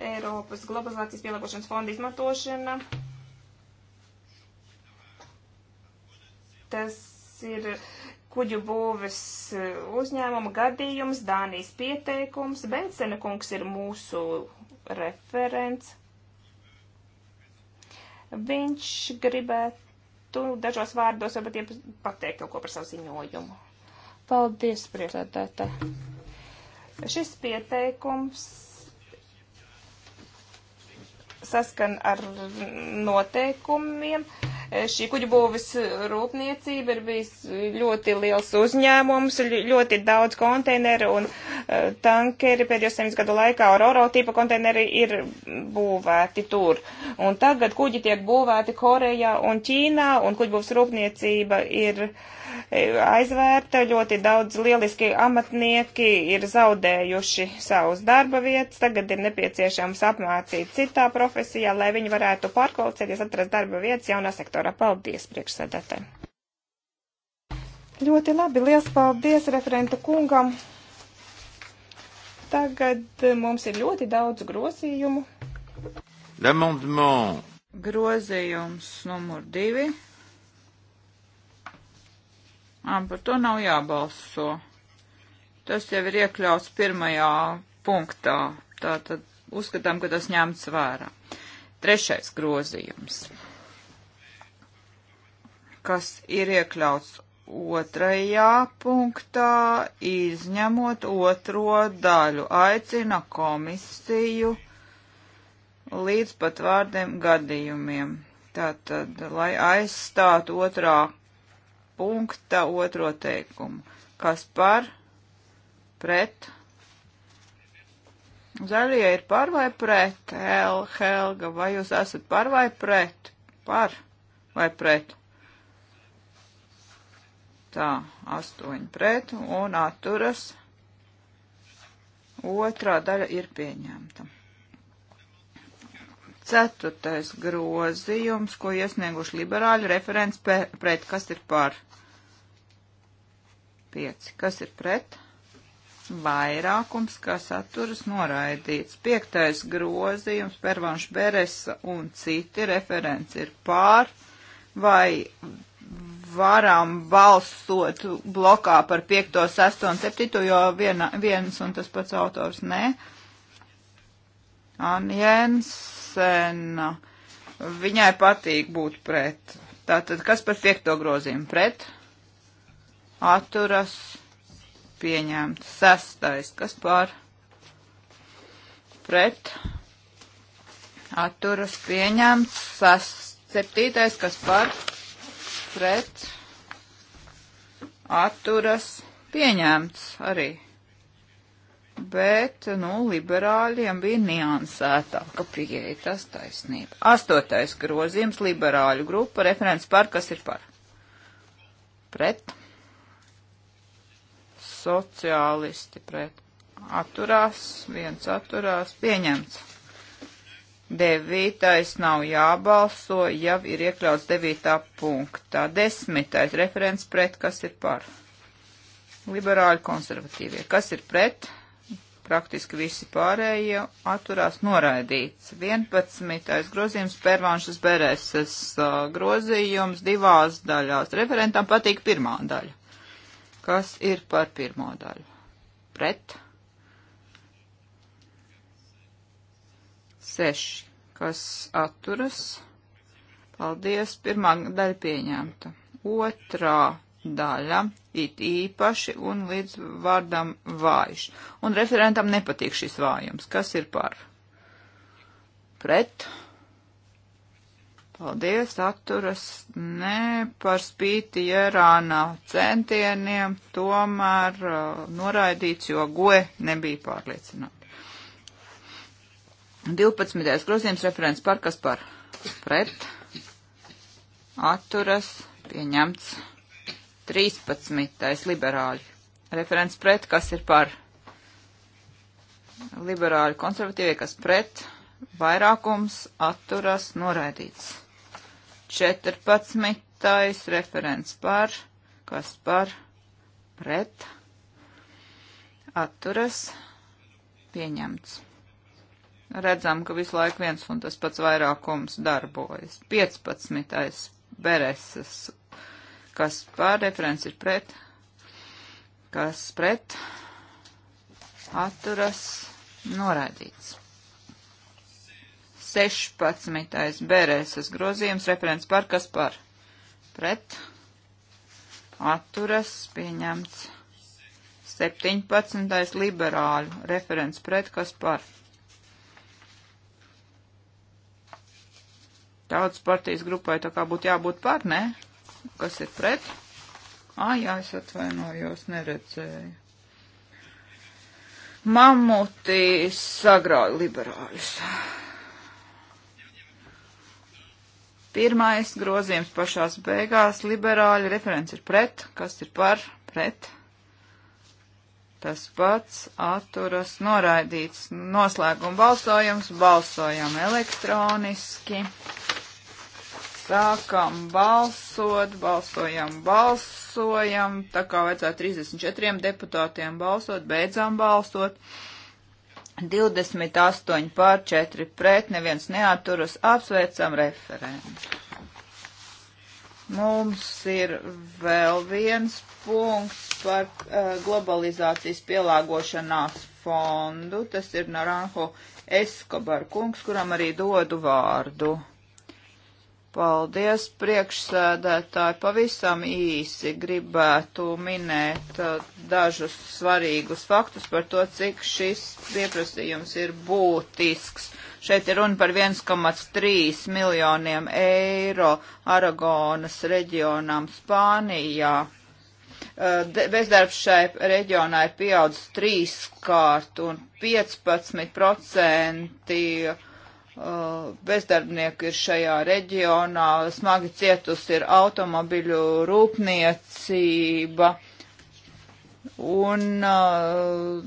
Eiropas globalizācijas pielāgošanas fonda izmantošana. Tas ir kuģu būves e, uzņēmuma gadījums, Dānijas pieteikums. Bensena kungs ir mūsu referents. Viņš gribētu dažos vārdos varbūt pateikt kaut ko par savu ziņojumu. Paldies, priekšsēdētāji. Šis pieteikums saskan ar noteikumiem. Uh, Šī kuģbūvis rūpniecība ir bijis ļoti liels uzņēmums, ļoti daudz konteineru un e, tankeri pēdējos simts gadu laikā Ororo tipa konteineri ir būvēti tur. Un tagad kuģi tiek būvēti Korejā un Ķīnā, un kuģbūvis rūpniecība ir. Uh, aizvērta. Ļoti daudz lieliski amatnieki ir zaudējuši savus darba vietas. Tagad ir nepieciešams apmācīt citā profesijā, lai viņi varētu pārkvalcēties, atrast darba vietas jaunā sektorā. Paldies, priekšsēdētāji! Ļoti labi, liels paldies referenta kungam. Tagad eh, mums ir ļoti daudz grozījumu. L'amendement. Grozījums numur divi. Ā, par to nav jābalso. Tas jau ir iekļauts pirmajā punktā. Tātad uzskatām, ka tas ņemts vērā. Trešais grozījums, kas ir iekļauts otrajā punktā, izņemot otro daļu, aicina komisiju līdz pat vārdiem gadījumiem. Tātad, lai aizstātu otrā punkta otro teikumu. Kas par? Pret? Zaļie ir par vai pret? El, Helga, vai jūs esat par vai pret? Par vai pret? Tā, astoņi pret un atturas. Otrā daļa ir pieņemta. Ceturtais grozījums, ko iesnieguši liberāļi, referents pret, kas ir par? Pieci, kas ir pret? Vairākums, kas atturas noraidīts. Piektais grozījums, pervanš Beresa un citi referents ir pār, vai varam balsot blokā par 5, 6 un 7, jo viena, viens un tas pats autors nē. Anjens Andersena. Viņai patīk būt pret. Tātad, kas par piekto grozījumu pret? Atturas pieņemts. Sestais, kas par pret? Atturas pieņemts. Ses, septītais, kas par pret? Atturas pieņemts arī bet, nu, liberāļiem bija niansētāka pieeja, tas taisnība. Astotais grozījums, liberāļu grupa, referents par, kas ir par? Pret. Sociālisti pret. Atturās, viens atturās, pieņemts. Devītais nav jābalso, jau ir iekļauts devītā punktā. Desmitais referents pret, kas ir par? liberāļi konservatīvie. Kas ir pret? praktiski visi pārējie atturās noraidīts. 11. grozījums pervānšas bereses grozījums divās daļās. Referentam patīk pirmā daļa. Kas ir par pirmo daļu? Pret. 6. Kas atturas? Paldies, pirmā daļa pieņemta. Otrā daļa, it īpaši un līdz vārdam vājš. Un referentam nepatīk šis vājums. Kas ir par? Pret. Paldies, atturas. Nē, par spīti Jerāna centieniem tomēr uh, noraidīts, jo goe nebija pārliecināta. 12. grozījums referents par kas par? Pret. Atturas. Pieņemts. 13. liberāļi. Referents pret, kas ir par liberāļu konservatīvie, kas pret, vairākums atturas noraidīts. 14. referents par, kas par, pret, atturas pieņemts. Redzam, ka visu laiku viens un tas pats vairākums darbojas. 15. bereses kas par referents ir pret, kas pret, atturas, noraidīts. 16. bērēsas grozījums, referents par, kas par, pret, atturas, pieņemts. 17. liberāļu, referents pret, kas par. Tautas partijas grupai tā kā būtu jābūt par, ne? Kas ir pret? Ā, jā, es atvainojos, neredzēju. Mamutī sagrāja liberāļus. Pirmais grozījums pašās beigās - liberāļi referents ir pret, kas ir par, pret. Tas pats atturas noraidīts noslēguma balsojums, balsojam elektroniski. Sākam balsot, balsojam, balsojam, tā kā vajadzētu 34 deputātiem balsot, beidzām balsot. 28 pār 4 pret, neviens neaturas, apsveicam referentu. Mums ir vēl viens punkts par uh, globalizācijas pielāgošanās fondu. Tas ir Naranjo Eskobar kungs, kuram arī dodu vārdu. Paldies, priekšsēdētāji. Pavisam īsi gribētu minēt uh, dažus svarīgus faktus par to, cik šis pieprasījums ir būtisks. Šeit ir runa par 1,3 miljoniem eiro Aragonas reģionām Spānijā. Uh, bezdarbs šai reģionā ir pieaudzis trīskārt un 15% Eh, bezdarbnieku ir šajā reģionā, smagi cietusi ir automobiļu rūpniecība un uh,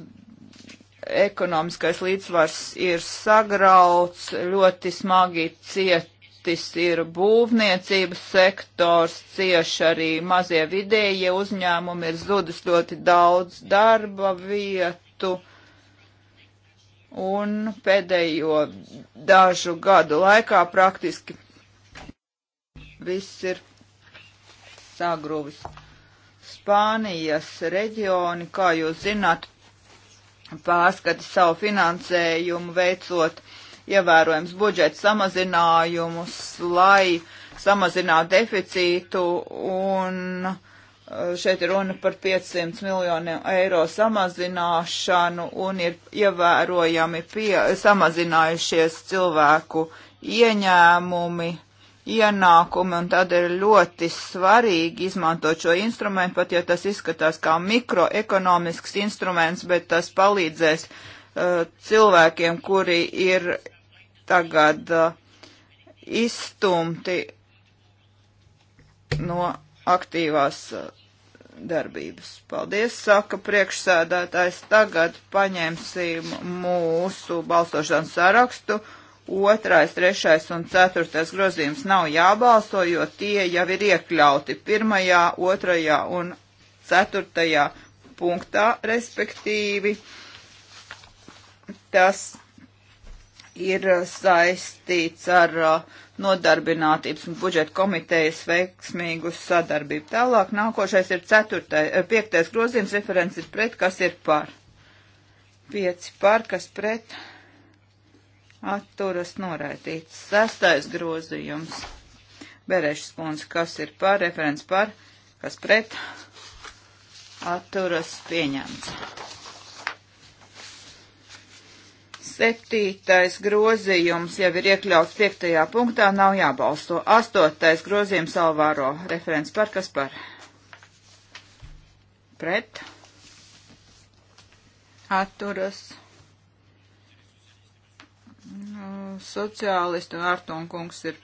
ekonomiskais līdzsvars ir sagrauts, ļoti smagi cietis ir būvniecības sektors, cieši arī mazie vidējie uzņēmumi, ir zudus ļoti daudz darba vietu. Uh, un pēdējo dažu gadu laikā praktiski viss ir sagrūvis. Spānijas reģioni, kā jūs zināt, pārskata savu finansējumu, veicot ievērojams budžeta samazinājumus, lai samazinātu deficītu un uh, Eh, šeit ir runa par 500 miljoniem eiro samazināšanu un ir ievērojami pie, samazinājušies cilvēku ieņēmumi, ienākumi, un tad ir ļoti svarīgi izmantot šo instrumentu, pat ja tas izskatās kā mikroekonomisks instruments, bet tas palīdzēs uh, cilvēkiem, kuri ir tagad uh, izstumti no aktīvās uh, darbības. Paldies, saka priekšsēdētājs. Tagad paņemsim mūsu balsošanas sarakstu. Otrais, trešais un ceturtais grozījums nav jābalso, jo tie jau ir iekļauti pirmajā, otrajā un ceturtajā punktā, respektīvi. Tas ir uh, saistīts ar uh, nodarbinātības un budžeta komitejas veiksmīgu sadarbību. Tālāk nākošais ir 4. 5. Uh, grozījums, referents ir pret, kas ir par. 5 par, kas pret, atturas noraidīts. 6. grozījums, Berešas kundze, kas ir par, referents par, kas pret, atturas pieņemts. Septītais grozījums jau ir iekļauts piektajā punktā, nav jābalsto. Astotais grozījums Alvāro referents par kas par? Pret. Atturas. Nu, Sociālisti un Artunkungs ir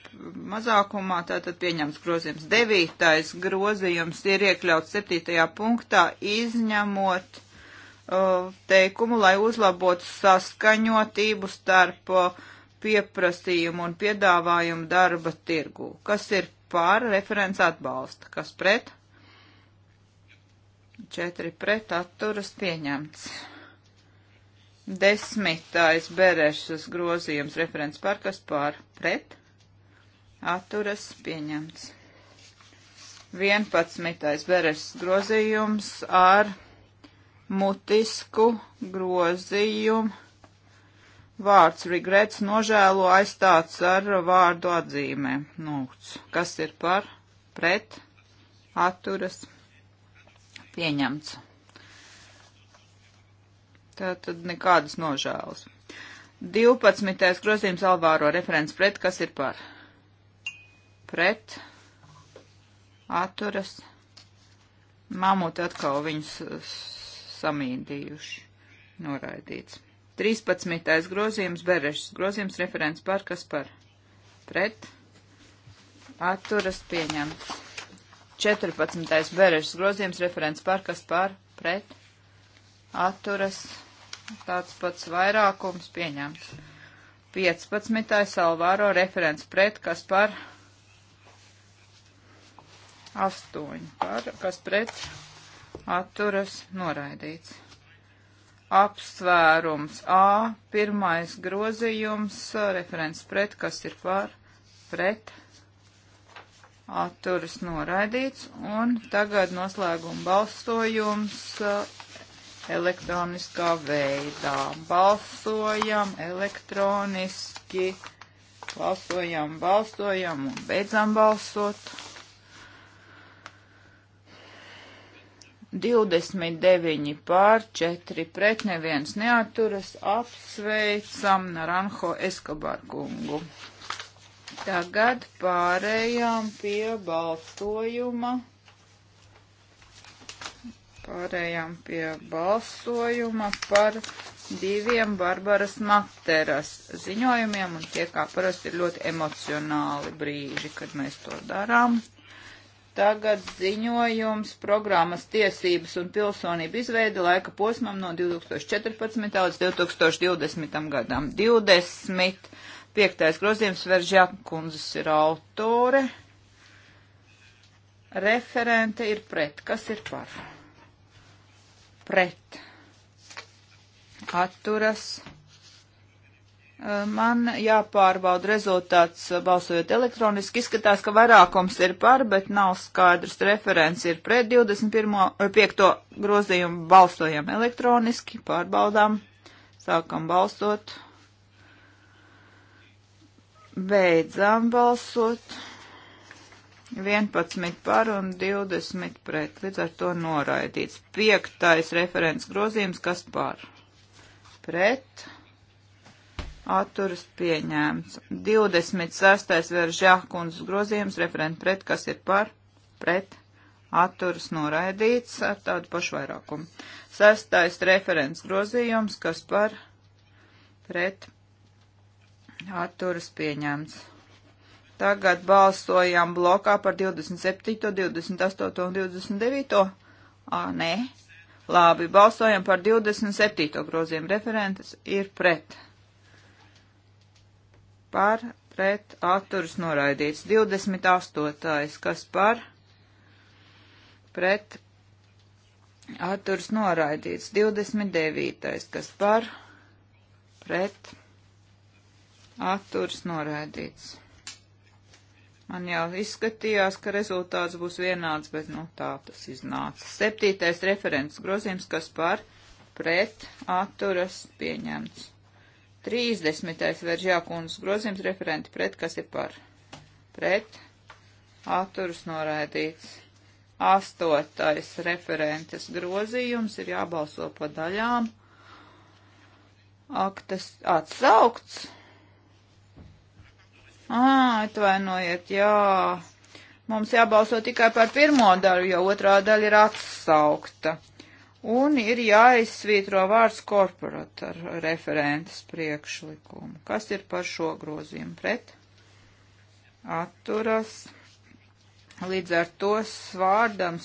mazākumā, tātad pieņems grozījums. Devītais grozījums ir iekļauts septītajā punktā, izņemot Uh, teikumu, lai uzlabotu saskaņotību starp uh, pieprasījumu un piedāvājumu darba tirgu. Kas ir pār referents atbalsta? Kas pret? Četri pret atturas pieņemts. Desmitais berešas grozījums referents par kas pār pret? Atturas pieņemts. Vienpadsmitais berešas grozījums ar mutisku grozījumu. Vārds regrets nožēlo aizstāts ar vārdu atzīmē. Nu, kas ir par, pret, atturas, pieņemts. Tātad nekādas nožēlas. 12. grozījums Alvāro referents pret, kas ir par, pret, atturas. Mamut atkal viņus samīdījuši. Noraidīts. 13. grozījums Berešs. Grozījums referents par kas par pret. Atturas pieņemts. 14. Berešs. Grozījums referents par kas par pret. Atturas. Tāds pats vairākums pieņemts. 15. Alvāro referents pret kas par 8. Par kas pret atturas noraidīts. Apsvērums A, pirmais grozījums, referents pret, kas ir par, pret, atturas noraidīts, un tagad noslēguma balsojums uh, elektroniskā veidā. Balsojam elektroniski, balsojam, balsojam un beidzam balsot. 29 pār 4 pret neviens neaturas. Apsveicam Naranjo Eskobar kungu. Tagad pārējām pie balsojuma. Pārējām pie balsojuma par diviem Barbaras Materas ziņojumiem, un tie kā parasti ir ļoti emocionāli brīži, kad mēs to darām. Tagad ziņojums programmas tiesības un pilsonība izveida laika posmam no 2014. līdz 2020. gadam. 25. grozījums Veržjā kundzes ir autore. Referente ir pret. Kas ir par? Pret. Atturas Man jāpārbauda rezultāts eh, balsojot elektroniski. Izskatās, ka vairākums ir par, bet nav skaidrs. Referents ir pret 21.5. Eh, grozījumu. Balsojam elektroniski, pārbaudām, sākam balsot. Beidzām balsot. 11 par un 20 pret. Līdz ar to noraidīts. Piektais referents grozījums, kas par? Pret atturas pieņēmts. 26. veržākundas grozījums referent pret, kas ir par, pret, atturas noraidīts ar tādu pašu vairākumu. 6. referents grozījums, kas par, pret, atturas pieņēmts. Tagad balsojām blokā par 27., 28. un 29. Ā, nē. Labi, balsojam par 27. grozījumu. Referentes ir pret par pret atturas noraidīts. 28. kas par pret atturas noraidīts. 29. kas par pret atturas noraidīts. Man jau izskatījās, ka rezultāts būs vienāds, bet nu tā tas iznāca. Septītais referents grozījums, kas par pret atturas pieņemts. 30. veržjākundas grozījums referenti pret, kas ir par pret, atturas noraidīts. 8. referentes grozījums ir jābalso pa daļām. Aktas atsaukts. Ā, atvainojiet, jā. Mums jābalso tikai par pirmo daļu, jo otrā daļa ir atsaukta. Un ir jāizsvītro vārds korporat ar referentes priekšlikumu. Kas ir par šo grozījumu pret? Atturas. Līdz ar to svārdam,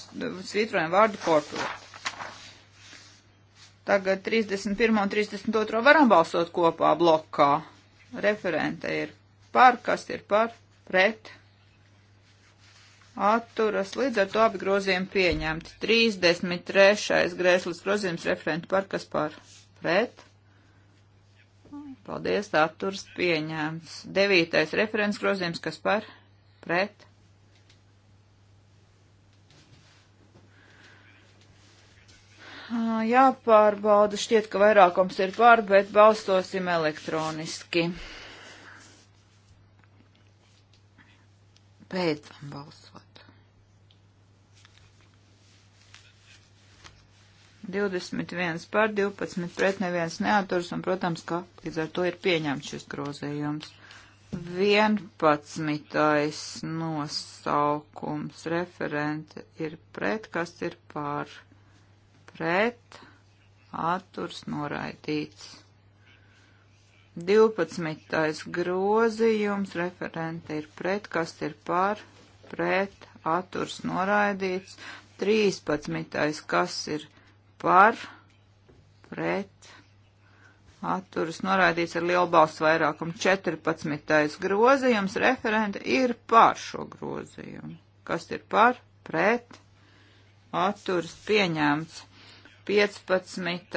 svītrojam vārdu korporat. Tagad 31 un 32 varam balsot kopā blokā. Referente ir par, kas ir par, pret, atturas, līdz ar to abi grozījumi pieņemti. 33. grēslis grozījums referenti par kas par pret. Paldies, atturas pieņemts. 9. referents grozījums kas par pret. Jāpārbauda, šķiet, ka vairākums ir pār, bet balstosim elektroniski. Beidzam balsot. 21 pār 12 pret neviens neaturs, un, protams, ka līdz ar to ir pieņemts šis grozījums. 11. nosaukums referente ir pret, kas ir pār pret, atturs noraidīts. 12. grozījums referente ir pret, kas ir pār pret, atturs noraidīts. 13. kas ir pret par pret atturas noraidīts ar lielu balstu vairākumu 14. grozījums. Referenta ir par šo grozījumu. Kas ir par pret atturas pieņemts? 15.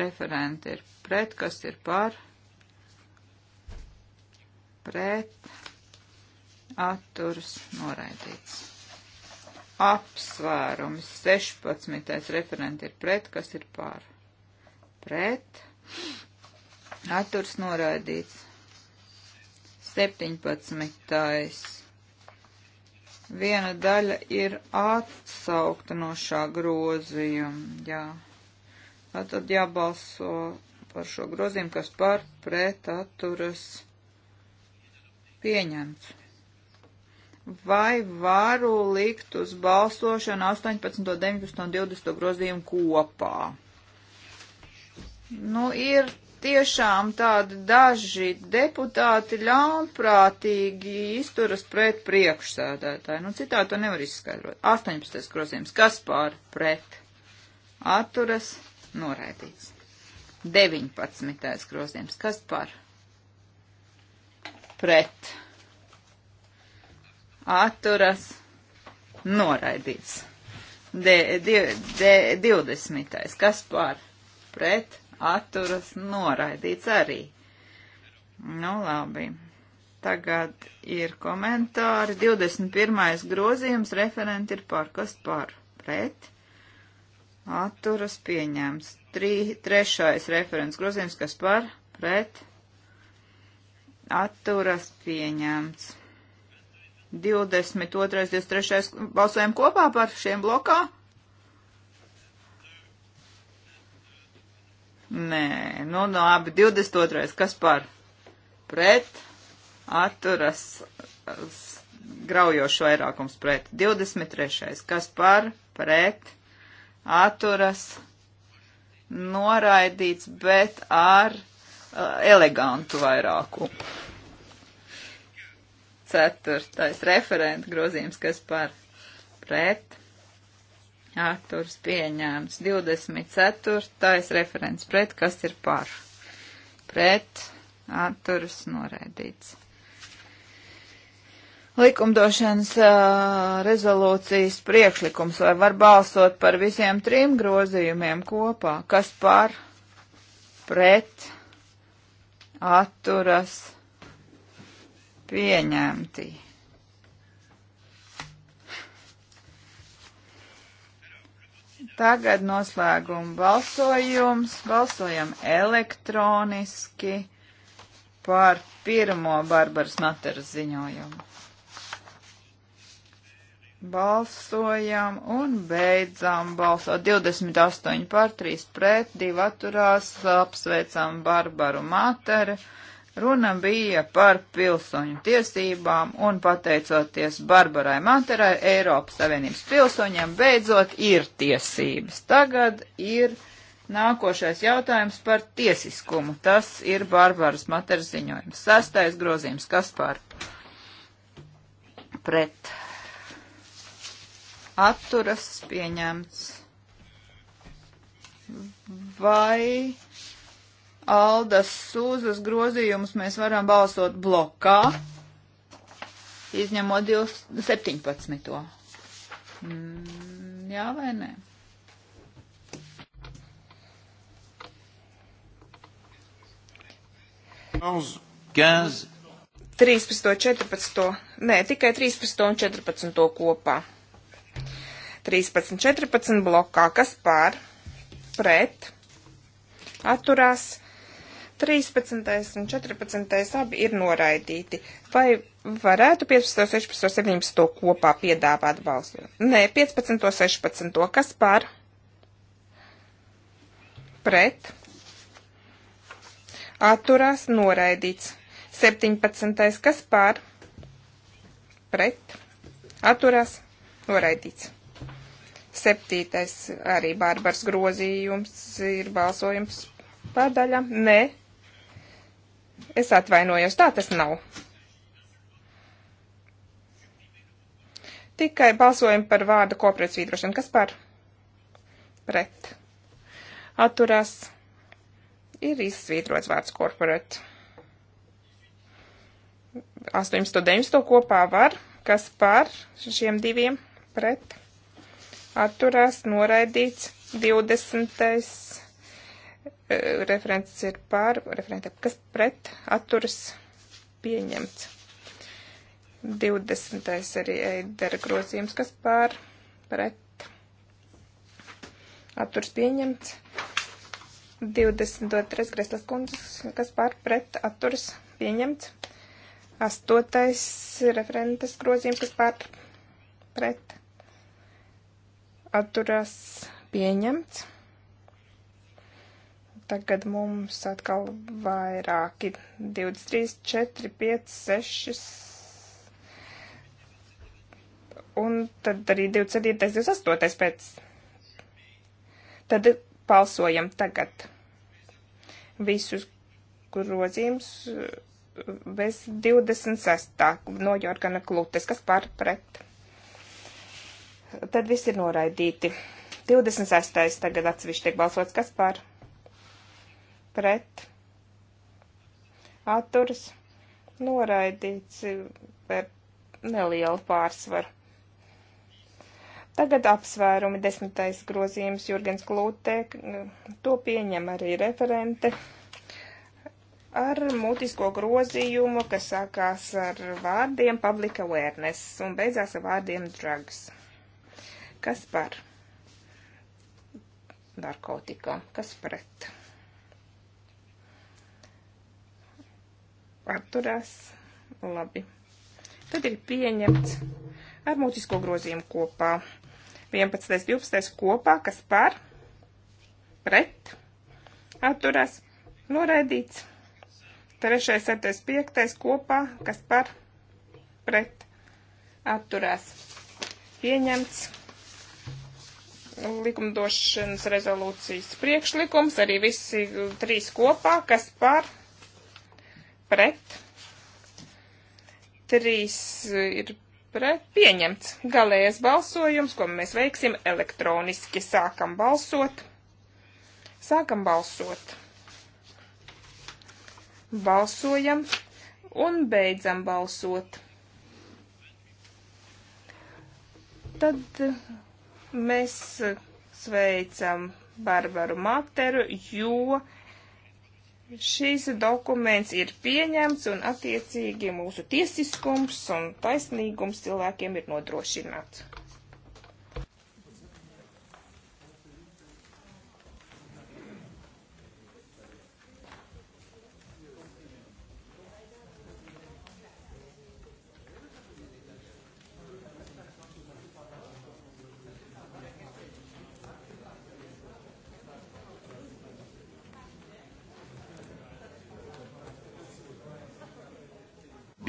referenta ir pret, kas ir par pret atturas noraidīts apsvērumi. 16. referenti ir pret, kas ir pār. Pret. Atturs noraidīts. 17. Viena daļa ir atsaukta no šā grozījuma. Jā. Tad jābalso par šo grozījumu, kas par pret atturas pieņemts vai varu likt uz balsošanu 18, 19 un 20 grozījumu kopā. Nu, ir tiešām tādi daži deputāti ļaunprātīgi izturas pret priekšsēdētāju. Nu, citā to nevar izskaidrot. 18. grozījums. Kas pār pret? Atturas noraidīts. 19. grozījums. Kas par? Pret atturas noraidīts. D, d, d, 20. Kas par pret atturas noraidīts arī. Nu, labi. Tagad ir komentāri. 21. grozījums referenti ir par kas par pret. Atturas pieņēmts. 3. referents grozījums kas par pret. Atturas pieņēmts. 22. 23. balsojam kopā par šiem blokā? Nē, nu no abi 22. kas par pret atturas graujošu vairākums pret 23. kas par pret atturas noraidīts, bet ar uh, elegantu vairākumu. Ceturtais referenta grozījums, kas par pret atturs pieņēmts. 24. referents pret, kas ir par pret atturs noraidīts. Likumdošanas uh, rezolūcijas priekšlikums vai var balsot par visiem trim grozījumiem kopā, kas par pret atturas noraidīts pieņemti. Tagad noslēguma balsojums. Balsojam elektroniski par pirmo Barbaras Materas ziņojumu. Balsojam un beidzam balsot. 28 par 3 pret, 2 atturās. Apsveicam Barbaru Materu. Runa bija par pilsoņu tiesībām un pateicoties Barbarai Materai, Eiropas Savienības pilsoņiem beidzot ir tiesības. Tagad ir nākošais jautājums par tiesiskumu. Tas ir Barbaras Materas ziņojums. Sastais grozījums, kas par pret atturas pieņemts vai Aldas Sūzas grozījumus mēs varam balsot blokā, izņemot 17. Mm, jā vai nē? Uz 15. 14. Nē, tikai 13 un 14 kopā. 13, 14 blokā, kas pār, pret, atturās, 13. un 14. abi ir noraidīti. Vai varētu 15, 16, 17 kopā piedāvāt balsu? Nē, 15, 16. Kas par? Pret. Atturās noraidīts. 17. Kas par? Pret. Atturās noraidīts. 7. arī Bārbars grozījums ir balsojums padaļa. Nē, Es atvainojos, tā tas nav. Tikai balsojam par vārdu koprēt svītrošanu. Kas par? Pret. Atturās. Ir izsvītrots vārds korporēt. 18. un 19. kopā var. Kas par šiem diviem? Pret. Atturās. Noraidīts. 20 Eh, referents ir pār, referente, kas pret atturas pieņemts. 20. arī eidera grozījums, kas pār, pret atturas pieņemts. 22. Greslas kundzes, kas pār, pret atturas pieņemts. 8. referentes grozījums, kas pār, pret atturas pieņemts. Tagad mums atkal vairāki 23, 4, 5, 6. Un tad arī 27, 28 pēc. Tad balsojam tagad visus grozījumus uh, bez 26. no Jorgana Klutes, kas pārpret. Tad viss ir noraidīti. 26. tagad atsevišķi tiek balsots, kas pār pret atturas noraidīts par nelielu pārsvaru. Tagad apsvērumi desmitais grozījums Jurgens Klūtē, to pieņem arī referente ar mutisko grozījumu, kas sākās ar vārdiem public awareness un beidzās ar vārdiem drugs. Kas par narkotikām? Kas pret? atturās, labi. Tad ir pieņemts ar mūtisko grozījumu kopā. 11. 12. kopā, kas par, pret, atturās, noraidīts. 3. 7. 5. kopā, kas par, pret, atturās, pieņemts likumdošanas rezolūcijas priekšlikums, arī visi trīs kopā, kas par pret. Trīs ir pret. Pieņemts. Galējais balsojums, ko mēs veiksim elektroniski. Sākam balsot. Sākam balsot. Balsojam un beidzam balsot. Tad mēs sveicam Barbaru Materu, jo Šīs dokuments ir pieņemts un attiecīgi mūsu tiesiskums un taisnīgums cilvēkiem ir nodrošināts.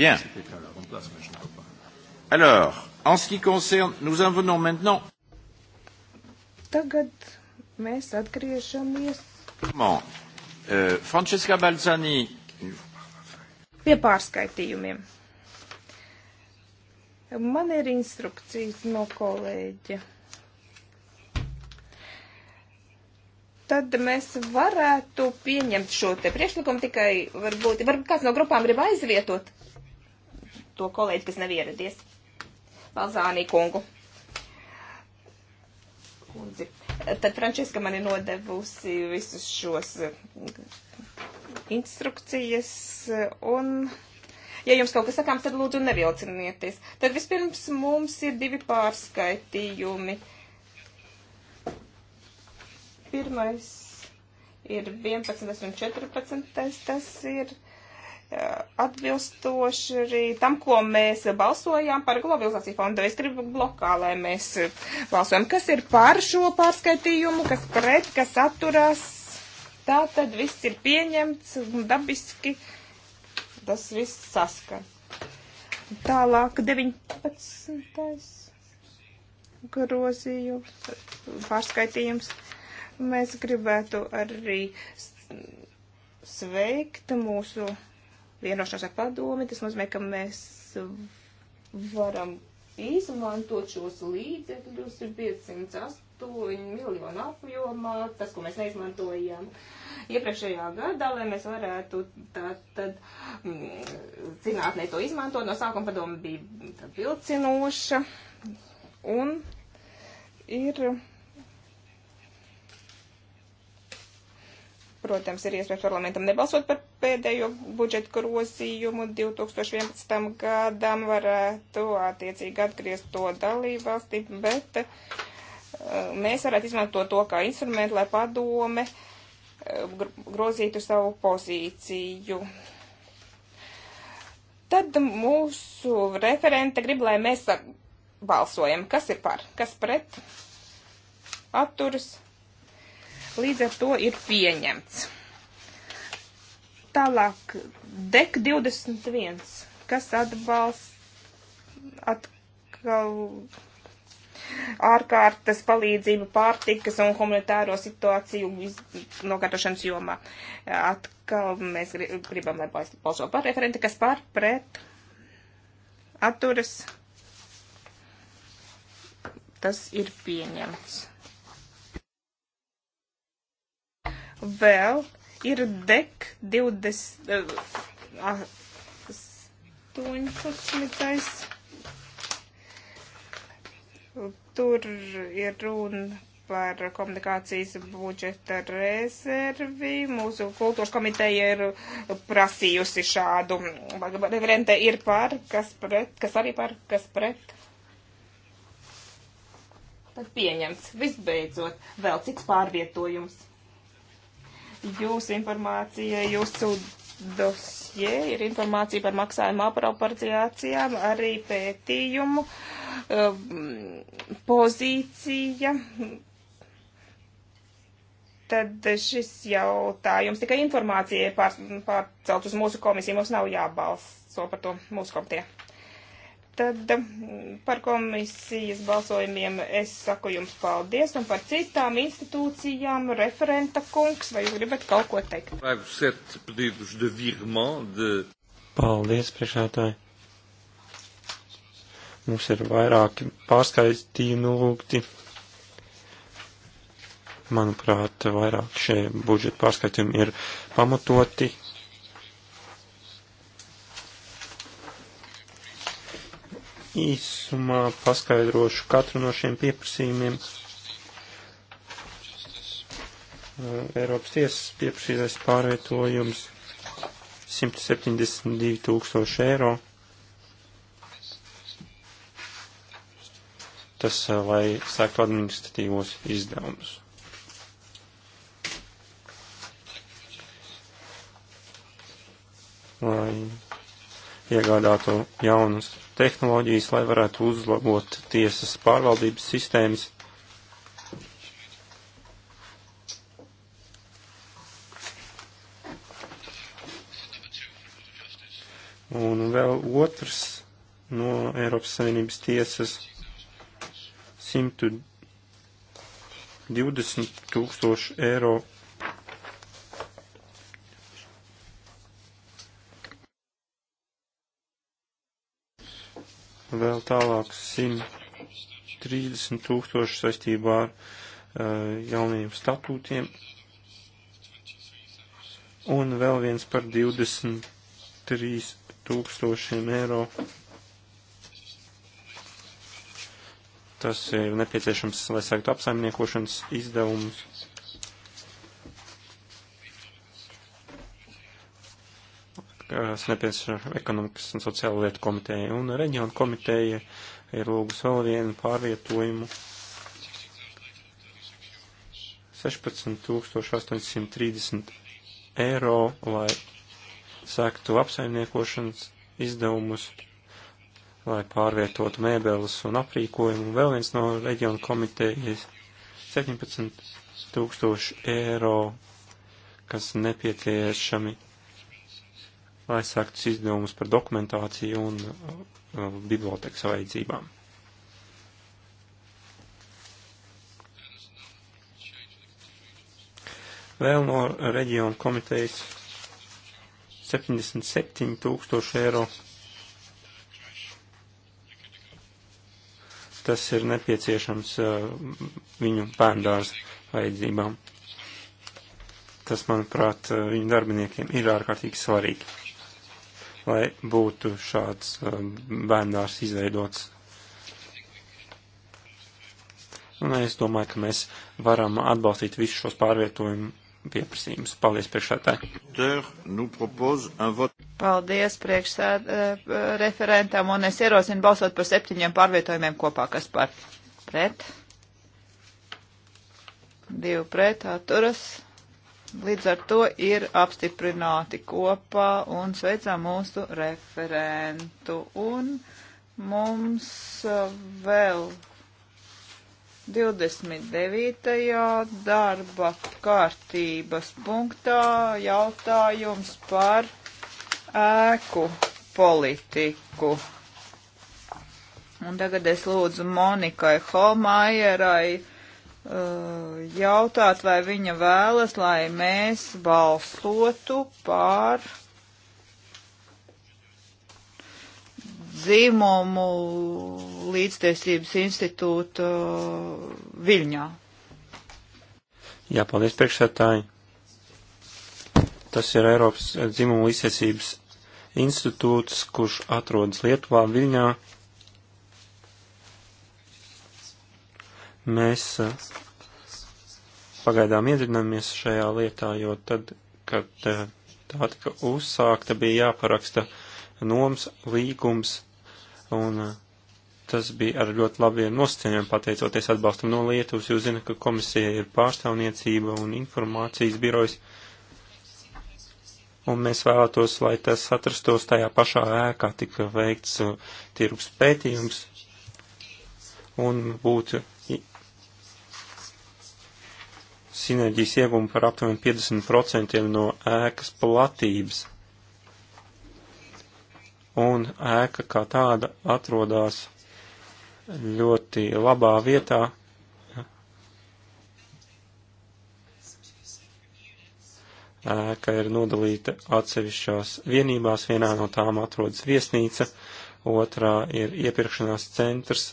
Bien. Alors, en ce qui concerne, nous en venons maintenant. Tagad mēs atgriežamies. Comment? Euh, Francesca Balzani. Pie pārskaitījumiem. Man ir instrukcijas no kolēģa. tad mēs varētu pieņemt šo te priekšlikumu tikai varbūt, varbūt kāds no grupām grib aizvietot to kolēģi, kas nav ieradies. Balzānī kungu. Kundzi. Tad Frančiska man ir nodevusi visus šos eh, instrukcijas eh, un. Ja jums kaut kas sakāms, tad lūdzu nevilcinieties. Tad vispirms mums ir divi pārskaitījumi. Pirmais ir 11 un 14. Tas ir atbilstoši arī tam, ko mēs balsojām par globalizāciju fondu. Es gribu blokā, lai mēs balsojam, kas ir par šo pārskaitījumu, kas pret, kas atturās. Tā tad viss ir pieņemts un dabiski tas viss saskan. Tālāk 19. grozījums, pārskaitījums. Mēs gribētu arī sveikt mūsu vienošanos ar padomi. Tas nozīmē, ka mēs varam izmantot šos līdzekļus 508 miljonu apjomā, tas, ko mēs neizmantojām iepriekšējā gadā, lai mēs varētu tā, tad mm, zinātnē to izmantot. No sākuma padoma bija vilcinoša un ir Protams, ir iespējams parlamentam nebalsot par pēdējo budžeta grozījumu 2011. gadam, varētu attiecīgi atgriezt to dalību valstī, bet uh, mēs varētu izmantot to kā instrumentu, lai padome uh, grozītu savu pozīciju. Tad mūsu referente grib, lai mēs balsojam, kas ir par, kas pret, atturas Līdz ar to ir pieņemts. Tālāk, dek 21, kas atbalsta atkal ārkārtas palīdzību pārtikas un humanitāro situāciju nokārtošanas jomā. Atkal mēs gribam, lai balso par referenti, kas pār pret atturas. Tas ir pieņemts. vēl ir dek 20, 18. Eh, ah, Tur ir runa par komunikācijas budžeta rezervi. Mūsu kultūras komiteja ir prasījusi šādu. Referente ir par, kas pret, kas arī par, kas pret. Tad pieņemts. Visbeidzot, vēl cits pārvietojums jūsu informācija, jūsu dosie ir informācija par maksājumu apropriācijām, arī pētījumu um, pozīcija. Tad šis jautājums tikai informācijai pār, pārcelt uz mūsu komisiju. Mums nav jābalso par to mūsu komitē tad mm, par komisijas balsojumiem es saku jums paldies, un par citām institūcijām referenta kungs, vai jūs gribat kaut ko teikt? Paldies, priekšētāji. Mums ir vairāki pārskaitījumi lūgti. Manuprāt, vairāk šie budžeta pārskaitījumi ir pamatoti īsumā paskaidrošu katru no šiem pieprasījumiem. Eh, Eiropas tiesas pieprasītais pārvietojums 172 tūkstoši eiro. Tas, eh, lai sāktu administratīvos izdevumus. Lai iegādātu jaunas tehnoloģijas, lai varētu uzlabot tiesas pārvaldības sistēmas. Un vēl otrs no Eiropas Savienības tiesas 120 tūkstošu eiro vēl tālāk 130 tūkstoši saistībā ar uh, jaunajiem statūtiem. Un vēl viens par 23 tūkstošiem eiro. Tas ir nepieciešams, lai sāktu apsaimniekošanas izdevumus. kas nepieciešama ekonomikas un sociāla lietu komiteja. Un reģiona komiteja ir lūgus vēl vienu pārvietojumu. 16830 eiro, lai sektu apsaimniekošanas izdevumus, lai pārvietotu mēbeles un aprīkojumu. Vēl viens no reģiona komitejas 17 tūkstoši eiro, kas nepieciešami aizsāktus izdevumus par dokumentāciju un uh, uh, bibliotekas vajadzībām. Vēl no reģiona komitejas 77 tūkstoši eiro. Tas ir nepieciešams uh, viņu bērndārs vajadzībām. Tas, manuprāt, uh, viņu darbiniekiem ir ārkārtīgi svarīgi lai būtu šāds um, bērndārs izveidots. Un es domāju, ka mēs varam atbalstīt visus šos pārvietojumu pieprasījumus. Paldies priekšētāji. Paldies priekšsēd eh, referentam, un es ierosinu balsot par septiņiem pārvietojumiem kopā, kas par pret. Divi pret, atturas Līdz ar to ir apstiprināti kopā un sveicam mūsu referentu. Un mums uh, vēl 29. darba kārtības punktā jautājums par ēku politiku. Un tagad es lūdzu Monikai Holmajerai Uh, jautāt, vai viņa vēlas, lai mēs balsotu par dzīmumu līdztiesības institūtu Viļņā. Jā, paldies priekšsētāji. Tas ir Eiropas dzimumu līdztiesības institūts, kurš atrodas Lietuvā, Viļņā. Mēs pagaidām iedzināmies šajā lietā, jo tad, kad tā tika uzsākta, bija jāparaksta noms līgums, un tas bija ar ļoti labiem nosacījumiem, pateicoties atbalstam no Lietuvas. Jūs zināt, ka komisija ir pārstāvniecība un informācijas birojas, un mēs vēlētos, lai tas atrastos tajā pašā ēkā, tika veikts tirgus pētījums, un būtu sinerģijas iegumu par aptuveni 50% no ēkas platības. Un ēka kā tāda atrodas ļoti labā vietā. Ēka ir nodalīta atsevišķās vienībās, vienā no tām atrodas viesnīca, otrā ir iepirkšanās centrs,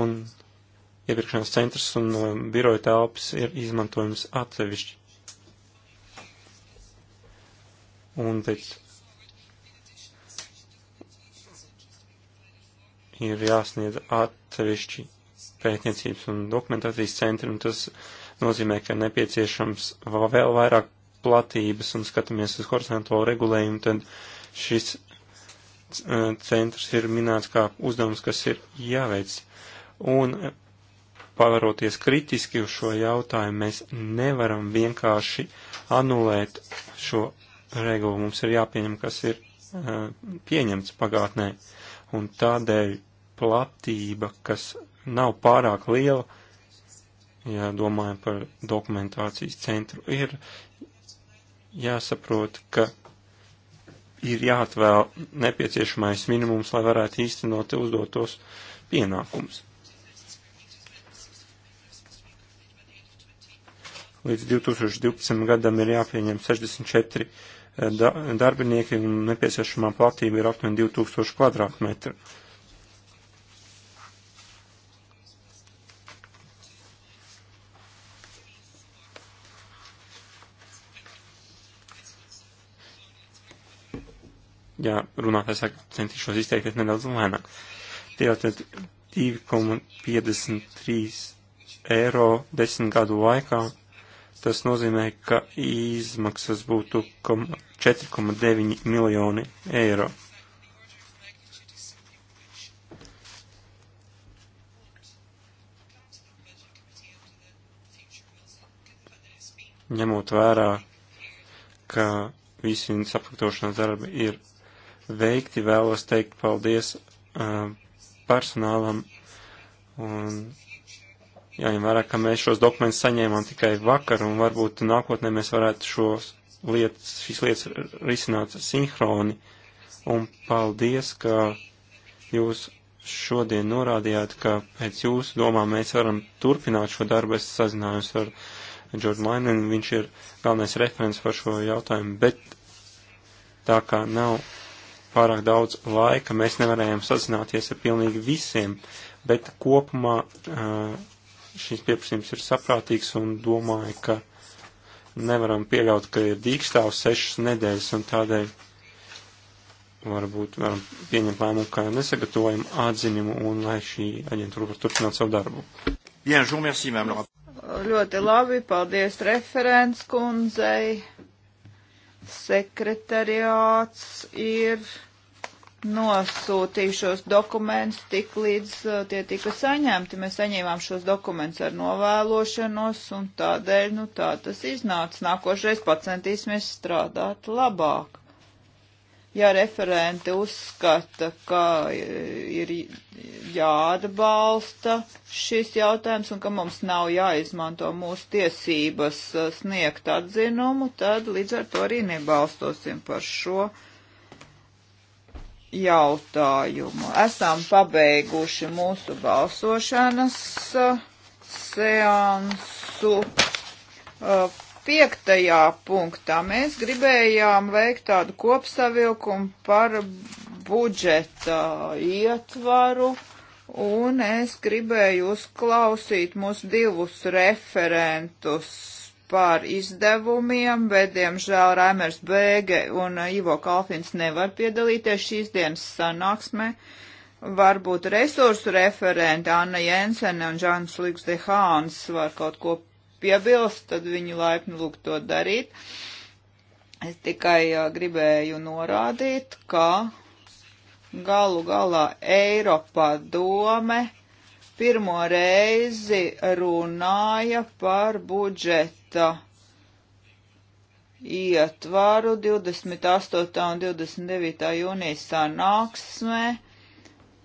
un iepirkšanas centrs un um, biroja telpas ir izmantojums atsevišķi. Un tad ir jāsniedz atsevišķi pētniecības un dokumentācijas centri, un tas nozīmē, ka nepieciešams vēl vairāk platības un skatāmies uz horizontālo regulējumu, tad šis uh, centrs ir minēts kā uzdevums, kas ir jāveic. Un pavaroties kritiski uz šo jautājumu, mēs nevaram vienkārši anulēt šo regulu. Mums ir jāpieņem, kas ir uh, pieņemts pagātnē. Un tādēļ platība, kas nav pārāk liela, ja domājam par dokumentācijas centru, ir jāsaprot, ka ir jāatvēl nepieciešamais minimums, lai varētu īstenot uzdotos pienākumus. Līdz 2012. gadam ir jāpieņem 64 eh, darbinieki un nepieciešamā platība ir aptuveni 2000 kvadrātmetru. Jā, runātājs saka, centīšos izteikties nedaudz lēnāk. Tie jau tad 2,53 eiro desmit gadu laikā Tas nozīmē, ka izmaksas būtu 4,9 miljoni eiro. Ņemot vērā, ka visi sapaktošanās darbi ir veikti, vēlos teikt paldies uh, personālam un jāņem vērā, ka mēs šos dokumentus saņēmām tikai vakar, un varbūt nākotnē mēs varētu šos lietas, šīs lietas risināt sinhroni. Un paldies, ka jūs šodien norādījāt, ka pēc jūsu domām mēs varam turpināt šo darbu. Es sazinājos ar Džordžu Lainenu, viņš ir galvenais referents par šo jautājumu, bet tā kā nav pārāk daudz laika, mēs nevarējām sazināties ar pilnīgi visiem, bet kopumā uh, šīs pieprasījums ir saprātīgs un domāju, ka nevaram pieļaut, ka ir dīkstāvs sešas nedēļas un tādēļ varbūt varam pieņemt lēmumu, ka nesagatavojam atziņumu un lai šī aģentūra var turpināt savu darbu. Bien, jour, merci, Ļoti labi, paldies referents kundzei. Sekretariāts ir nosūtīju šos dokumentus tik līdz uh, tie tika saņemti. Mēs saņēmām šos dokumentus ar novēlošanos un tādēļ, nu tā tas iznāca. Nākošais pacentīsimies strādāt labāk. Ja referenti uzskata, ka uh, ir jāatbalsta šis jautājums un ka mums nav jāizmanto mūsu tiesības uh, sniegt atzinumu, tad līdz ar to arī nebalstosim par šo jautājumu jautājumu. Esam pabeiguši mūsu balsošanas uh, seansu. Uh, piektajā punktā mēs gribējām veikt tādu kopsavilkumu par budžeta ietvaru, un es gribēju uzklausīt mūsu divus referentus par izdevumiem, bet, diemžēl, Raimers Bēge un uh, Ivo Kalfins nevar piedalīties šīs dienas sanāksmē. Varbūt resursu referenti Anna Jensene un Žāns Liks de Hāns var kaut ko piebilst, tad viņi laipni lūg to darīt. Es tikai uh, gribēju norādīt, ka galu galā Eiropa dome pirmo reizi runāja par budžetu budžeta ietvaru 28. un 29. jūnijas sanāksmē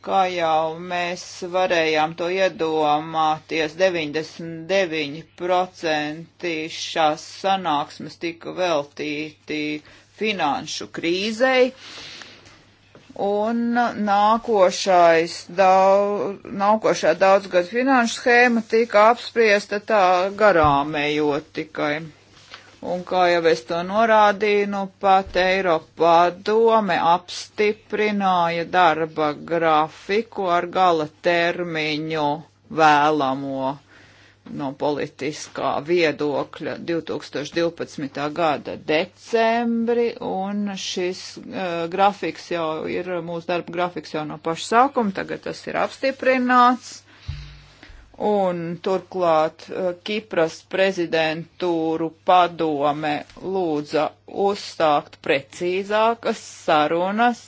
kā jau mēs varējām to iedomāties, 99% šās sanāksmes tika veltīti finanšu krīzei. Uh, Un nākošais daudz, nākošā daudzgad finanšu schēma tika apspriesta tā garāmējot tikai. Un kā jau es to norādīju, nu pat Eiropā dome apstiprināja darba grafiku ar gala termiņu vēlamo no politiskā viedokļa 2012. gada decembri, un šis uh, grafiks jau ir, mūsu darba grafiks jau no paša sākuma, tagad tas ir apstiprināts. Un turklāt uh, Kipras prezidentūru padome lūdza uzsākt precīzākas sarunas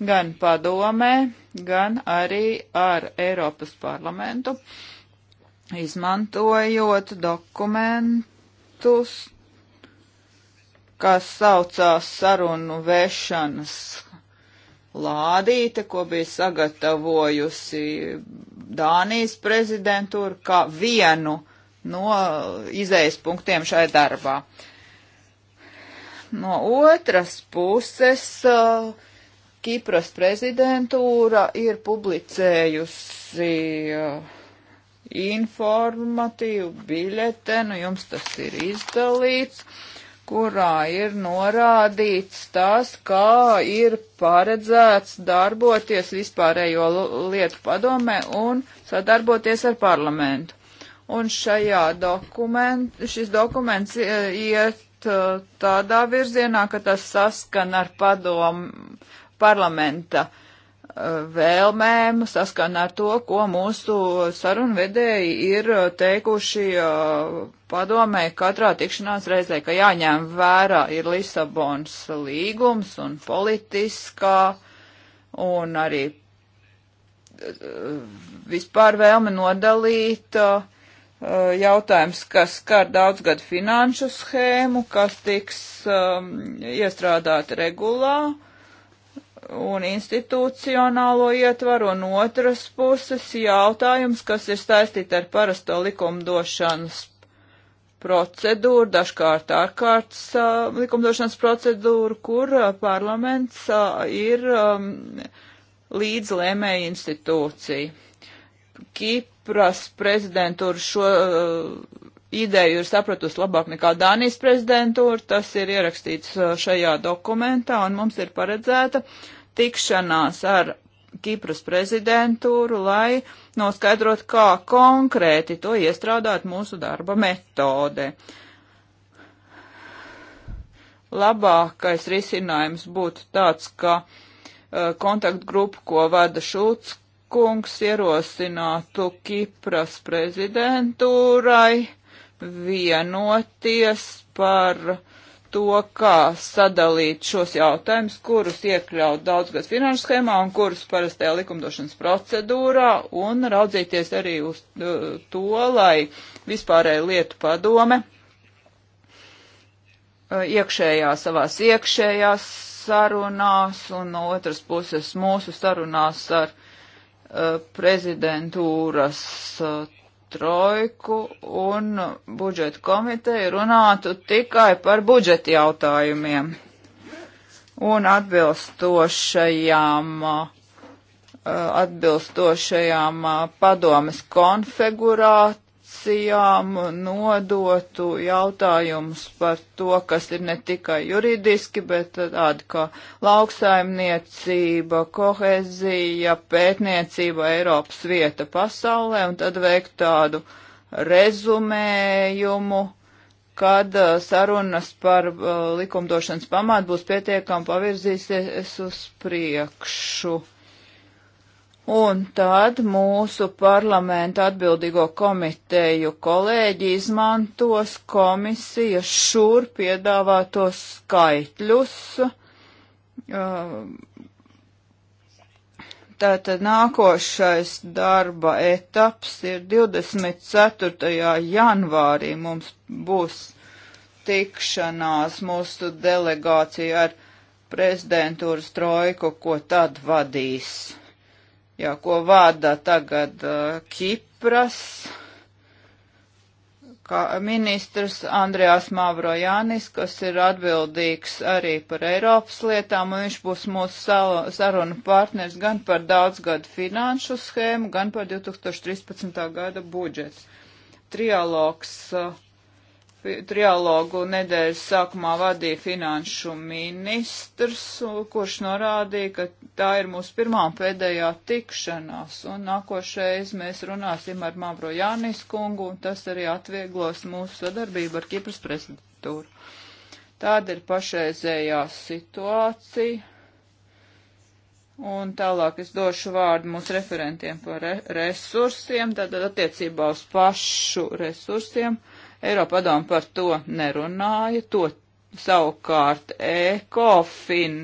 gan padomē, gan arī ar Eiropas parlamentu. Uh, izmantojot dokumentus, kas saucās sarunu vešanas lādīte, ko bija sagatavojusi Dānijas prezidentūra, kā vienu no izējas punktiem šai darbā. No otras puses, uh, Kipras prezidentūra ir publicējusi uh, informatīvu biļetenu, jums tas ir izdalīts, kurā ir norādīts tas, kā ir paredzēts darboties vispārējo lietu padomē un sadarboties ar parlamentu. Un šajā dokument, šis dokuments e, iet e, tādā virzienā, ka tas saskan ar padomu parlamenta uh, vēlmēm saskana ar to, ko mūsu sarunvedēji ir teikuši uh, padomē katrā tikšanās reizē, ka jāņem vērā ir Lisabons līgums un politiskā un arī uh, vispār vēlme nodalīt uh, jautājums, kas skar daudzgad finanšu schēmu, kas tiks um, iestrādāta regulā un institucionālo ietvaru, un otras puses jautājums, kas ir saistīti ar parasto likumdošanas procedūru, dažkārt ārkārtas uh, likumdošanas procedūru, kur uh, parlaments uh, ir um, līdz lēmēja institūcija. Kipras prezidentūra šo ideju ir sapratusi labāk nekā Dānijas prezidentūra, tas ir ierakstīts šajā dokumentā, un mums ir paredzēta uh, tikšanās ar Kipras prezidentūru, lai noskaidrot, kā konkrēti to iestrādāt mūsu darba metodē. Labākais risinājums būtu tāds, ka uh, kontaktgrupu, ko vada Šulc kungs, ierosinātu Kipras prezidentūrai vienoties par to, kā sadalīt šos jautājumus, kurus iekļaut daudzgad finanšu schēmā un kurus parastajā likumdošanas procedūrā, un raudzīties arī uz uh, to, lai vispārēja lietu padome uh, iekšējā savās iekšējās sarunās un no otras puses mūsu sarunās ar uh, prezidentūras trojku un budžeta komiteju runātu tikai par budžeta jautājumiem un atbilstošajām, uh, atbilstošajām uh, padomes konfigurāt komisijām nodotu jautājumus par to, kas ir ne tikai juridiski, bet tādi kā lauksaimniecība, kohezija, pētniecība, Eiropas vieta pasaulē, un tad veikt tādu rezumējumu, kad uh, sarunas par uh, likumdošanas pamātu būs pietiekami pavirzīsies uz priekšu Un tad mūsu parlamenta atbildīgo komiteju kolēģi izmantos komisijas šur piedāvātos skaitļus. Uh, tātad nākošais darba etaps ir 24. janvārī mums būs tikšanās mūsu delegācija ar prezidentūras trojku, ko tad vadīs jā, ko vada tagad uh, Kipras ministrs Andrejās Mavrojānis, kas ir atbildīgs arī par Eiropas lietām, un viņš būs mūsu sarunu partners gan par daudzgadu finanšu schēmu, gan par 2013. gada budžetu. Trialogs uh, trialogu nedēļas sākumā vadīja finanšu ministrs, kurš norādīja, ka tā ir mūsu pirmā un pēdējā tikšanās, un nākošais mēs runāsim ar Mavro Jānis kungu, un tas arī atvieglos mūsu sadarbību ar Kipras prezidentūru. Tāda ir pašreizējā situācija. Un tālāk es došu vārdu mūsu referentiem par re resursiem, tātad attiecībā uz pašu resursiem Eiropa padomu par to nerunāja, to savukārt ECOFIN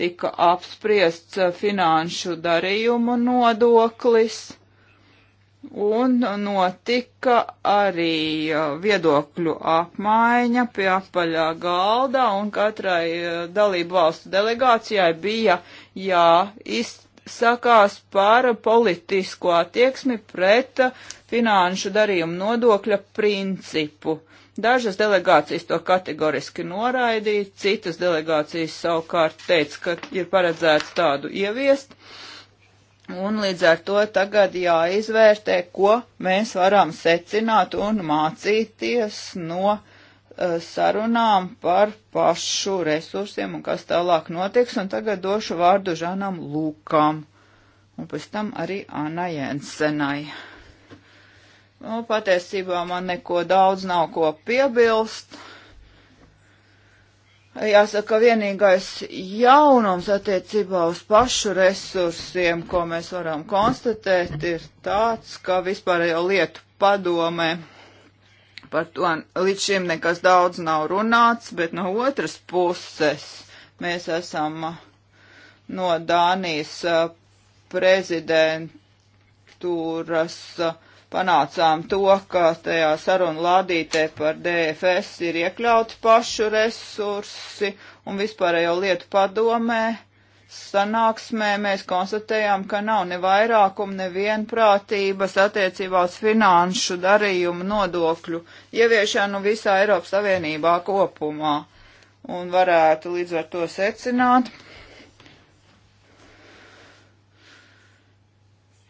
tika apspriests eh, finanšu darījumu nodoklis. Un notika arī eh, viedokļu apmaiņa pie apaļā galda, un katrai eh, dalību valstu delegācijai bija jāizt sakās par politisko attieksmi pret finanšu darījumu nodokļa principu. Dažas delegācijas to kategoriski noraidīja, citas delegācijas savukārt teica, ka ir paredzēts tādu ieviest. Un līdz ar to tagad jāizvērtē, ko mēs varam secināt un mācīties no uh, Eh, sarunām par pašu resursiem un kas tālāk notiks. Un tagad došu vārdu Žanam Lūkam un pēc tam arī Anna Jensenai. Nu, patiesībā man neko daudz nav ko piebilst. Jāsaka, vienīgais jaunums attiecībā uz pašu resursiem, ko mēs varam konstatēt, ir tāds, ka vispārējo lietu padomē Par to līdz šim nekas daudz nav runāts, bet no otras puses mēs esam no Dānijas prezidentūras panācām to, ka tajā sarunu lādītē par DFS ir iekļauti pašu resursi un vispārējo lietu padomē sanāksmē mēs konstatējām, ka nav ne vairākuma, ne vienprātības attiecībā uz finanšu darījumu nodokļu ieviešanu visā Eiropas Savienībā kopumā. Un varētu līdz ar to secināt,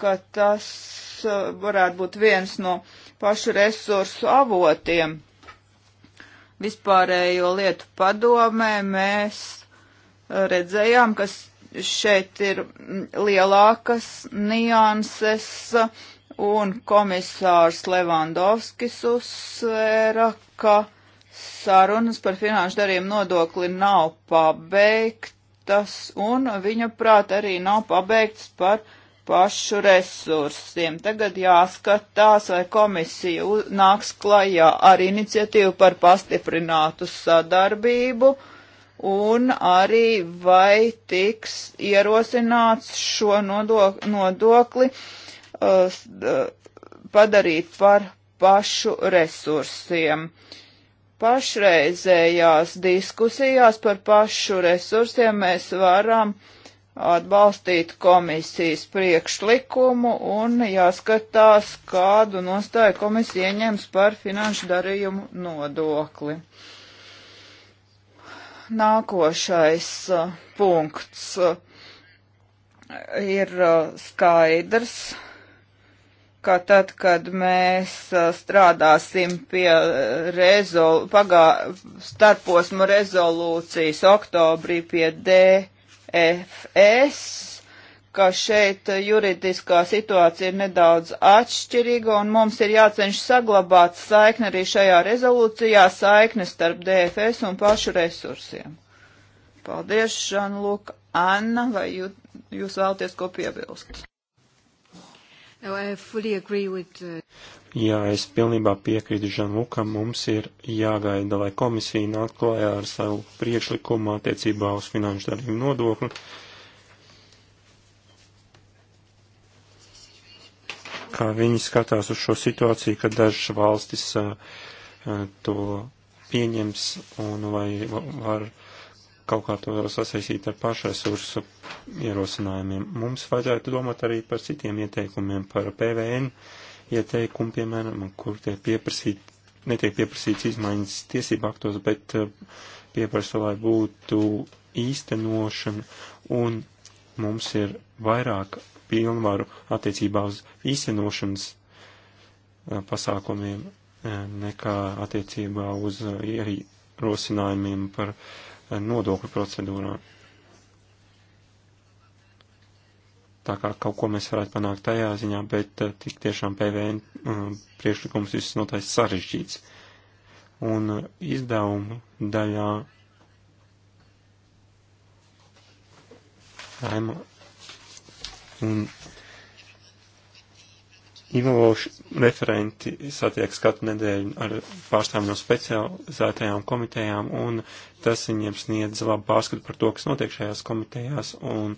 ka tas uh, varētu būt viens no pašu resursu avotiem. Vispārējo lietu padomē mēs redzējām, kas šeit ir lielākas nianses, un komisārs Levandovskis uzsvēra, ka sarunas par finanšu darījumu nodokli nav pabeigtas, un viņa prāt arī nav pabeigtas par pašu resursiem. Tagad jāskatās, vai komisija nāks klajā ar iniciatīvu par pastiprinātu sadarbību un arī vai tiks ierosināts šo nodok nodokli uh, uh, padarīt par pašu resursiem. Pašreizējās diskusijās par pašu resursiem mēs varam atbalstīt komisijas priekšlikumu un jāskatās, kādu nostāju komisija ieņems par finanšu darījumu nodokli. Uh, nākošais uh, punkts uh, ir uh, skaidrs, ka tad, kad mēs strādāsim pie rezol pagā starposmu rezolūcijas oktobrī pie DFS, ka šeit eh, juridiskā situācija ir nedaudz atšķirīga un mums ir jāceņš saglabāt saikni arī šajā rezolūcijā, saikni starp DFS un pašu resursiem. Paldies, Žanluk. Anna, vai jū, jūs vēlties ko piebilst? No, with, uh... Jā, es pilnībā piekrītu Žanlukam. Mums ir jāgaida, lai komisija nāk klājā ar savu priekšlikumu attiecībā uz finanšu darījumu nodokli. Uh, kā viņi skatās uz šo situāciju, ka dažas valstis to pieņems un vai var kaut kā to sasaistīt ar pašresursu ierosinājumiem. Mums vajadzētu domāt arī par citiem ieteikumiem, par PVN ieteikumu, piemēram, kur tiek pieprasīt, netiek pieprasīts izmaiņas tiesību aktos, bet pieprasa, lai būtu īstenošana, un mums ir vairāk pilnvaru attiecībā uz īstenošanas eh, pasākumiem eh, nekā attiecībā uz eh, ierosinājumiem par nodokļu procedūrām. Tā kā kaut ko mēs varētu panākt tajā ziņā, bet tik tiešām PVN priekšlikums visnotaļ sarežģīts. Un izdevumu daļā Raima Un Ivalošu referenti satiekas katru nedēļu ar pārstāvjiem no specializētajām komitejām, un tas viņiem sniedz labu pārskatu par to, kas notiek šajās komitejās, un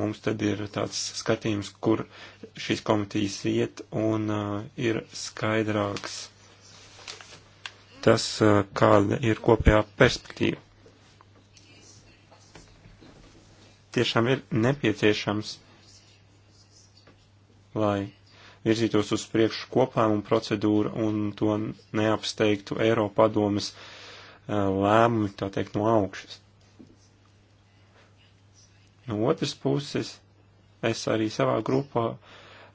mums tad ir tāds skatījums, kur šīs komitejas iet, un uh, ir skaidrāks tas, uh, kāda ir kopējā perspektīva. Tiešām ir nepieciešams lai virzītos uz priekšu kopējumu procedūru un to neapsteigtu Eiropadomes eh, lēmumi, tā teikt, no augšas. No otras puses, es arī savā grupā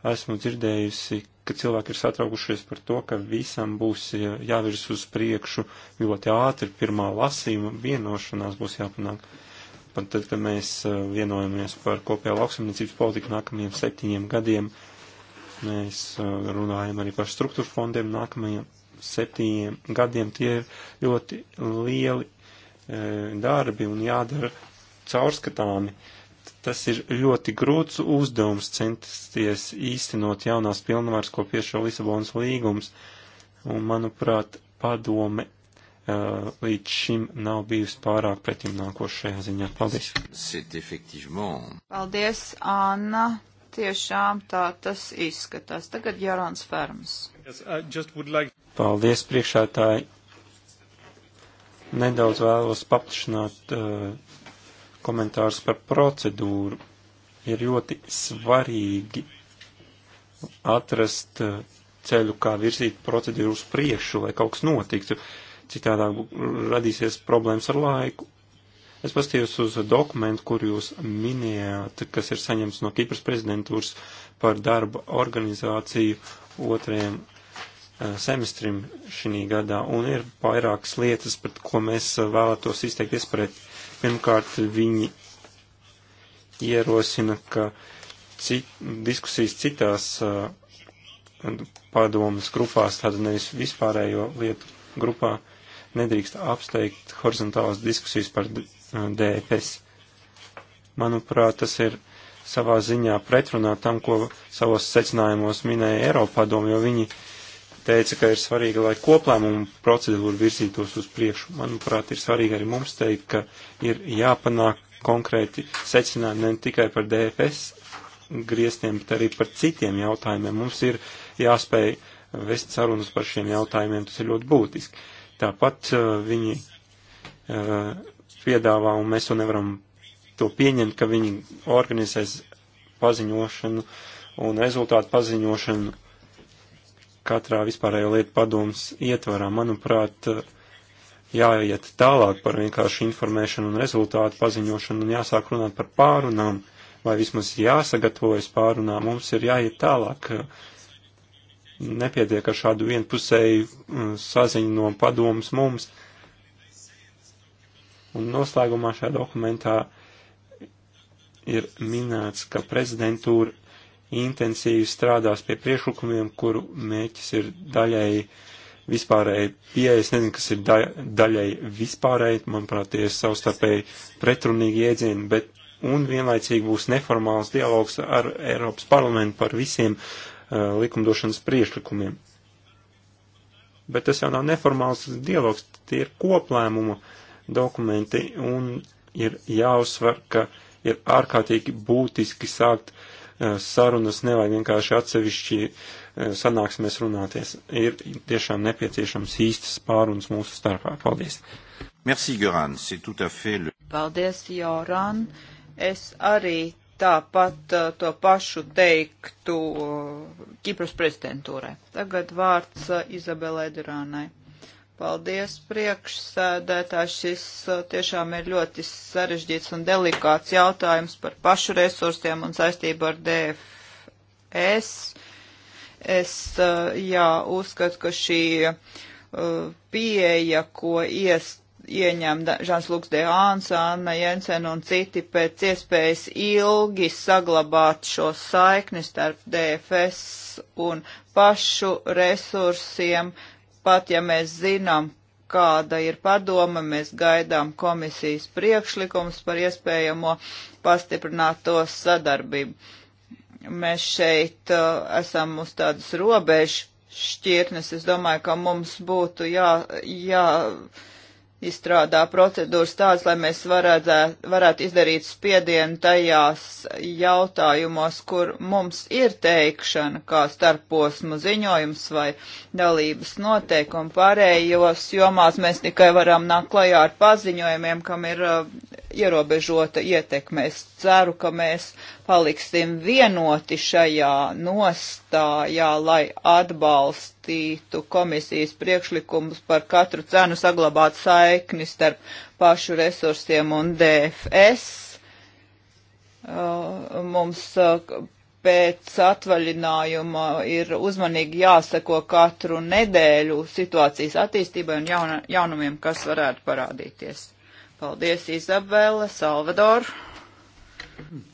esmu dzirdējusi, ka cilvēki ir satraukušies par to, ka visam būs eh, jāvirs uz priekšu ļoti ātri, pirmā lasījuma vienošanās būs jāpanāk. Pat tad, kad mēs eh, vienojamies par kopējo lauksamniecības politiku nākamajiem septiņiem gadiem, uh, Mēs uh, runājam arī par struktūru fondiem nākamajiem septiņiem gadiem. Tie ir ļoti lieli uh, darbi un jādara caurskatāmi. Tas ir ļoti grūts uzdevums censties īstenot jaunās pilnvaras, ko piešo Lisabonas līgums. Un, manuprāt, padome uh, līdz šim nav bijusi pārāk pretim nākošajā ziņā. Paldies! Paldies, Anna! tiešām tā tas izskatās. Tagad Jārāns Fermas. Yes, like... Paldies priekšētāji. Nedaudz vēlos paplašināt uh, komentārus par procedūru. Ir ļoti svarīgi atrast uh, ceļu, kā virzīt procedūru uz priekšu, lai kaut kas notiktu. Citādāk radīsies problēmas ar laiku Es pastījos uz dokumentu, kur jūs minējāt, kas ir saņemts no Kipras prezidentūras par darba organizāciju otrajam eh, semestrim šī gadā, un ir vairākas lietas, pret ko mēs eh, vēlētos izteikties pret. Pirmkārt, viņi ierosina, ka cit, diskusijas citās uh, padomas grupās, tāda nevis vispārējo lietu grupā, nedrīkst apsteigt horizontālas diskusijas par DPS. Manuprāt, tas ir savā ziņā pretrunā tam, ko savos secinājumos minēja Eiropadomu, jo viņi teica, ka ir svarīgi, lai koplēmumu procedūra virzītos uz priekšu. Manuprāt, ir svarīgi arī mums teikt, ka ir jāpanāk konkrēti secinājumi ne tikai par DFS griestiem, bet arī par citiem jautājumiem. Mums ir jāspēj vest sarunas par šiem jautājumiem, tas ir ļoti būtiski. Tāpat uh, viņi uh, piedāvā, un mēs to nevaram to pieņemt, ka viņi organizēs paziņošanu un rezultātu paziņošanu katrā vispārējo lietu padomas ietvarā. Manuprāt, jāiet tālāk par vienkārši informēšanu un rezultātu paziņošanu un jāsāk runāt par pārunām, vai vismaz jāsagatavojas pārunām, mums ir jāiet tālāk. Nepietiek ar šādu vienpusēju mm, saziņu no padomas mums Un noslēgumā šajā dokumentā ir minēts, ka prezidentūra intensīvi strādās pie priekšlikumiem, kuru mēķis ir daļai vispārēji pieejas, nezinu, kas ir da, daļai vispārēji, manuprāt, tie ir savstarpēji pretrunīgi iedzieni, bet un vienlaicīgi būs neformāls dialogs ar Eiropas parlamentu par visiem uh, likumdošanas priekšlikumiem. Bet tas jau nav neformāls dialogs, tie ir koplēmuma uh, dokumenti un ir jāuzsver, ka ir ārkārtīgi būtiski sākt e, sarunas, nevajag vienkārši atsevišķi e, sanāksmēs runāties. Ir tiešām nepieciešams īstas pārunas mūsu starpā. Paldies! Merci, Göran, c'est tout à fait le... Paldies, Joran. Es arī tāpat uh, to pašu teiktu uh, Kipras prezidentūrai. Tagad vārds uh, Izabelai Durānai. Paldies, priekšsēdētā. Šis uh, tiešām ir ļoti sarežģīts un delikāts jautājums par pašu resursiem un saistību ar DFS. Es, uh, jā, uzskatu, ka šī uh, pieeja, ko iest ieņem Žans Luks de Āns, Anna Jensen un citi pēc iespējas ilgi saglabāt šo saikni starp DFS un pašu resursiem pat ja mēs zinām, kāda ir padoma, mēs gaidām komisijas priekšlikums par iespējamo pastiprināto sadarbību. Mēs šeit uh, esam uz tādas robežu šķirtnes. Es domāju, ka mums būtu jā, jā izstrādā procedūras tādas, lai mēs varētu, varētu izdarīt spiedienu tajās jautājumos, kur mums ir teikšana, kā starposmu ziņojums vai dalības noteikumi pārējos jomās. Mēs tikai varam nākt klajā ar paziņojumiem, kam ir uh, ierobežota ietekme. Es ceru, ka mēs paliksim vienoti šajā nostājā, lai atbalstītu komisijas priekšlikumus par katru cenu saglabāt saikni starp pašu resursiem un DFS. Uh, mums uh, pēc atvaļinājuma ir uzmanīgi jāseko katru nedēļu situācijas attīstībai un jauna, jaunumiem, kas varētu parādīties. Paldies, Izabela, Salvador. Mm.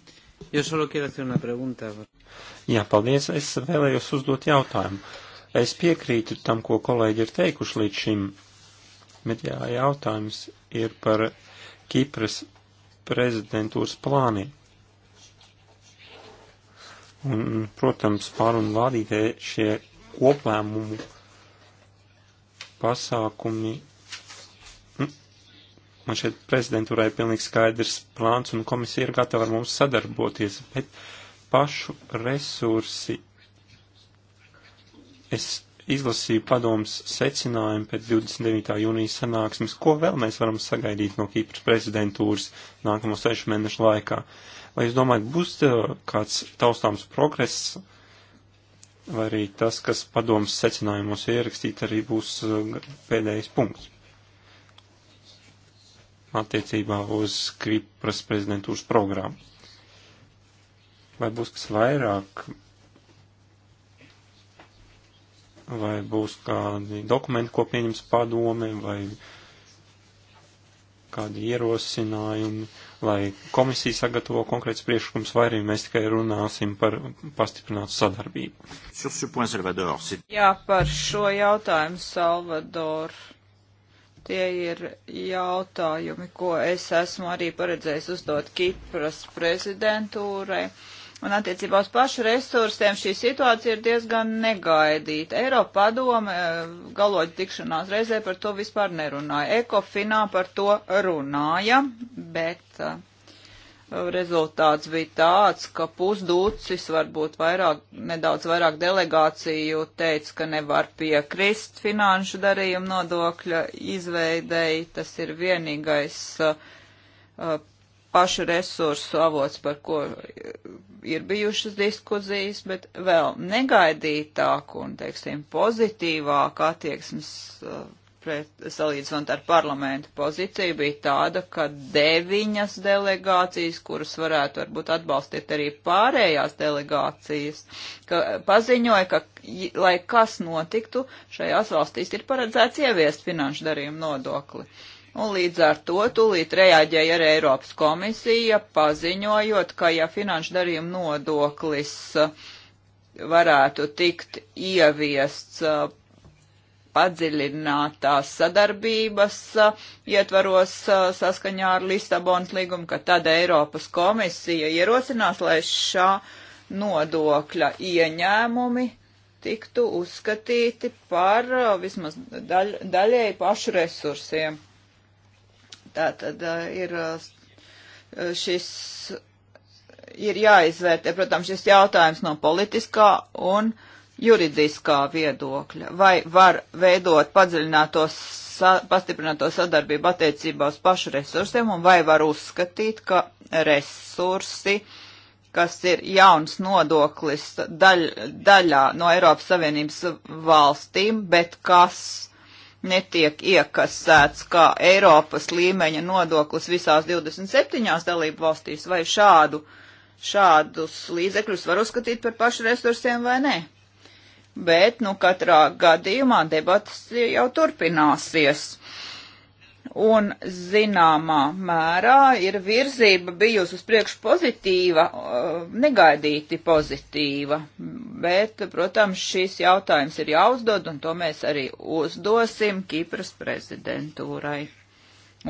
Jā, paldies. Es vēlējos uzdot jautājumu. Es piekrītu tam, ko kolēģi ir teikuši līdz šim, bet jā, jautājums ir par Kipras prezidentūras plāniem. Un, protams, pārunu vādītē šie koplēmumu pasākumi Un šeit prezidentūrai ir pilnīgi skaidrs plāns, un komisija ir gatava ar mums sadarboties, bet pašu resursi. Es izlasīju padomus secinājumu pēc 29. jūnijas sanāksmes, ko vēl mēs varam sagaidīt no Kīpras prezidentūras nākamo sešu mēnešu laikā. Vai jūs domājat, būs uh, kāds taustāms progress, vai arī tas, kas padomus secinājumos ierakstīts, arī būs uh, pēdējais punkts? attiecībā uz Kipras prezidentūras programmu. Vai būs kas vairāk, vai būs kādi dokumenti, ko pieņems padome, vai kādi ierosinājumi, lai komisija sagatavo konkrēts priekšlikums, vai arī mēs tikai runāsim par pastiprinātu sadarbību. Jā, par šo jautājumu, Salvador. Tie ir jautājumi, ko es esmu arī paredzējis uzdot Kipras prezidentūrai. Un attiecībā uz pašu resursiem šī situācija ir diezgan negaidīta. Eiropa padome eh, galoģi tikšanās reizē par to vispār nerunāja. Ekofinā par to runāja, bet uh, rezultāts bija tāds, ka pusdūcis, varbūt vairāk, nedaudz vairāk delegāciju teica, ka nevar piekrist finanšu darījumu nodokļa izveidei. Tas ir vienīgais uh, uh pašu resursu avots, par ko uh, ir bijušas diskusijas, bet vēl negaidītāk un, teiksim, pozitīvāk attieksmes uh, pret, salīdzinot ar parlamentu pozīciju, bija tāda, ka deviņas delegācijas, kuras varētu varbūt atbalstīt arī pārējās delegācijas, ka paziņoja, ka, lai kas notiktu, šajās valstīs ir paredzēts ieviest finanšu darījumu nodokli. Un līdz ar to tūlīt reaģēja arī Eiropas komisija, paziņojot, ka ja finanšu darījumu nodoklis uh, varētu tikt ieviests uh, padziļinātās sadarbības ietvaros saskaņā ar Lisabonas līgumu, ka tad Eiropas komisija ierosinās, lai šā nodokļa ieņēmumi tiktu uzskatīti par vismaz daļ, daļēji pašu resursiem. Tā tad ir šis ir jāizvērtē, protams, šis jautājums no politiskā un uh, juridiskā viedokļa, vai var veidot padziļinātos, sa, pastiprināto sadarbību attiecībā uz pašu resursiem, un vai var uzskatīt, ka resursi, kas ir jauns nodoklis daļ, daļā no Eiropas Savienības valstīm, bet kas netiek iekasēts kā Eiropas līmeņa nodoklis visās 27 dalību valstīs, vai šādu, šādus līdzekļus var uzskatīt par pašu resursiem vai nē? bet, nu, katrā gadījumā debatas jau turpināsies. Un zināmā mērā ir virzība bijusi uz priekšu pozitīva, uh, negaidīti pozitīva, bet, protams, šīs jautājums ir jāuzdod, un to mēs arī uzdosim Kipras prezidentūrai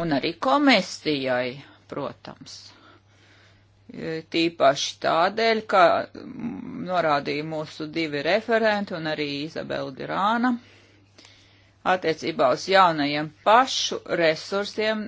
un arī komisijai, protams. Tīpaši tādēļ, ka norādīja mūsu divi referenti un arī Izabela Dirāna. Attiecībā uz jaunajiem pašu resursiem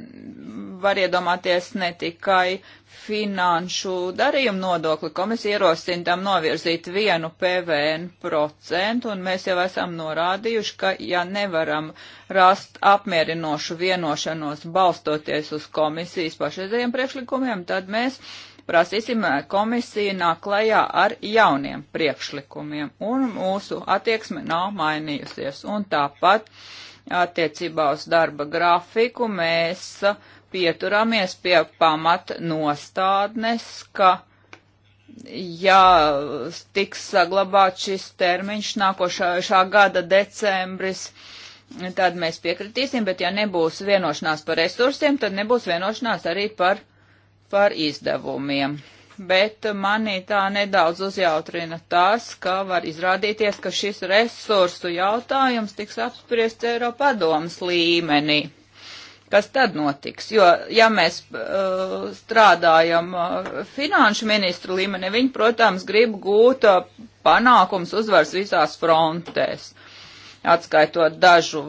var iedomāties ne tikai finanšu darījumu nodokli. Komisija ierosina tam novirzīt vienu PVN procentu, un mēs jau esam norādījuši, ka ja nevaram rast apmierinošu vienošanos balstoties uz komisijas pašreizējiem priekšlikumiem, tad mēs uh, prasīsim eh, komisiju nāk klajā ar jauniem priekšlikumiem, un mūsu attieksme nav mainījusies. Un tāpat attiecībā uz darba grafiku mēs eh, pieturamies pie pamat nostādnes, ka ja tiks saglabāt šis termiņš nākošā šā gada decembris, tad mēs piekritīsim, bet ja nebūs vienošanās par resursiem, tad nebūs vienošanās arī par par izdevumiem. Bet manī tā nedaudz uzjautrina tas, ka var izrādīties, ka šis resursu jautājums tiks apspriests Eiropadomas līmenī. Kas tad notiks? Jo, ja mēs uh, strādājam uh, finanšu ministru līmenī, viņi, protams, grib gūt uh, panākums uzvars visās frontēs, atskaitot dažu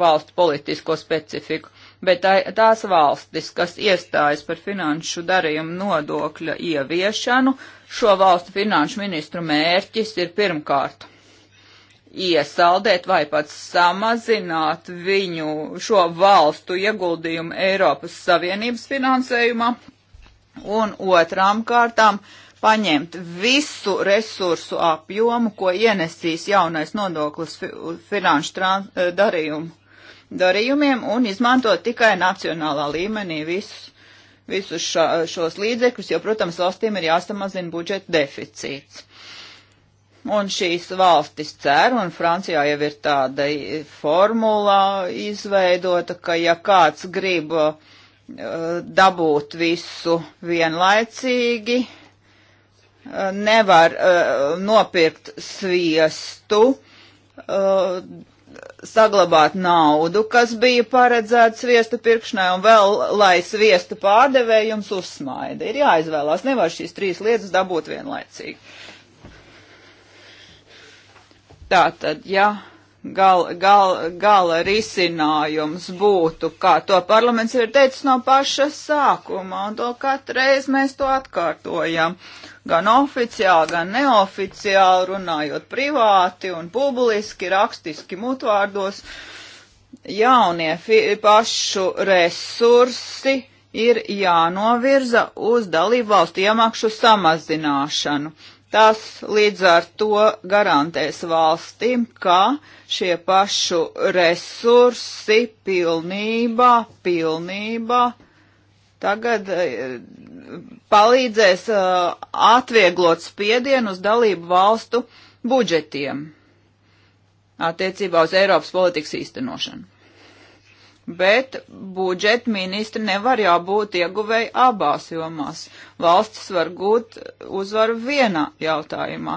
valstu politisko specifiku. Uh, bet tās valstis, kas iestājas par finanšu darījumu nodokļa ieviešanu, šo valstu finanšu ministru mērķis ir pirmkārt iesaldēt vai pat samazināt viņu šo valstu ieguldījumu Eiropas Savienības finansējumā, un otrām kārtām paņemt visu resursu apjomu, ko ienesīs jaunais nodoklis finanšu eh, darījumu darījumiem un izmantot tikai nacionālā līmenī visus, visus šā, šos līdzekļus, jo, protams, valstīm ir jāsamazina budžeta deficīts. Un šīs valstis cer, un Francijā jau ir tāda formula izveidota, ka ja kāds grib uh, dabūt visu vienlaicīgi, uh, nevar uh, nopirkt sviestu, uh, saglabāt naudu, kas bija paredzēta sviesta pirkšanai, un vēl, lai sviesta pārdevējums uzsmaida. Ir jāizvēlās, nevar šīs trīs lietas dabūt vienlaicīgi. Tātad, jā. Ja gal, gal, gala risinājums būtu, kā to parlaments ir teicis no paša sākuma, un to katreiz mēs to atkārtojam. Gan oficiāli, gan neoficiāli, runājot privāti un publiski, rakstiski mutvārdos, jaunie pašu resursi ir jānovirza uz dalību valstu iemakšu samazināšanu Tas līdz ar to garantēs valstīm, ka šie pašu resursi pilnībā, pilnībā tagad eh, palīdzēs eh, atvieglot spiedienu uz dalību valstu budžetiem attiecībā uz Eiropas politikas īstenošanu bet budžeta ministri nevar jau būt ieguvēji abās jomās. Valstis var gūt uzvaru vienā jautājumā.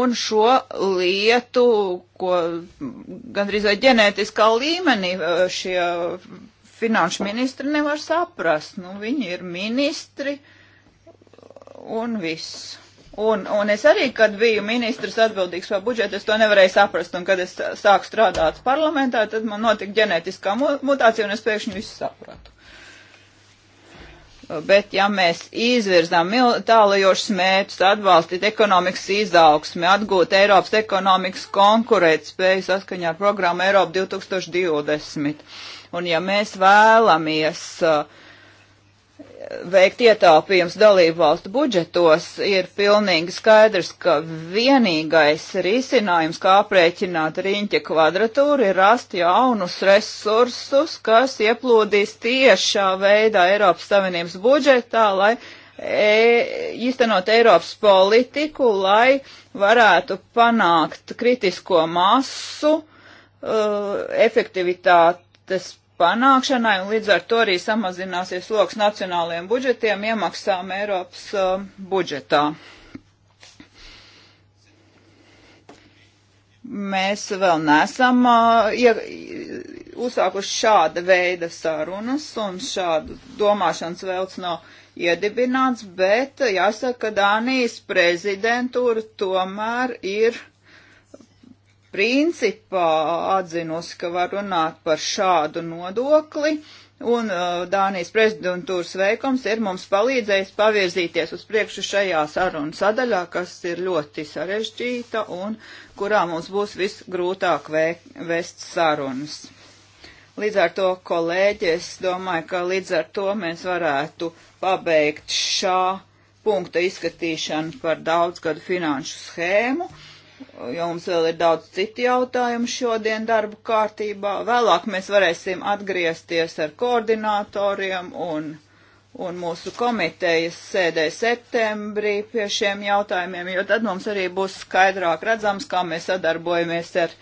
Un šo lietu, ko gandrīz vai ģenētiskā līmenī e, šie finanšu ministri nevar saprast. Nu, viņi ir ministri un viss. Un, un es arī, kad biju ministrs atbildīgs par budžetu, es to nevarēju saprast. Un, kad es sāku strādāt parlamentā, tad man notika ģenētiskā mutācija, un es pēkšņi visu sapratu. Bet, ja mēs izvirzām tālajošus mērķus, atbalstīt ekonomikas izaugsmi, atgūt Eiropas ekonomikas konkurētspēju saskaņā ar programmu Eiropa 2020, un ja mēs vēlamies uh, veikt ietaupījums dalību valstu budžetos, ir pilnīgi skaidrs, ka vienīgais risinājums, kā aprēķināt riņķa kvadratūru, ir rast jaunus resursus, kas ieplūdīs tiešā veidā Eiropas Savienības budžetā, lai e, īstenot Eiropas politiku, lai varētu panākt kritisko masu, e, efektivitātes panākšanai, un līdz ar to arī samazināsies sloks nacionālajiem budžetiem iemaksām Eiropas uh, budžetā. Mēs vēl nesam uh, ja, uzsākuši šāda veida sarunas, un šādu domāšanas velts nav iedibināts, bet jāsaka, ka Dānijas prezidentūra tomēr ir principā atzinusi, ka var runāt par šādu nodokli, un uh, Dānijas prezidentūras veikums ir mums palīdzējis pavirzīties uz priekšu šajā sarunu sadaļā, kas ir ļoti sarežģīta un kurā mums būs visgrūtāk vēst sarunas. Līdz ar to, kolēģi, es domāju, ka līdz ar to mēs varētu pabeigt šā punkta izskatīšanu par daudzgadu finanšu schēmu jo mums vēl ir daudz citu jautājumu šodien darbu kārtībā. Vēlāk mēs varēsim atgriezties ar koordinatoriem un, un mūsu komitejas sēdē septembrī pie šiem jautājumiem, jo tad mums arī būs skaidrāk redzams, kā mēs sadarbojamies ar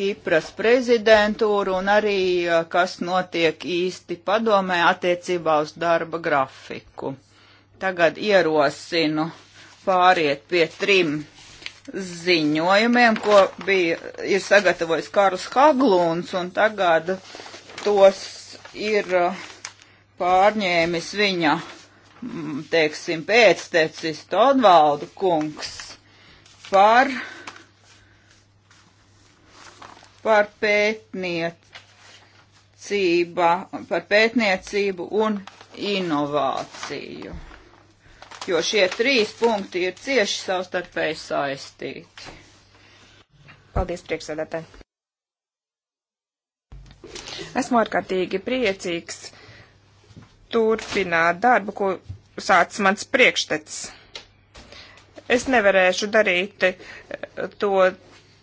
Kipras prezidentūru un arī, eh, kas notiek īsti padomē attiecībā uz darba grafiku. Tagad ierosinu pāriet pie trim ziņojumiem, ko bija, ir sagatavojis Karls Haglunds, un tagad tos ir uh, pārņēmis viņa, mm, teiksim, pēctecis Todvaldu kungs par, par pētniecība, par pētniecību un inovāciju jo šie trīs punkti ir cieši savstarpēji saistīti. Paldies, priekšsēdētāji! Esmu ārkārtīgi priecīgs turpināt darbu, ko sācis mans priekštecis. Es nevarēšu darīt eh, to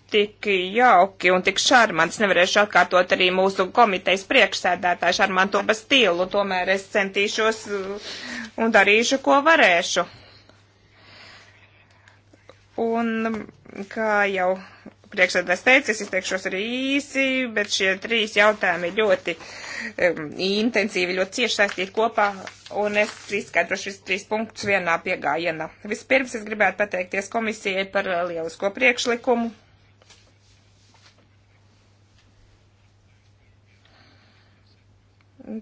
tik jauki un tik šarmants. Nevarēšu atkārtot arī mūsu komitejas priekšsēdētāju šarmanto stilu, tomēr es centīšos uh, un darīšu, ko varēšu. Un kā jau priekšsēdētājs teica, es izteikšos arī īsi, bet šie trīs jautājumi ļoti um, intensīvi, ļoti cieši saistīti kopā, un es izskaidrošu visus trīs punktus vienā piegājienā. Vispirms es gribētu pateikties komisijai par lielisko priekšlikumu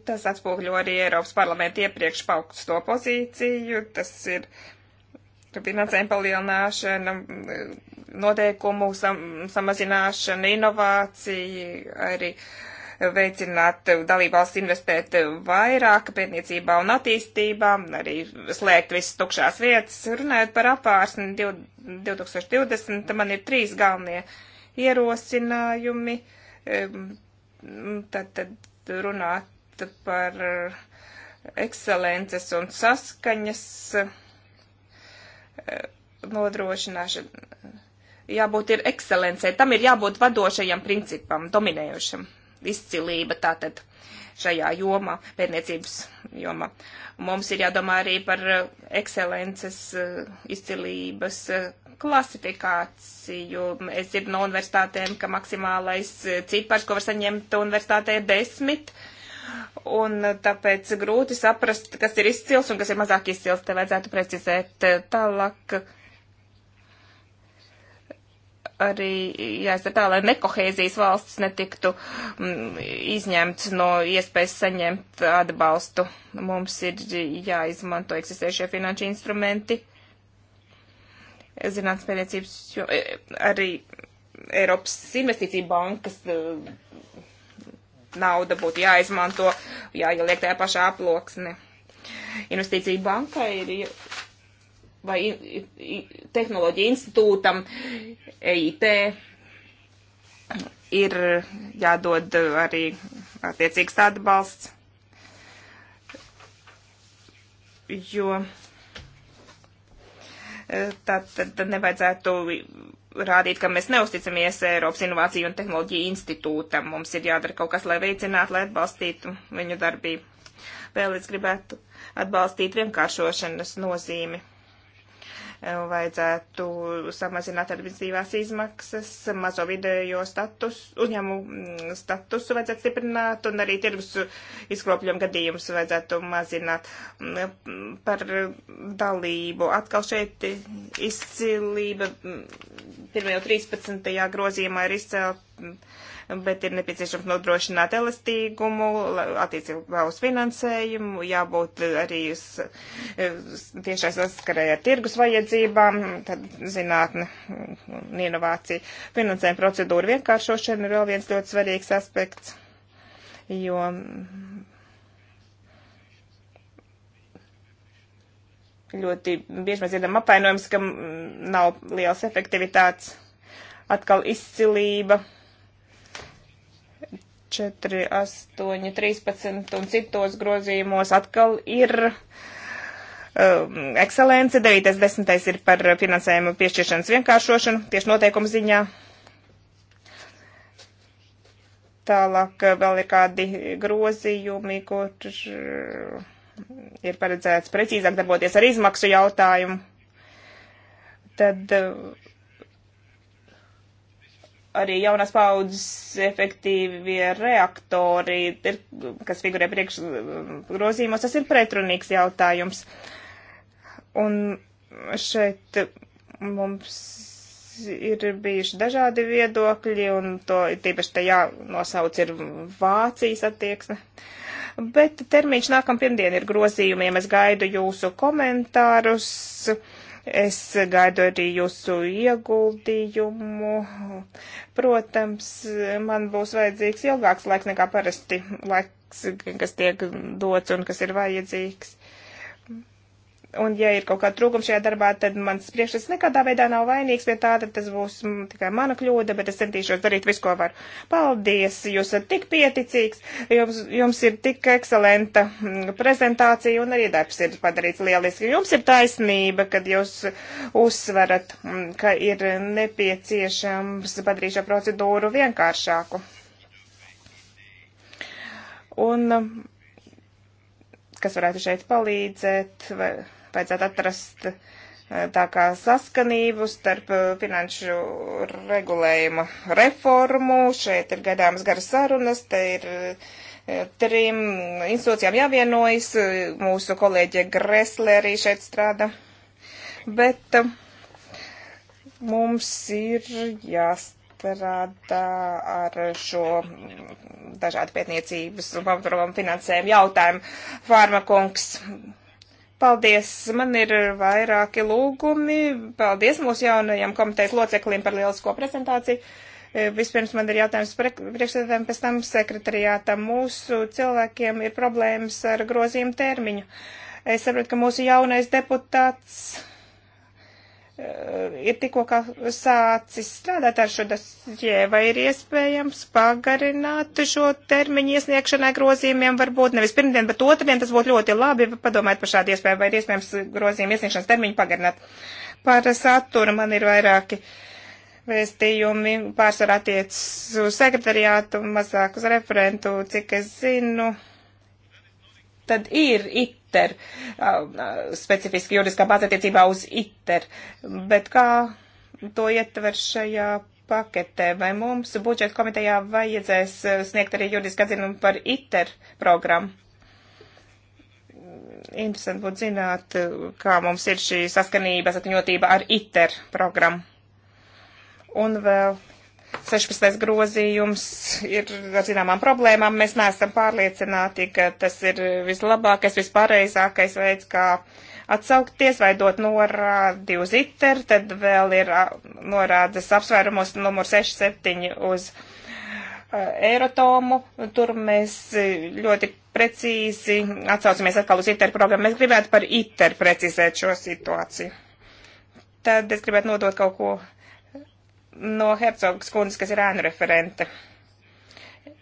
Tas atspūgļo arī Eiropas parlamentu iepriekš pauksto pozīciju. Tas ir finansējuma palielināšana, noteikumu sam, samazināšana, inovācija, arī veicināt dalībvalsts investēt vairāk pētniecībā un attīstībā, arī slēgt visas tukšās vietas. Runājot par apārsni 2020, man ir trīs galvenie ierosinājumi. Tad, tad runāt par eh, ekscelences un saskaņas eh, nodrošināšanu. Jābūt ir ekscelencei, tam ir jābūt vadošajam principam, dominējošam. Izcilība tātad šajā jomā, pētniecības jomā. Mums ir jādomā arī par eh, ekscelences izcilības klasifikāciju. Es dzirdu no universitātēm, ka maksimālais citpārs, ko var saņemt universitātē, ir desmit. Uh, un tāpēc grūti saprast, kas ir izcils un kas ir mazāk izcils, te vajadzētu precizēt tālāk. Arī jāizdara tā, lai nekohēzijas valsts netiktu mm, izņemts no iespējas saņemt atbalstu. Mums ir jāizmanto eksistējušie finanšu instrumenti, zinātnes pēdniecības, jo e, arī Eiropas investīcija bankas e, nauda būtu jāizmanto, jāieliek tajā pašā aploksne. Investīcija bankai ir vai tehnoloģija institūtam, EIT, ir jādod arī attiecīgs atbalsts, jo e, tad, tad nevajadzētu rādīt, ka mēs neusticamies Eiropas Inovāciju un Tehnoloģiju institūtam. Mums ir jādara kaut kas, lai veicinātu, lai atbalstītu viņu darbību. Vēl es gribētu atbalstīt vienkāršošanas nozīmi. Ehm, vajadzētu samazināt administratīvās izmaksas, mazo vidējo status, uzņēmumu mm, statusu vajadzētu stiprināt un arī tirgus izkropļiem gadījumus vajadzētu mazināt. Mm, par dalību atkal šeit izcilība mm, pirmajā 13. grozījumā ir izcēlta bet ir nepieciešams nodrošināt elastīgumu attiecībā uz finansējumu, jābūt arī tiešai saskarē ar tirgus vajadzībām, tad zinātne un inovācija. Finansējuma procedūra vienkāršošana ir vēl viens ļoti svarīgs aspekts, jo ļoti bieži mēs dzirdam apvainojums, ka nav liels efektivitātes, atkal izcilība 4, 8, 13 un citos grozījumos atkal ir um, ekscelence. 9, 10 ir par finansējumu piešķiršanas vienkāršošanu tieši noteikumu ziņā. Tālāk vēl ir kādi grozījumi, kur uh, ir paredzēts precīzāk darboties ar izmaksu jautājumu. Tad uh, arī jaunās paudzes efektīvie reaktori, kas figurē priekš grozījumos, tas ir pretrunīgs jautājums. Un šeit mums ir bijuši dažādi viedokļi, un to tīpaši te jānosauc ir Vācijas attieksme. Bet termiņš nākam pirmdien ir grozījumiem. Es gaidu jūsu komentārus. Uh, Es gaidu arī jūsu ieguldījumu. Protams, man būs vajadzīgs ilgāks laiks nekā parasti laiks, kas tiek dots un kas ir vajadzīgs. Un, ja ir kaut kāda trūkuma šajā darbā, tad mans priekšstats nekādā veidā nav vainīgs pie tā, tad tas būs mm, tikai mana kļūda, bet es centīšos darīt visu, ko varu. Paldies! Jūs esat tik pieticīgs, jums, jums ir tik ekscelenta mm, prezentācija un arī darbs ir padarīts lieliski. Jums ir taisnība, kad jūs uzsverat, mm, ka ir nepieciešams padarīt šo procedūru vienkāršāku. Un kas varētu šeit palīdzēt? Vai vajadzētu atrast eh, tā kā saskanību starp eh, finanšu regulējuma reformu. Šeit ir gaidāmas garas sarunas, te ir eh, trim institūcijām jāvienojas, mūsu kolēģie Gresle arī šeit strādā. Bet mums ir jāstrādā ar šo dažādu pētniecības un pamatrojumu finansējumu jautājumu. Farmakungs Paldies, man ir vairāki lūgumi. Paldies mūsu jaunajam komitejas loceklim par lielisko prezentāciju. E, vispirms man ir jautājums priekšsēdētājiem, pēc tam sekretariātam. Mūsu cilvēkiem ir problēmas ar grozījumu termiņu. Es saprotu, ka mūsu jaunais deputāts ir tikko sācis strādāt ar šo dasjē, vai ir iespējams pagarināt šo termiņu iesniegšanai grozījumiem, varbūt nevis pirmdien, bet otrdien tas būtu ļoti labi, padomājiet par šādu iespēju, vai ir iespējams grozījumu iesniegšanas termiņu pagarināt. Par saturu man ir vairāki vēstījumi, pārsvarā tiec uz sekretariātu, mazāk uz referentu, cik es zinu tad ir ITER, uh, specifiski juridiskā bāze attiecībā uz ITER, bet kā to ietver šajā paketē, vai mums budžeta komitejā vajadzēs uh, sniegt arī juridisku atzinumu par ITER programmu? Interesanti būtu zināt, uh, kā mums ir šī saskanība, satņotība ar ITER programmu. Un vēl 16. grozījums ir ar zināmām problēmām. Mēs neesam pārliecināti, ka tas ir vislabākais, vispareizākais veids, kā atsaukties vai dot norādi uz iter, tad vēl ir norādes apsvērumos numur 67 uz Eirotomu. Tur mēs e, ļoti precīzi atsaucamies atkal uz iter programmu. Mēs gribētu par iter precizēt šo situāciju. Tad es gribētu nodot kaut ko no Hercogas kundas, kas ir ēnu referente.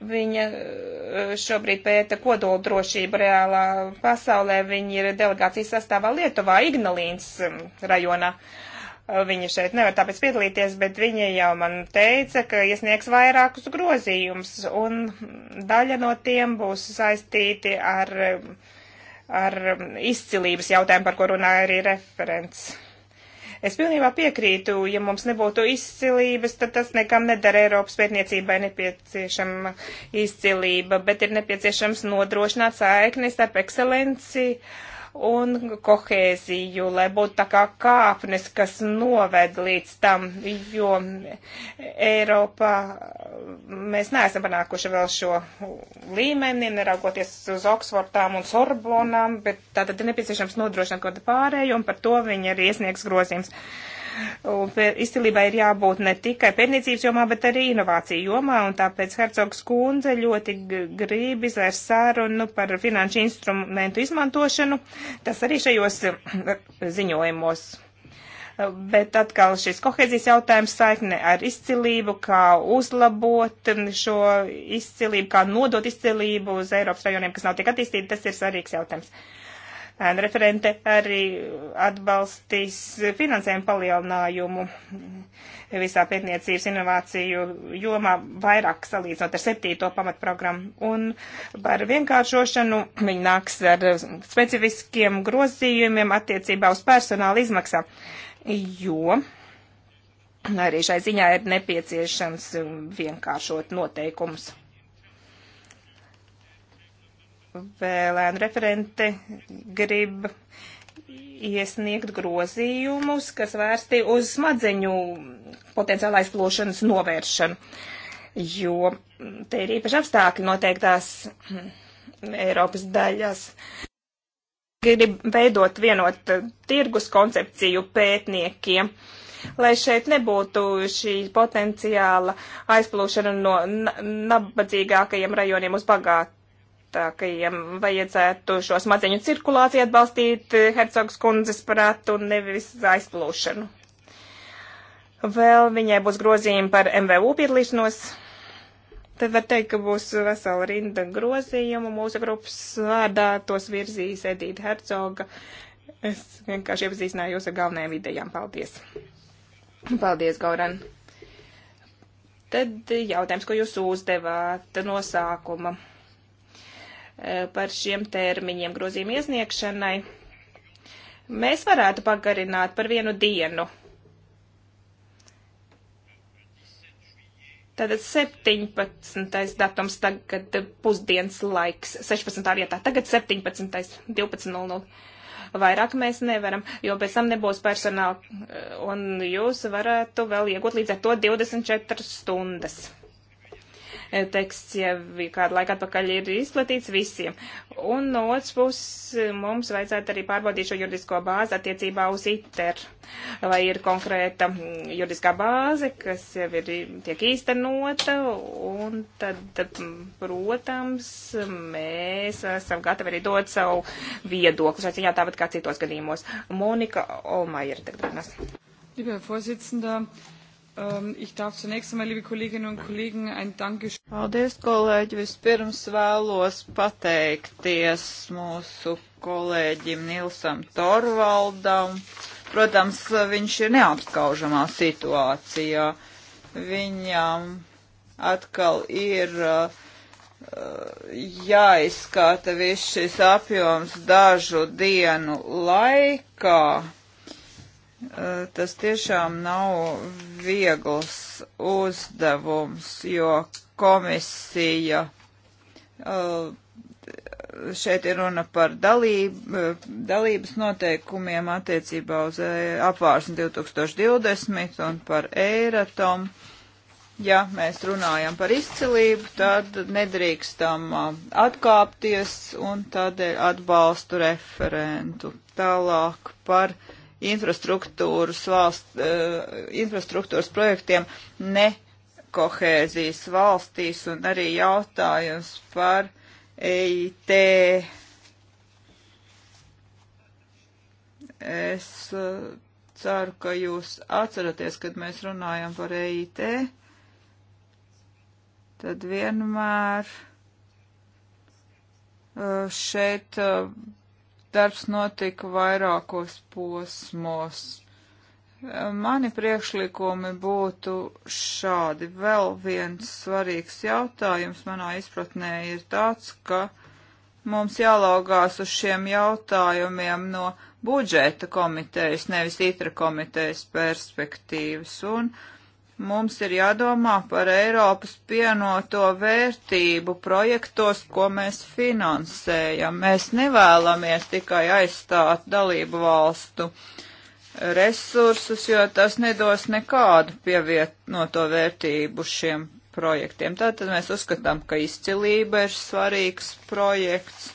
Viņa eh, šobrīd pēta kodola drošību reālā pasaulē. Viņa ir delegācijas sastāvā Lietuvā, Ignalīns mm, rajonā. Eh, viņa šeit nevar tāpēc piedalīties, bet viņa jau man teica, ka iesniegs vairākus grozījumus, un daļa no tiem būs saistīti ar, eh, ar mm, izcilības jautājumu, par ko runāja arī referents Es pilnībā piekrītu, ja mums nebūtu izcilības, tad tas nekam nedara Eiropas pētniecībai nepieciešama izcilība, bet ir nepieciešams nodrošināt saiknis ar ekscelenci. Uh, un kohēziju, lai būtu tā kā kāpnes, kas noved līdz tam, jo Eiropā mēs neesam panākuši vēl šo līmeni, neraugoties uz Oksfordām un Sorbonām, bet tātad ir nepieciešams nodrošināt kaut kādu pārēju, un par to viņi arī iesniegs grozījums. Uh, Un izcilībai ir jābūt ne tikai pērniecības jomā, bet arī inovāciju jomā, un tāpēc Hercogs kundze ļoti grib izvērst sārunu par finanšu instrumentu izmantošanu, tas arī šajos eh, ziņojumos. Bet atkal šis kohēzijas jautājums saikne ar izcilību, kā uzlabot šo izcilību, kā nodot izcilību uz Eiropas rajoniem, kas nav tik attīstīti, tas ir svarīgs jautājums referente arī atbalstīs finansējumu palielinājumu visā pētniecības inovāciju jomā vairāk salīdzinot ar septīto pamatprogrammu. Un par vienkāršošanu viņi nāks ar specifiskiem grozījumiem attiecībā uz personāla izmaksām, jo arī šai ziņā ir nepieciešams vienkāršot noteikumus vēlēnu referente grib iesniegt grozījumus, kas vērsti uz smadzeņu potenciālā izplošanas novēršanu, jo te ir īpaši apstākļi noteiktās Eiropas daļās. Grib veidot vienot tirgus koncepciju pētniekiem lai šeit nebūtu šī potenciāla aizplūšana no nabadzīgākajiem rajoniem uz bagāt, Tā ka, ja vajadzētu šo smadzeņu cirkulāciju atbalstīt eh, Hercogs kundzes prātu un nevis aizplūšanu. Vēl viņai būs grozījumi par MVU piedalīšanos. Tad var teikt, ka būs vesela rinda grozījumu mūsu grupas vārdā, tos virzīs Edīta Hercoga. Es vienkārši iepazīstināju jūs ar galvenajām idejām. Paldies! Paldies, Gauran! Tad jautājums, ko jūs uzdevāt no sākuma Eh, par šiem termiņiem grozījuma iesniegšanai. Mēs varētu pagarināt par vienu dienu. Tātad 17. datums, tagad pusdienas laiks, 16. vietā, tagad 17. 12.00. Vairāk mēs nevaram, jo pēc tam nebūs personāla, eh, un jūs varētu vēl iegūt līdz ar to 24 stundas. E, teksts jau kādu laiku atpakaļ ir izplatīts visiem. Un no otras puses e, mums vajadzētu arī pārbaudīt šo juridisko bāzi attiecībā uz ITER. Vai ir konkrēta juridiskā bāze, kas jau ir, tiek īstenota, un tad, protams, mēs esam gatavi arī dot savu viedokli šajā ciņā tāpat kā citos gadījumos. Monika Olmaira tagad runās. Lieber Vorsitzender, Ähm, ich darf zunächst einmal, liebe Kolleginnen und Kollegen, ein Dankeschön. Paldies, kolēģi. Vispirms vēlos pateikties mūsu kolēģim Nilsam Torvaldam. Protams, viņš ir neapskaužamā situācijā. Viņam atkal ir uh, jāizskata viss šis apjoms dažu dienu laikā Eh, tas tiešām nav viegls uzdevums, jo komisija eh, šeit ir runa par dalību, eh, dalības noteikumiem attiecībā uz apvārsni 2020 un par Eiratom. Ja mēs runājam par izcilību, tad nedrīkstam atkāpties un tādēļ atbalstu referentu. Tālāk par uh, infrastruktūras, valst, eh, infrastruktūras projektiem nekohēzijas valstīs un arī jautājums par EIT. Es eh, ceru, ka jūs atceraties, kad mēs runājam par EIT, tad vienmēr eh, šeit Darbs notika vairākos posmos. Mani priekšlikumi būtu šādi. Vēl viens svarīgs jautājums manā izpratnē ir tāds, ka mums jālaugās uz šiem jautājumiem no budžeta komitejas, nevis itra komitejas perspektīvas. Un uh, mums ir jādomā par Eiropas pienoto vērtību projektos, ko mēs finansējam. Mēs nevēlamies tikai aizstāt dalību valstu resursus, jo tas nedos nekādu pievienoto vērtību šiem projektiem. Tātad mēs uzskatām, ka izcilība ir svarīgs projekts.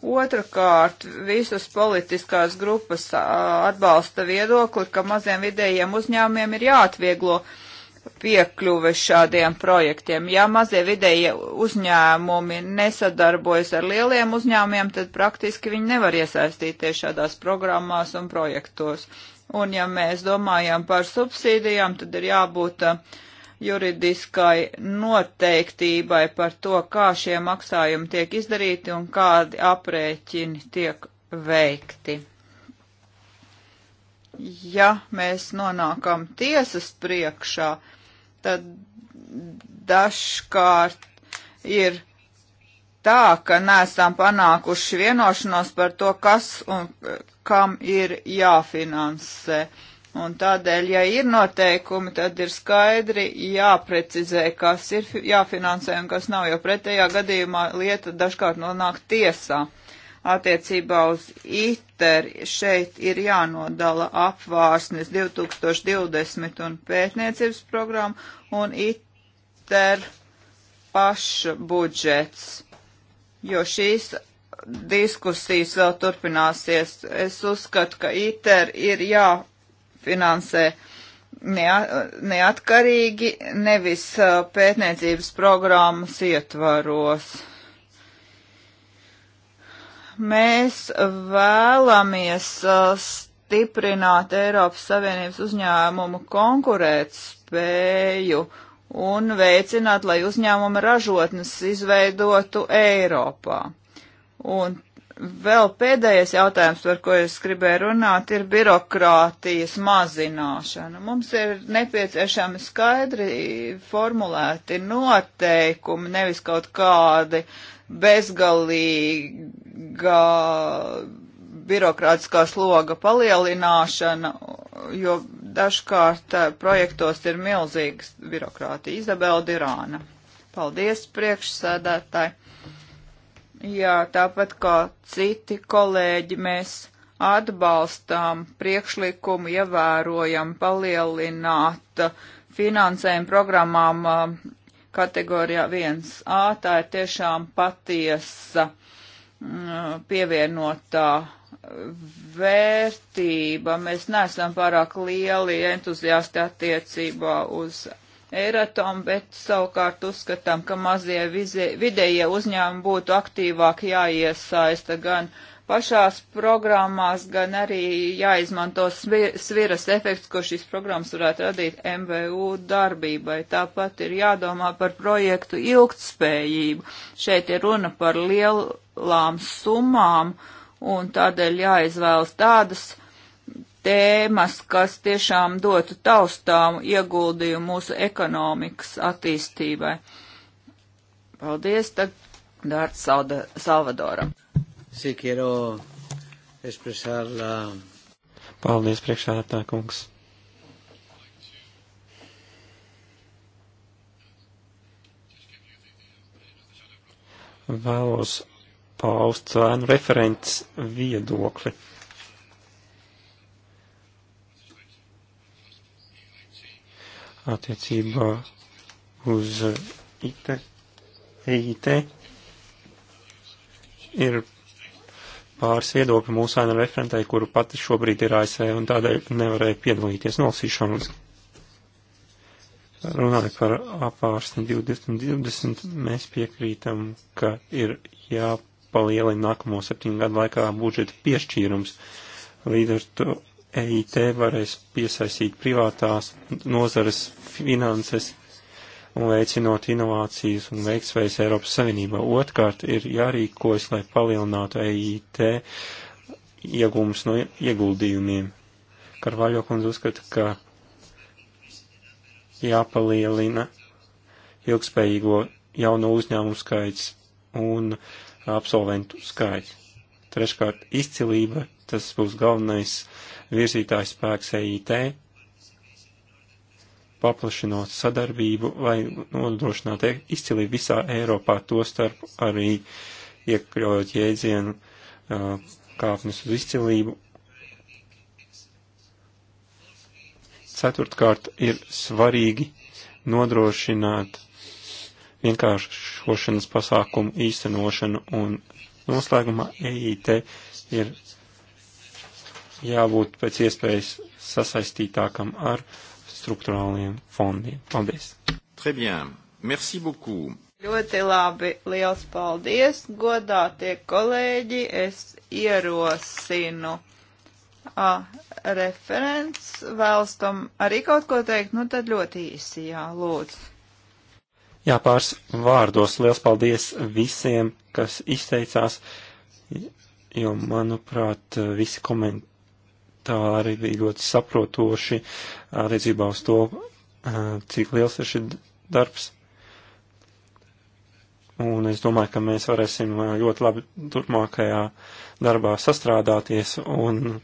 Otrakārt, visas politiskās grupas atbalsta viedokli, ka maziem vidējiem uzņēmumiem ir jāatvieglo uh, piekļuve šādiem projektiem. Ja mazie vidējie uzņēmumi nesadarbojas ar lieliem uzņēmumiem, tad praktiski viņi nevar iesaistīties šādās programmās un projektos. Un ja mēs domājam par subsīdijām, tad ir jābūt uh, juridiskai noteiktībai par to, kā šie maksājumi tiek izdarīti un kādi aprēķini tiek veikti. Ja mēs nonākam tiesas priekšā, tad dažkārt ir tā, ka nesam panākuši vienošanos par to, kas un kam ir jāfinansē. Un tādēļ, ja ir noteikumi, tad ir skaidri jāprecizē, kas ir jāfinansē un kas nav, jo pretējā gadījumā lieta dažkārt nonāk tiesā. Uh, attiecībā uz ITER šeit ir jānodala apvārsnes 2020 un pētniecības programma un ITER paša budžets, jo šīs diskusijas vēl turpināsies. Es uzskatu, ka ITER ir jāfinansē neatkarīgi, nevis pētniecības programmas ietvaros. Mēs vēlamies uh, stiprināt Eiropas Savienības uzņēmumu konkurētspēju un veicināt, lai uzņēmuma ražotnes izveidotu Eiropā. Un vēl pēdējais jautājums, par ko es gribēju runāt, ir birokrātijas mazināšana. Mums ir nepieciešami skaidri formulēti noteikumi, nevis kaut kādi bezgalīga birokrātiskā sloga palielināšana, jo dažkārt eh, projektos ir milzīgs birokrātija. Izabela Dirāna. Paldies, priekšsēdētāji. Jā, tāpat kā citi kolēģi, mēs atbalstām priekšlikumu, ievērojam palielināt finansējumu programmām eh, kategorijā 1A. Tā ir tiešām patiesa mm, pievienotā vērtība. Mēs neesam pārāk lieli entuziasti attiecībā uz Eiratom, bet savukārt uzskatām, ka mazie vidējie uzņēmumi būtu aktīvāk jāiesaista gan pašās programmās, gan arī jāizmanto sviras efekts, ko šīs programmas varētu radīt MVU darbībai. Tāpat ir jādomā par projektu ilgtspējību. Šeit ir runa par lielām summām, un tādēļ jāizvēlas tādas tēmas, kas tiešām dotu taustāmu ieguldījumu mūsu ekonomikas attīstībai. Paldies, tad Dārts Salvadoram. Sí, quiero expresar la. Paldies, priekšsēdētā kungs. Vēlos paust cēnu referents viedokli. Attiecībā uz IT, EIT ir pāris viedokļu mūsu ēna referentei, kuru pati šobrīd ir ASV e un tādēļ nevarēja piedalīties nolasīšanas. Runājot par apārsni 2020, mēs piekrītam, ka ir jāpalielina nākamo septiņu gadu laikā budžeta piešķīrums. Līdz ar to EIT varēs piesaistīt privātās nozares finanses un veicinot inovācijas un veiksveiz Eiropas Savienībā. Otkārt ir jārīkojas, lai palielinātu EIT iegūmus no ieguldījumiem. Karvaļo kundze uzskata, ka jāpalielina ilgspējīgo jauno uzņēmumu skaits un absolventu skaits. Treškārt, izcilība, tas būs galvenais virzītājs spēks EIT, paplašinot sadarbību, lai nodrošinātu izcilību visā Eiropā, to starp arī iekļaujot jēdzienu kāpnes uz izcilību. Ceturtkārt ir svarīgi nodrošināt vienkāršošanas pasākumu īstenošanu un noslēgumā EIT ir jābūt pēc iespējas sasaistītākam ar uh, struktūrāliem fondiem. Paldies! Très bien. Merci beaucoup. Ļoti labi, liels paldies, godātie kolēģi, es ierosinu. A, referents vēlas tam arī kaut ko teikt, nu tad ļoti īsi, jā, lūdzu. Jā, pāris vārdos. Liels paldies visiem, kas izteicās, jo, manuprāt, visi koment komentāri bija ļoti saprotoši attiecībā uz to, cik liels ir šis darbs. Un es domāju, ka mēs varēsim ļoti labi turpmākajā darbā sastrādāties un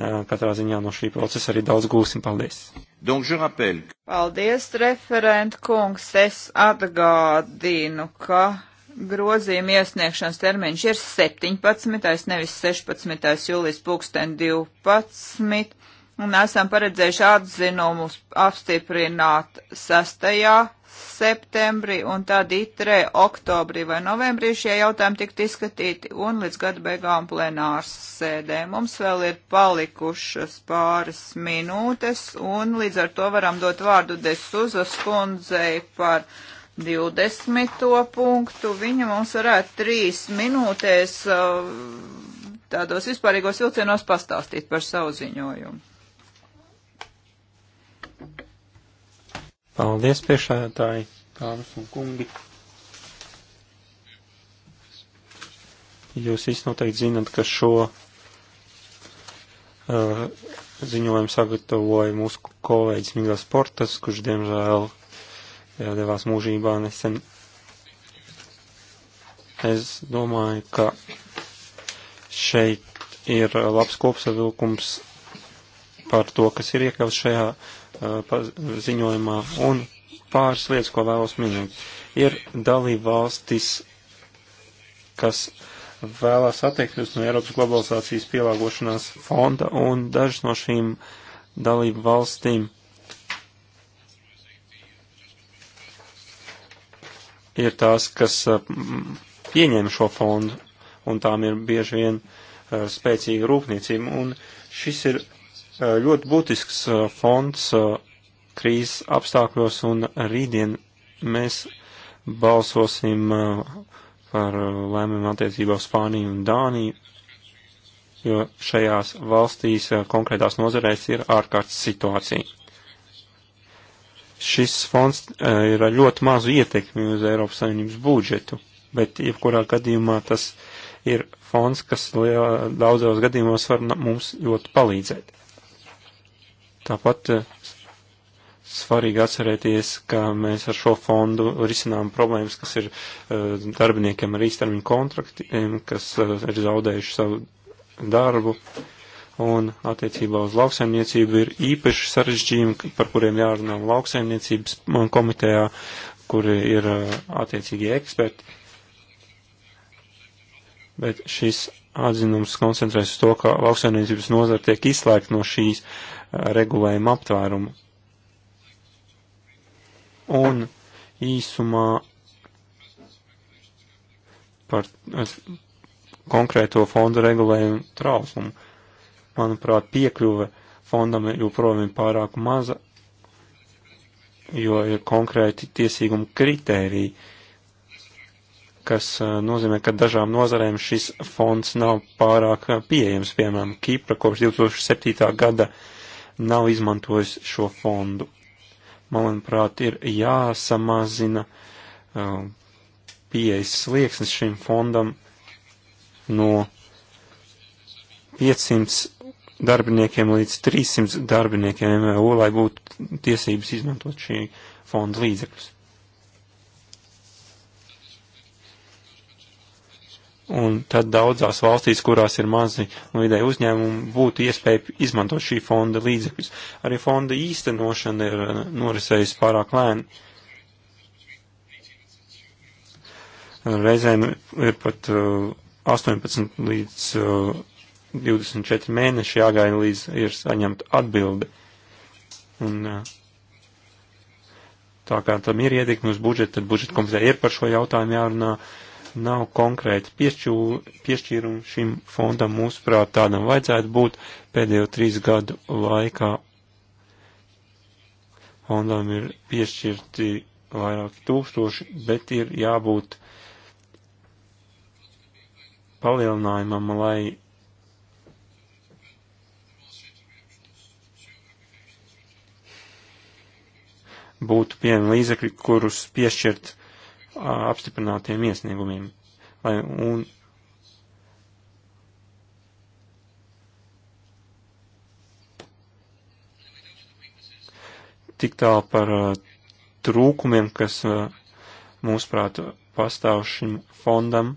katrā ziņā no šī procesa arī daudz gūsim. Paldies! Paldies, referent kungs! Es atgādinu, ka Grozījuma iesniegšanas termiņš ir 17. nevis 16. jūlijas pulksten 12. Un esam paredzējuši atzinumus apstiprināt 6 septembrī un tad itrē oktobrī vai novembrī šie jautājumi tikt izskatīti un līdz gada beigām plenārs sēdē. Mums vēl ir palikušas pāris minūtes un līdz ar to varam dot vārdu Desuzas kundzei par 20. punktu. Viņa mums varētu trīs minūtēs uh, tādos vispārīgos vilcienos pastāstīt par savu ziņojumu. Paldies, priekšādātāji, dāmas un kungi. Jūs visi noteikti zinat, ka šo uh, ziņojumu sagatavoja mūsu kolēģis Miglas Portas, kurš diemžēl jau devās mūžībā nesen. Es domāju, ka šeit ir labs kopsavilkums par to, kas ir iekļauts šajā uh, ziņojumā, un pāris lietas, ko vēlos minēt. Ir dalība valstis, kas vēlās atteikties no Eiropas globalizācijas pielāgošanās fonda, un dažas no šīm dalību valstīm ir tās, kas eh, pieņem šo fondu, un tām ir bieži vien eh, spēcīga rūpniecība. Un šis ir eh, ļoti būtisks fonds krīzes apstākļos, un rītdien mēs balsosim par lēmumiem attiecībā uz Spāniju un Dāniju, jo šajās valstīs konkrētās nozarēs ir ārkārtas situācija šis fonds eh, ir ar ļoti mazu ietekmi uz Eiropas Savienības budžetu, bet jebkurā gadījumā tas ir fonds, kas lielā, daudzos gadījumos var mums ļoti palīdzēt. Tāpat eh, svarīgi atcerēties, ka mēs ar šo fondu risinām problēmas, kas ir eh, darbiniekiem ar īstermiņu kontraktiem, kas ir zaudējuši savu darbu. Uh, un attiecībā uz lauksaimniecību ir īpaši sarežģījumi, par kuriem jārunā lauksaimniecības komitejā, kur ir attiecīgie eksperti. Bet šis atzinums koncentrēs uz to, ka lauksaimniecības nozara tiek izslēgta no šīs regulējuma aptvēruma. Un īsumā par konkrēto fonda regulējumu trauslumu manuprāt, piekļuve fondam joprojām ir pārāk maza, jo ir konkrēti tiesīgumu kritēriji, kas eh, nozīmē, ka dažām nozarēm šis fonds nav pārāk eh, pieejams. Piemēram, Kipra kopš 2007. gada nav izmantojis šo fondu. Manuprāt, ir jāsamazina eh, pieejas slieksnis šim fondam no 500 darbiniekiem līdz 300 darbiniekiem MVU, lai būtu tiesības izmantot šī fonda līdzekļus. Un tad daudzās valstīs, kurās ir mazi un vidēji uzņēmumi, būtu iespēja izmantot šī fonda līdzekļus. Arī fonda īstenošana ir uh, norisējusi pārāk lēni. Reizēm ir pat 18 uh, līdz uh, 24 mēneši jāgaina, līdz ir saņemta atbilde. Un tā kā tam ir ietekme uz budžetu, tad budžeta komisija ir par šo jautājumu jārunā. Nav konkrēti piešķīrumu šim fondam, mūsuprāt, tādam vajadzētu būt pēdējo trīs gadu laikā. Fondam ir piešķirti vairāki tūkstoši, bet ir jābūt palielinājumam, lai būtu pieejami līdzekļi, kurus piešķirt a, apstiprinātiem iesniegumiem. Lai, un, tik tālu par a, trūkumiem, kas mūsuprāt pastāv šim fondam.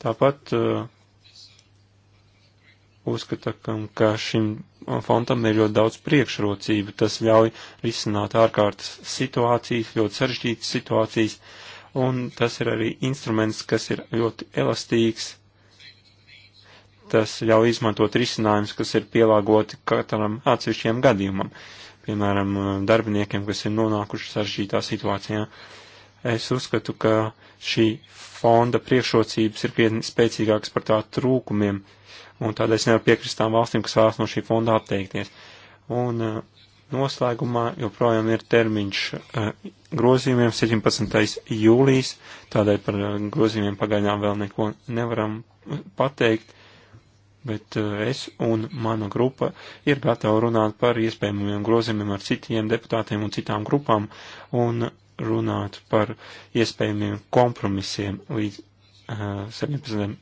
Tāpat uh, uzskata, ka šim fondam ir ļoti daudz priekšrocību. Tas ļauj risināt ārkārtas situācijas, ļoti sarežģītas situācijas, un tas ir arī instruments, kas ir ļoti elastīgs. Tas ļauj izmantot risinājumus, kas ir pielāgoti katram atsevišķiem gadījumam, piemēram, darbiniekiem, kas ir nonākuši sarežģītā situācijā. Es uzskatu, ka šī fonda priekšrocības ir krietni spēcīgākas par tā trūkumiem un tādēļ es nevaru piekrist tām valstīm, kas vēlas no šī fonda atteikties. Un eh, noslēgumā joprojām ir termiņš eh, grozījumiem 17. jūlijas, tādēļ par eh, grozījumiem pagaidām vēl neko nevaram pateikt, bet es un mana grupa ir gatava runāt par iespējamiem grozījumiem ar citiem deputātiem un citām grupām un runāt par iespējamiem kompromisiem līdz 17.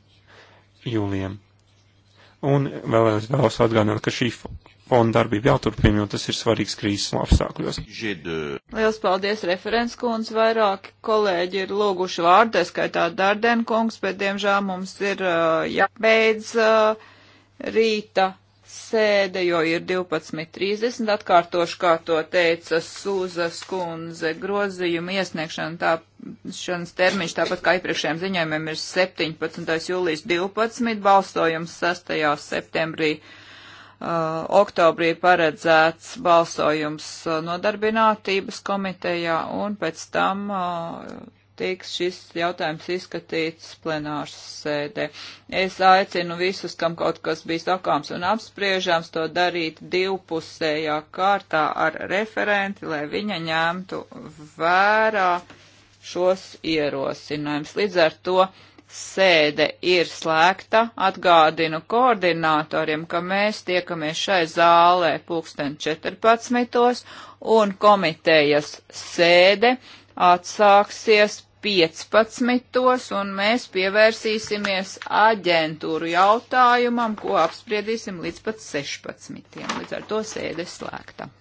jūlijam. Un vēlējos vēlos atgādināt, ka šī fonda darbība jāturpina, jo tas ir svarīgs krīzes apstākļos. Liels paldies, referents kundz. Vairāki kolēģi ir lūguši vārdu, skaitā Darden kungs, bet diemžēl mums ir uh, jābeidz uh, rīta sēde, jo ir 12.30. Atkārtošu, kā to teica Sūzas kundze, grozījuma iesniegšana tā, šanas termiņš, tāpat kā iepriekšējiem ziņojumiem, ir 17. jūlijas 12. Balsojums 6. septembrī. Uh, oktobrī paredzēts balsojums uh, nodarbinātības komitejā un pēc tam uh, tiks šis jautājums izskatīts plenārs sēdē. Es aicinu visus, kam kaut kas bija sakāms un apspriežams, to darīt divpusējā kārtā ar referenti, lai viņa ņemtu vērā šos ierosinājumus. Līdz ar to sēde ir slēgta. Atgādinu koordinatoriem, ka mēs tiekamies šai zālē pulksten 14. un komitejas sēde atsāksies 15. un mēs pievērsīsimies aģentūru jautājumam, ko apspriedīsim līdz pat 16. Līdz ar to sēde slēgta.